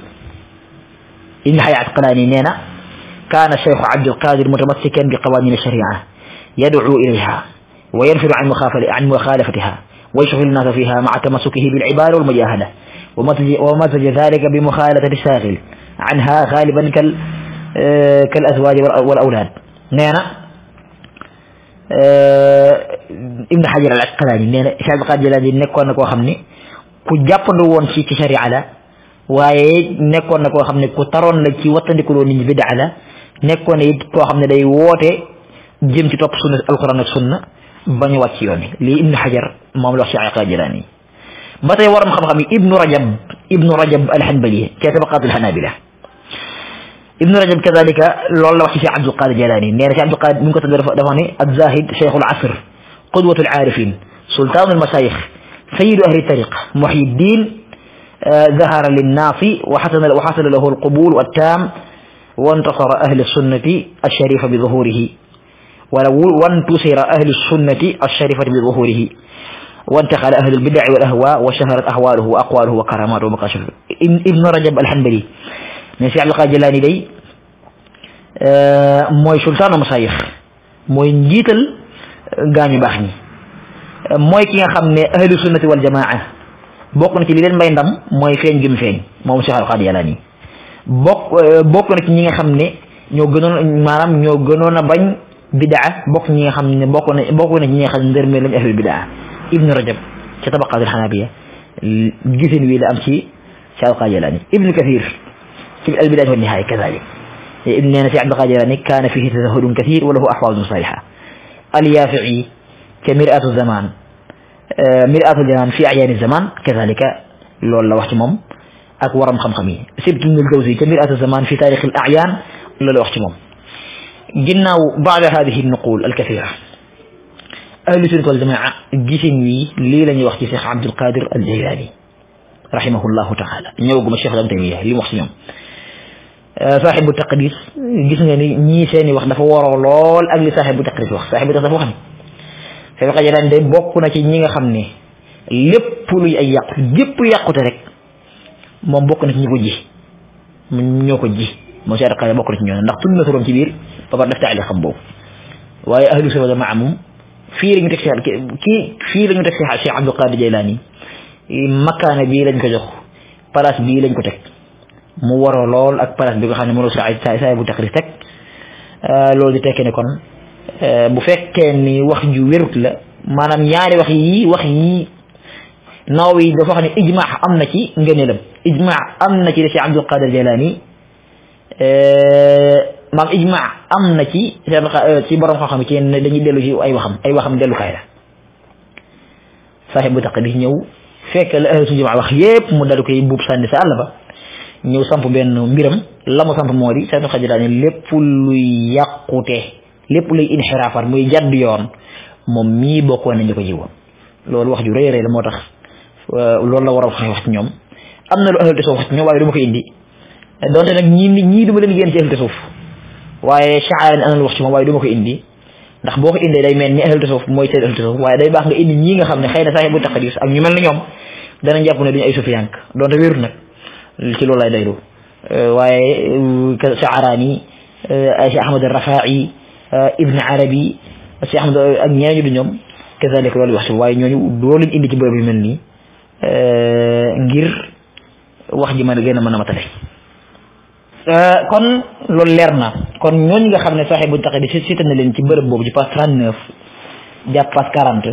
Speaker 2: ابن حجر العسقلاني نينا كان الشيخ عبد القادر متمسكا بقوانين الشريعه يدعو اليها وينفر عن عن مخالفتها ويشغل الناس فيها مع تمسكه بالعبارة والمجاهده ومزج ذلك بمخالطه الشاغل عنها غالبا آه، كالازواج والاولاد نينا Eh, Ibn Hajar al Asqalaani nee na Cheikh Abdul Qaadir Jilaani nekkoon na koo xam ne ku jàppandu woon ci ci sharia ala waaye nekkoon na koo xam ne ku taroon la ci wattandiku loo nit ñi bidaa la nekkoon na it koo xam ne day woote jëm ci topp sunna alquran ak sunna ba ñu wàcc yoon yi lii Ibn Hajar moom la wax Cheikh Abdul Qaadir Jilaani ba tey waram xam-xam yi Ibn Rajab Ibn Rajab al Hanbali ca tabaqaatul Hanaabila ابن رجب كذلك لولا la wax ci cheikh abdul qadir jilani nee na cheikh abdul qadir mi ngi ko tudde dafa dafa ne سيد أهل الطريق محي الدين آه، ظهر للناس وحسن وحصل له القبول والتام وانتصر أهل السنة الشريفة بظهوره ولو وانتصر أهل السنة الشريفة بظهوره وانتقل أهل البدع والأهواء وشهرت أحواله وأقواله وكراماته ومقاشفه ابن رجب الحنبلي mais Cheikh Abdul Qaadir Jilaani day euh, mooy sultaanu masayix mooy njiital euh, gaañu baax ñi euh, mooy ki nga xam ne ahlu sunnati wal jamaa bokk na ci li leen mbay ndam mooy feeñ gi mu feeñ moom Cheikh Abdul Qaadir bokk na ci ñi nga xam ne ñoo gënoon maanaam ñoo gënoon a bañ bidaa bokk ñi nga xam ne bokk na bokk na ci nga xam ne ndërmee lañ ahlul bidaa ibnu rajab ci tabaqaatul xanaabiya gisin wii la am ci Cheikh Abdul Qaadir Jilaani kathir في البداية والنهاية كذلك ابن نفي عبد القادر يعني كان فيه تسهل كثير وله أحوال صالحة اليافعي كمرآة الزمان آه، مرآة الزمان في أعيان الزمان كذلك لولا واحتمام أك ورم خمخمي سبت من الجوزي كمرآة الزمان في تاريخ الأعيان لولا واحتمام جنا بعد هذه النقول الكثيرة أهل السنة والجماعة جسمي ليلا يوحكي شيخ عبد القادر الجيلاني رحمه الله تعالى نيوغم الشيخ الأمتمية لمحسنهم saaxibu taqdis gis nga ni ñii seeni wax dafa waroo lool ak li saaxibu taqdis wax saaxibu taqdis dafa wax de bokk na ci ñi nga xam ni lépp luy ay yàqu yàqute rek moom bokk na ci ñi ko ji ñoo ko ji moom Seydou Xajaan bokk na ci ñoo ndax tudd na turam ci biir ba pare def taali xam boobu waaye ahlu sunna wal jamaa moom fii la ñu teg si kii fii la ñu teg si Cheikh Abdul Qadir Jaylaani makkaana bii lañ ko jox place bii lañ ko teg. mu waro lool ak place bi nga xam ne mënoo saa saa saa bu taqrir teg loolu di tekki ne kon bu fekkee ni wax ju wérut la maanaam ñaari wax yi wax yi naaw yi dafa xam ne ijma am na ci ngëneelam ijma am na ci Cheikh Abdul Qadir Jilani maam ijma am na ci seen ci borom xam-xam ci ne dañuy dellu ci ay waxam ay waxam dellukaay la saaxibu taqrir ñëw fekk la ahlu sunna wax yépp mu dal koy buub sànni sa àll ba. ñëw samp benn mbiram la mu samp moo di Seexul Xadiim daal ne lépp luy yàqute lépp luy inxiraafat muy jàdd yoon moom mii bokkoon nañ ñu ko jiwoon loolu wax ju rëy rëy moo tax euh, loolu la war a wax ñoom am na lu ahlu tasawuf wax ci ñoom indi donte nag ñii ñii du ma leen génn ci ahlu tasawuf waaye Shaa'ira am ko indi ndax boo ko indee day mel ni ahlu tasawuf indi ñii nga xam ne xëy na saaxibu taqdis ak ñu mel ni ñoom danañ jàpp ne duñu ay sufiyank donte wérut nag ci loolu lay daylu euh, waaye Sha'rani euh, ay euh, Ahmad Rafaai Ibn Arabi Cheikh Ahmad ak ñeeñu du ñoom kazalik loolu wax si waaye ñooñu doo leen indi ci bërëb yu mel nii ngir wax ji man a gën a mën a matale kon loolu leer na kon ñooñu nga xam ne bu saaxibu taqi si cité na leen ci bërëb boobu ci page trente neuf jàpp page quarante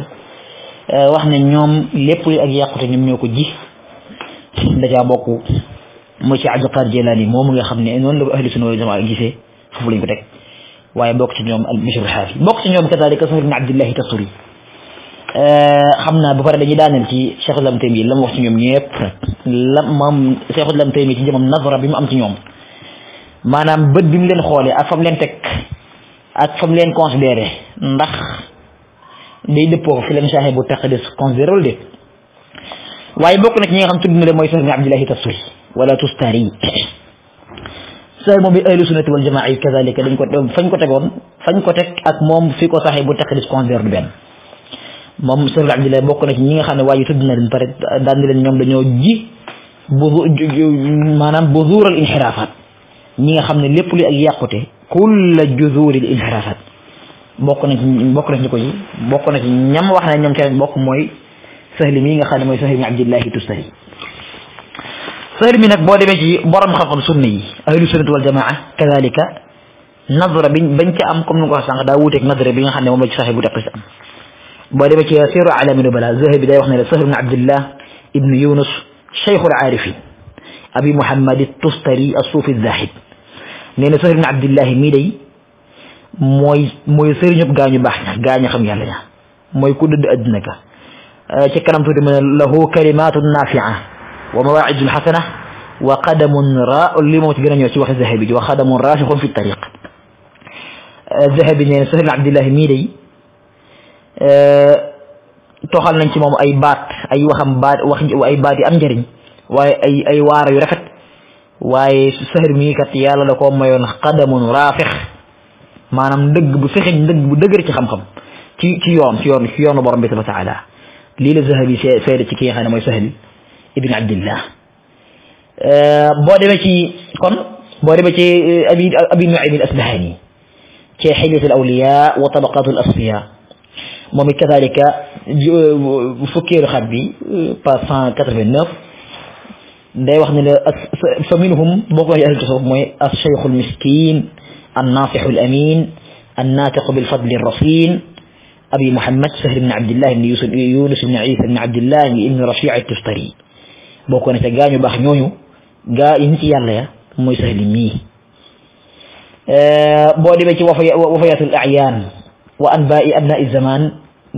Speaker 2: wax ne ñoom lépp luy ak yàqute ñoom ñoo ko ji da caa bokk mu ci Abdul Qadir Jilani moom nga xamne non la ahli sunna wal jamaa gisee fofu lañ ko tek waye bokk ci ñom al bishr hafi al-Haafi bokk ci ñoom kazaalika Sahl ibn abdullah Tasturi euh xamna bu pare dañu daanal ci cheikh lam Taymi lam wax ci ñom ñëpp lam mam cheikh lam Taymi ci jëmam nazara bi mu am ci ñom manam beut bi mu leen xolé ak fam mu leen teg ak fam mu leen considéré ndax day dëppoo fi leen saaxibu taqdis considérer wul de waye bokk nak ñi nga xam tuddu na moy mooy Cheikh Ibn Abdillahi Tasturi wala Tustari sayyid moom bi ahlu sunnati wal jamaa'i yi dañ ko fañ ko tegon fañ ko tek ak mom fi ko saxee bu takhris convert ben mom moom abdullah Abdillahi bokk na ñi nga xam ne waye tuddu tudd na leen pare daan leen ñom dañoo ji bu maanaam bu zuural inxiraafaat ñi nga xam ne lépp li ak yàqute kulla juzuuril inxiraafaat bokk na ci bokk na ci ko yi bokk na ci ñam wax na ñom ca bokk moy سهل مين خان ما يسهل عبد الله تسهل سهل منك بوالي بجي برم خفن سني أهل السنة والجماعة كذلك نظر بن بنك أمكم نقص عن داودك نظر بن خان ما يسهل بدك سام بوالي بجي يسير على من بلا زهر بداية وحنا لسهل من عبد الله ابن يونس شيخ العارفين أبي محمد التستري الصوفي الزاهد نين سهل من عبد الله ميدي موي موي سيرنيو غاني باخنا غاني خم يالنا موي كود ادنا آه، تكلم في له كلمات نافعة ومواعد حسنة وقدم راء لموت جنان يوسف الذهبي وخدم راشق في الطريق آه، الذهبي يعني سهل عبد الله ميري آه، توخال نانتي موم اي بات اي وخم بات وخي اي بات ام جارين واي اي اي وار يو رفت واي سهر مي كات يالا لاكو مايون قدم رافخ ما دغ بسخن سخي دغ بو تي خم خم تي تي يون تي يون ليلى ذهبي سيرتي كي انا موي ابن عبد الله آه، بو ديمتي كون بو ديمتي آه، ابي ابي نعيم الاصبهاني كي الاولياء وطبقات الاصفياء ومن كذلك آه، فكير خبي با 189 داي واخني فمنهم بوكو اهل الصوف موي الشيخ المسكين الناصح الامين الناطق بالفضل الرصين أبي محمد سهر بن عبد الله بن يوسف يونس بن عيسى بن عبد الله بن رشيع التفطري بوكو نتغانيو باخنيو غا انت يالله موي سهل مي أه بو دي ماتي وفيات الاعيان وانباء ابناء الزمان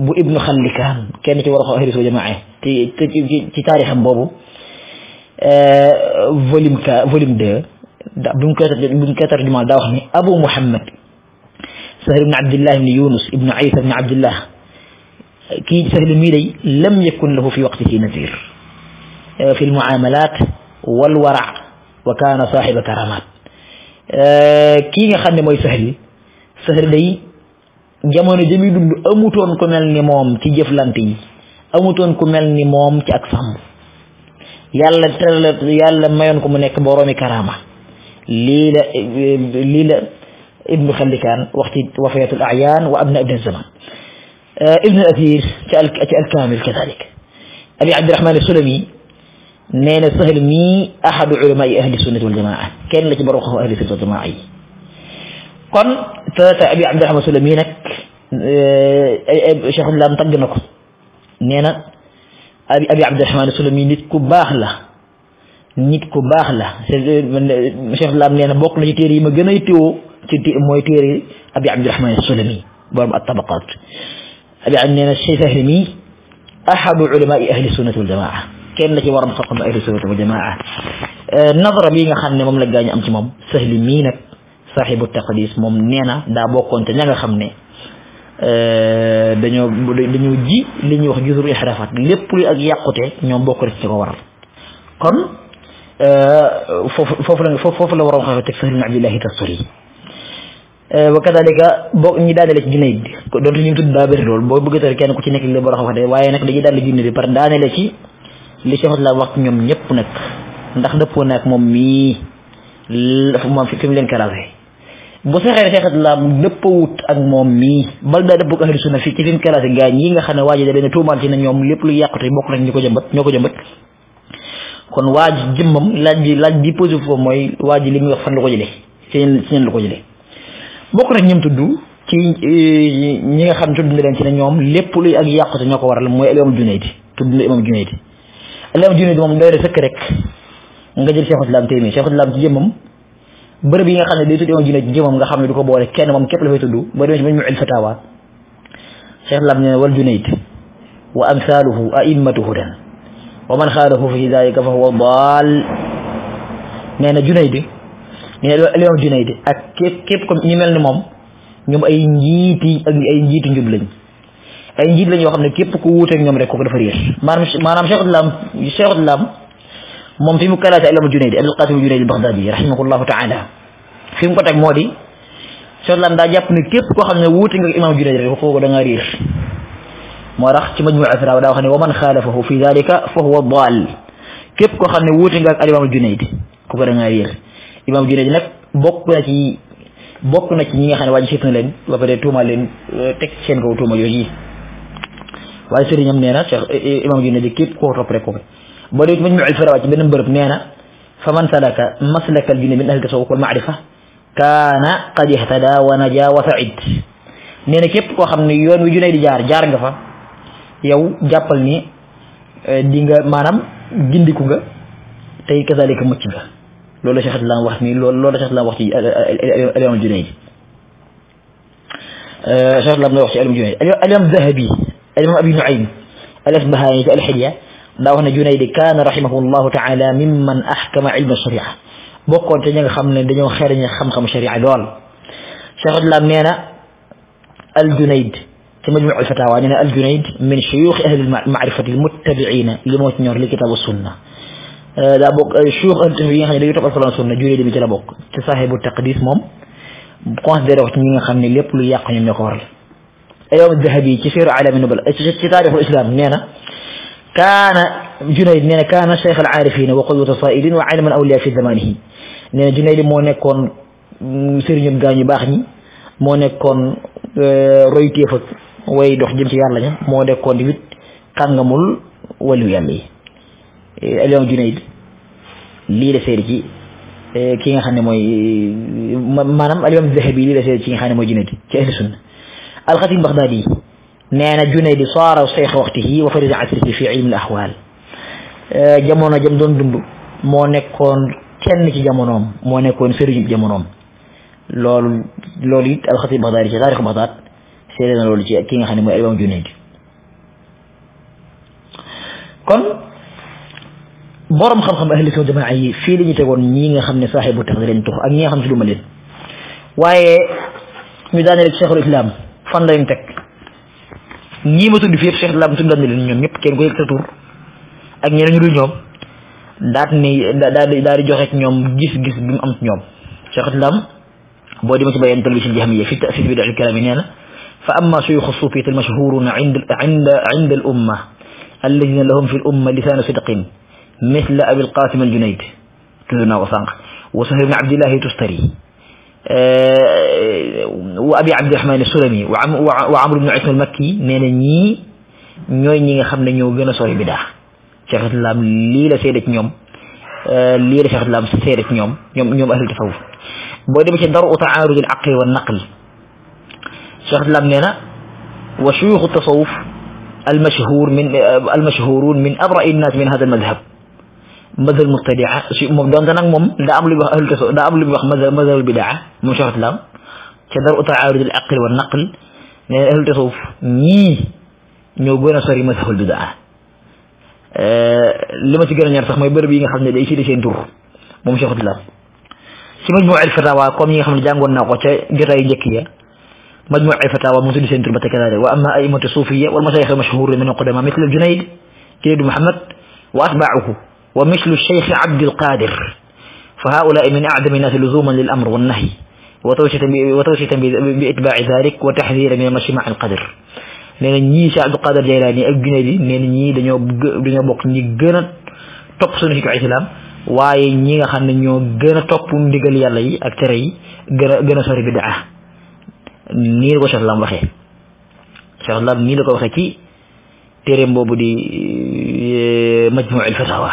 Speaker 2: بو ابن خلكان كان تي ورخو اهل جماعه تي تي تي تاريخ بوبو فوليم فوليم 2 بوم كاتر بوم كاتر دي ابو محمد سهل بن عبد الله بن يونس بن عيسى بن عبد الله كي سهل ميلي لم يكن له في وقته نذير آه، في المعاملات والورع وكان صاحب كرامات آه، كي خان موي سهل سهل لي جامونو جيمي دوند اموتون كو ملني موم تي جيفلانتي اموتون كو ملني موم تي اك سام يالا ترل يالا مايون كو مو نيك بوروم كرامه لي لا لي ابن خلكان وقت وفيات الأعيان وأبناء ابن الزمان آه، ابن الأثير الكامل كذلك أبي عبد الرحمن السلمي نين السهلمي أحد علماء أهل السنة والجماعة كان لك بروخه أهل السنة والجماعة قن ثلاثة أبي عبد الرحمن السلمي نك آه، شيخ الله مطقنك نين أبي عبد الرحمن السلمي نتكو باخلة نتكو باخلة شيخ الله نين بوك نجتيري مجنيتو ci di mooy téere abi abdurahman sulami borom at tabaqat abi am nee na cheikh ahlimi ahadu ulamai ahli sunnati wal jamaa kenn la ci waram xam-xam ahli sunnati wal jamaa nadra bi nga xam ne moom la gaañ am ci moom sahli mii nag sahibu taqdis moom nee na daa bokkoon te ña nga xam ne dañoo dañoo ji li ñuy wax jusur ixrafat lépp luy ak yàqute ñoom bokk rek ci ko waral kon foofu foofu la foofu la waroon xam teg sahli ibn abdillahi tasuri Eh, wa kadalika boo ñi daanele ci Junayd donte li mu tudd daa lool boo bëggatal kenn ku ci nekk li la borom wax de waaye nag dañuy daanele Junayd ci li Cheikh la wax ñoom ñëpp nag ndax dëppoo naag moom mii moom fi mu leen classé bu saxee Cheikh la dëppawut ak moom mii bal daa dëppoo ak ahlu sunna fii ci fi mu classé gaañ yi nga xam ne waa ji da leen tuumaal ci ne ñoom lépp lu yàqute bokk nañ ñu ko jëmbat ñoo ko jëmbat kon waa ji laaj bi laaj bi posé foofu mooy waa ji li muy wax fan la ko jëlee ci ñeen la ko jëlee bokk na ñoom tudd ci eh, ñi nga xam tudd na leen ci ne ñoom lépp luy ak yàqute ñoo ko waral mooy al imam Junayd tudd na imam Junayd al imam Junayd moom doy na sëkk rek nga jël Cheikhul Islam Taymi Cheikhul Islam ci jëmmam bërëb yi nga xam ne day tudd imam Junayd ci nga xam ne du ko boole kenn moom képp la fay tudd boo demee ci Majmu' al-Fatawa Cheikhul Islam nee na wal Junayd wa amsaaluhu a'immatu hudan wa man xaalafu fi dalika fa huwa daal nee na ne Léon Junayd ak képp képp comme ñu mel ni moom ñoom ay njiiti ak ay njiiti njub lañ ay njiit lañ yoo xam ne képp ku wuuteeg ñoom rek kooku dafa réer maanaam maanaam Cheikhul Islam Cheikhul Islam moom fi mu kalaate Léon Junayd Abdul Qasim Junayd Baghdadi rahimahullahu taala fi mu ko teg moo di Cheikhul Islam daa jàpp ne képp koo xam ne wuute nga imam Junayd rek kooku da ngaa réer moo tax ci majmu al-fatawa daa wax ne wa man xaalafahu fi dalika fa huwa daal képp koo xam ne wuute nga ak al imam Junayd kooku da ngaa réer imaam Junayd nag bokk na ci bokk na ñi nga xam ne waa ji siif leen ba pare leen euh, teg seen kaw tuuma yooyu yi waaye sëriñam nee na Cheikh imaam Junayd nee na fa man salaka maslakal junayd min ahli tasawuf wal maarifa kaana qad ihtada wa képp koo xam yoon wi junayd di jaar jaar nga fa yow jàppal ni euh, di nga maanaam gindiku nga tey kazalika mucc nga loolu la Cheikh Islam wax nii loolu loolu la Cheikh Islam wax ci Al-Imam Junayd Cheikh Islam la wax ci Al-Imam Junayd Al-Imam Zahabi Al-Imam Abi Nuaym Al-Asbahani ci Al-Hilya daa wax ne Junayd kaana rahimahullahu taala mimman ahkama ilma sharia bokkoon te ña nga xam ne dañoo xereñe xam-xam sharia lool Cheikh Islam nee na Al-Junayd في مجموع الفتاوى يعني الجنيد من شيوخ أهل المعرفة المتبعين لموت نور لكتاب السنة daa bokk chouux interview yi nga xam ne tokal toppal sunna jullit debi ci la bok ci sahibu taqdis mom considéré ko ci ñi nga xam lépp lu yàq ñu ñoo ko waral imaam Dahabi ci sir alam nubal ci taarixul islam nee na kaana Junayd nee na kaana cheikh al aarifina wa qudwata saa'ilin wa ilman awliya fi zamanihi nee na Junayd moo nekkoon sëriñu gaa ñu baax ñi moo nekkoon royteef ak way dox jëm ci yàlla ña moo nekkoon di wit kàngamul waliyu اليوم جنيد لي لسيركي كين خانة موي ما نم اليوم ذهبي لي لسيركي كين خانة موي جنيد كأهل السنة الخاتم بغدادي نانا جنيد صار وصيح وقته وفرز عصره في علم الأحوال جمونا جم دون دون مو نكون كن كي جمونام مو نكون سيري جمونام لول بغدادي في تاريخ سيرنا لول كي كين موي اليوم جنيد borom xam-xam ahli sunna jamaa yi fi la tegon ñi nga xamne sahibu tax leen tux ak ñi xam ci duma leen waye ñu daane rek cheikhul islam fan la tek ñi ma tuddi fi yëpp cheikh islam tuddi na leen ñoom ñep kenn ko yëg sa ak ñeneen ñu dul ñoom daat ni daal daal di joxe ñoom gis-gis bu mu am ci ñoom cheikhul islam boo demee ci baye bayan talbisil jahmiya fi tasis bi daal kalam neena nee na fa amma shuyukhu al-mashhurun inda inda inda al umma الذين لهم في الأمة لسان صدق مثل أبي القاسم الجنيد تذنا وصانق وسهيل بن عبد الله تستري وأبي عبد الرحمن السلمي وعمرو بن عثمان المكي نينا ني ñoy ñi nga xam ne ñoo gën a sori bidaa cheikh islam lii la seede ci ñoom lii la cheikh islam seede ci ñoom ñoom ñoom ahlul tasawuf boo demee ci daru taarud al aqli wa naql cheikh islam nee na wa shuyukh tasawuf al mashhur min al mashhurun min abra nas min hada al madhhab مدل مبتدعه شي موم دون نان موم دا ام اهل تسو دا ام لي واخ مدل مدل بدعه مو شرط لا تي دار والنقل ني اهل تسو ني ньо غنا سري مدل لما تي غنيار صاح ماي بربي ييغا خا ندي دور موم شرط لا شي الفتاوى كوم ييغا خا ندي جانغون ناكو تي جيتاي جيكيا الفتاوى مو سي دور بتا كذا واما ائمه الصوفيه والمشايخ المشهورين من القدماء مثل الجنيد كيد محمد واتباعه ومثل الشيخ عبد القادر فهؤلاء من أعدم الناس لزوما للأمر والنهي وتوشة بإتباع ذلك وتحذير من المشي مع القدر لأن ني عبد القادر جيلاني أجنبي لأن ني دنيو بوك ني جنة توب سنة في الإسلام واي نيغا خا نيو گنا توپ نديغال يالا يي اك تري يي گنا سوري بدعه نير كو شيخ لام واخي شيخ لام ني لاكو واخي تي تريم بوبو دي مجموع الفتاوى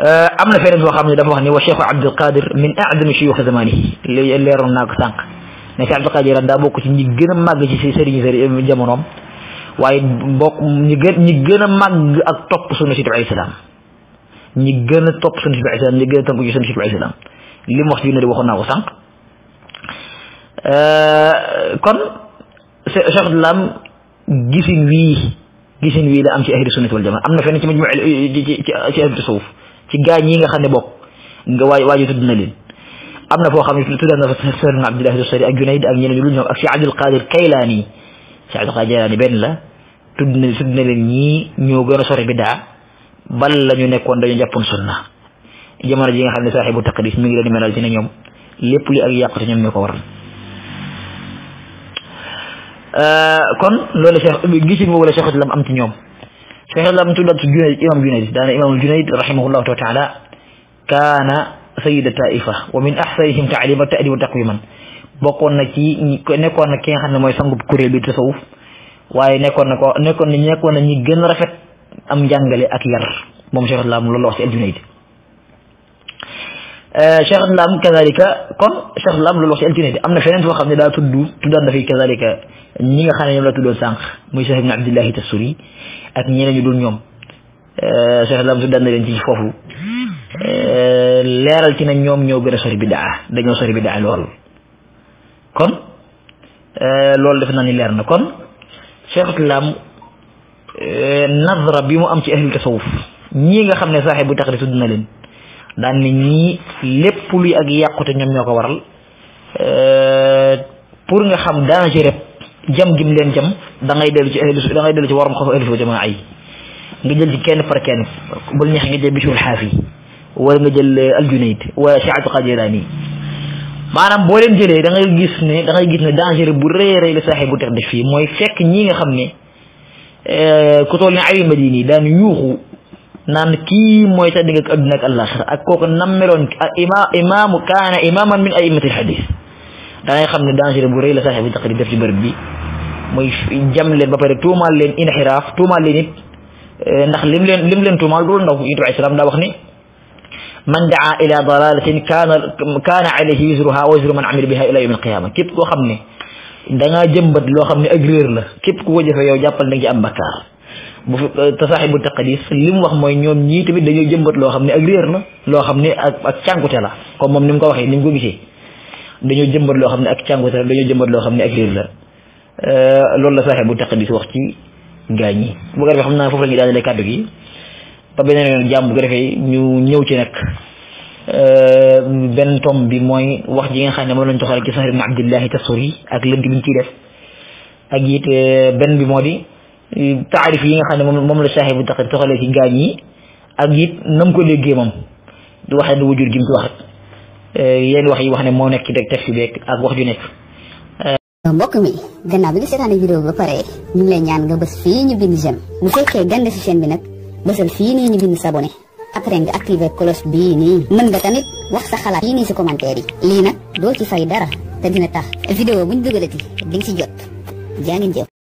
Speaker 2: amna na feneen xamni dafa wax ni wa cheikhu abdul qadir min aadami shuyukh zamanih li leeroon nak sank ne si abd qadir da bokk ci ñi gëna mag ci serigne sëriñ jamonom waye bok ñi gën ñi gëna mag ak top sunu ci alayhi salaam ñi gëna top sunu ci si alayhi ñi gëna tambu topp sunna si alayhi salaam li mo wax ci ne di waxoon naa ko sànq kon cheikh islam gisin wi gisin wi la am ci ahli sunnah wal jamaa amna na ci majmu ci ci ci ahli tasawuf ci gaañ yi nga xam ne bokk nga waaj waaju tudd na leen am na foo xam ne tuddal na Sahl ibn Abdullah as-Sari ak Junayd ak ñeneen ñu ñoom ak Cheikh Abdul Qadir Kaylaani Cheikh Abdul Qadir Kaylaani benn la tudd na tudd na leen ñii ñoo gën a sori bidaa bal la ñu nekkoon dañu jàppoon sunna jamono ji nga xam ne saaxibu taqdis mi ngi leen melal ci ne ñoom lépp li ak yàqute ñoom ñoo ko waral euh, kon loolu Cheikh gisin wala Cheikh Islam am ci ñoom a Sehlam tuddatu Junayd imam Junayd daana imam Junayd rahimahullahu taala kaana sayida taifa wa min ahsanihim taaliman ta'diban wa taqwiman bokkoon na ci nekkoon na ki nga xam ne mooy sangub kuréel bi tasawuf waaye nekkoon na ko nekkoon na nekkoon na ñi gën rafet am njàngale ak yar moom Cheikh Islam loolu la wax ci Junayd Euh, cheikh islam kazalika kon cheikh islam loolu wax ci altine bi am na feneen foo xam ne daa tudd tuddaan dafay kazalika ñi nga xam ne ñoom la tuddoon sànq muy cheikh ibn abdillahi tasuri ak ñeneen ñu dul ñoom euh, cheikh islam tuddaan na leen ci foofu euh, leeral ci na ñoom ñoo gën a sori bidaa dañoo sori bidaa lool kon loolu def na ni leer na kon cheikh islam nazra bi mu am ci ahlul tasawuf ñii nga xam ne saaxibu taqrir tudd na leen daan na ñii lépp luy ak yàqute ñoom ñoo ko waral euh, pour nga xam danger rek jam gim leen jam da ngay dellu ci ahlu da ngay dellu ci waram xafu ahlu jamaa yi nga jël ci kenn par kenn bul ñeex nga jël bishul xaafi wala nga jël euh, aljunayd wala shaatu qadirani maanaam boo leen jëlee da ngay gis ne da ngay gis ne danger bu rëy rëy la bu tex def fii mooy fekk ñi nga xam ne euh, ku toll ne Ali Madini daan yuuxu naan kii mooy ta digg ak adduna ak àllaaxira ak kooku nam meloon imaamu kaana imaaman min aimmatil xadis daanay xam ne danger bu rëy la saaxibi taqrir def ci bërëb bi mooy jam leen ba pare tuumaal leen inxiraaf tuumaal leen it eh, ndax lim leen lim leen tuumaal du ndaw yonent bi alayhi salaam daa wax ni man daa ila dalalatin kaana kaana alayhi wisruha wa wisru man amila biha ila yawmi alqiyama képp koo xam ne da ngaa jëmbat loo xam ne ak réer la képp ku ko jëfe yow jàppal na nga ci am bakkaar bu euh, te saaxibu taqdis li mu wax mooy ñoom ñii tamit dañoo jëmbat loo xam ne ak réer na loo xam ne ak ak càngute la comme moom ni mu ko waxee ni mu ko gisee dañoo jëmbat loo xam ne ak càngute la dañoo jëmbat loo xam ne ak réer la euh, loolu la saaxibu taqdis wax ci gaañ ñi bu ko defee xam naa foofu la ñuy daanelee kàddu gi ba beneen yoon jàmm bu ko ñu ñëw ci nag euh, benn tom bi mooy wax ji nga xam ne moom lañ toxal ci Sahr ibn Abdillahi yi ak lënt biñ ciy def ak it benn bi moo di taarif yi nga xam ne moom moom la saaxibu taqrir toxalee ci gaañ yi ak it nam ko déggee moom du waxee ne wujur gi mu ci wax eh, yenn wax yi wax ne moo nekk ci teg si beeg ak wax ju nekk. Eh. mbokk mi gannaaw bi nga seetaanee vidéo bi ba pare ñu ngi lay ñaan nga bës fii ñu bind j'aime bu fekkee gande bi nag bësal fii nii ñu bind
Speaker 1: s'abonner après nga activer cloche bii nii mën nga tamit wax sa xalaat fii nii si commentaire yi lii nag doo ci fay dara te dina tax vidéo bu ñu dugalati di nga jot jaa ngeen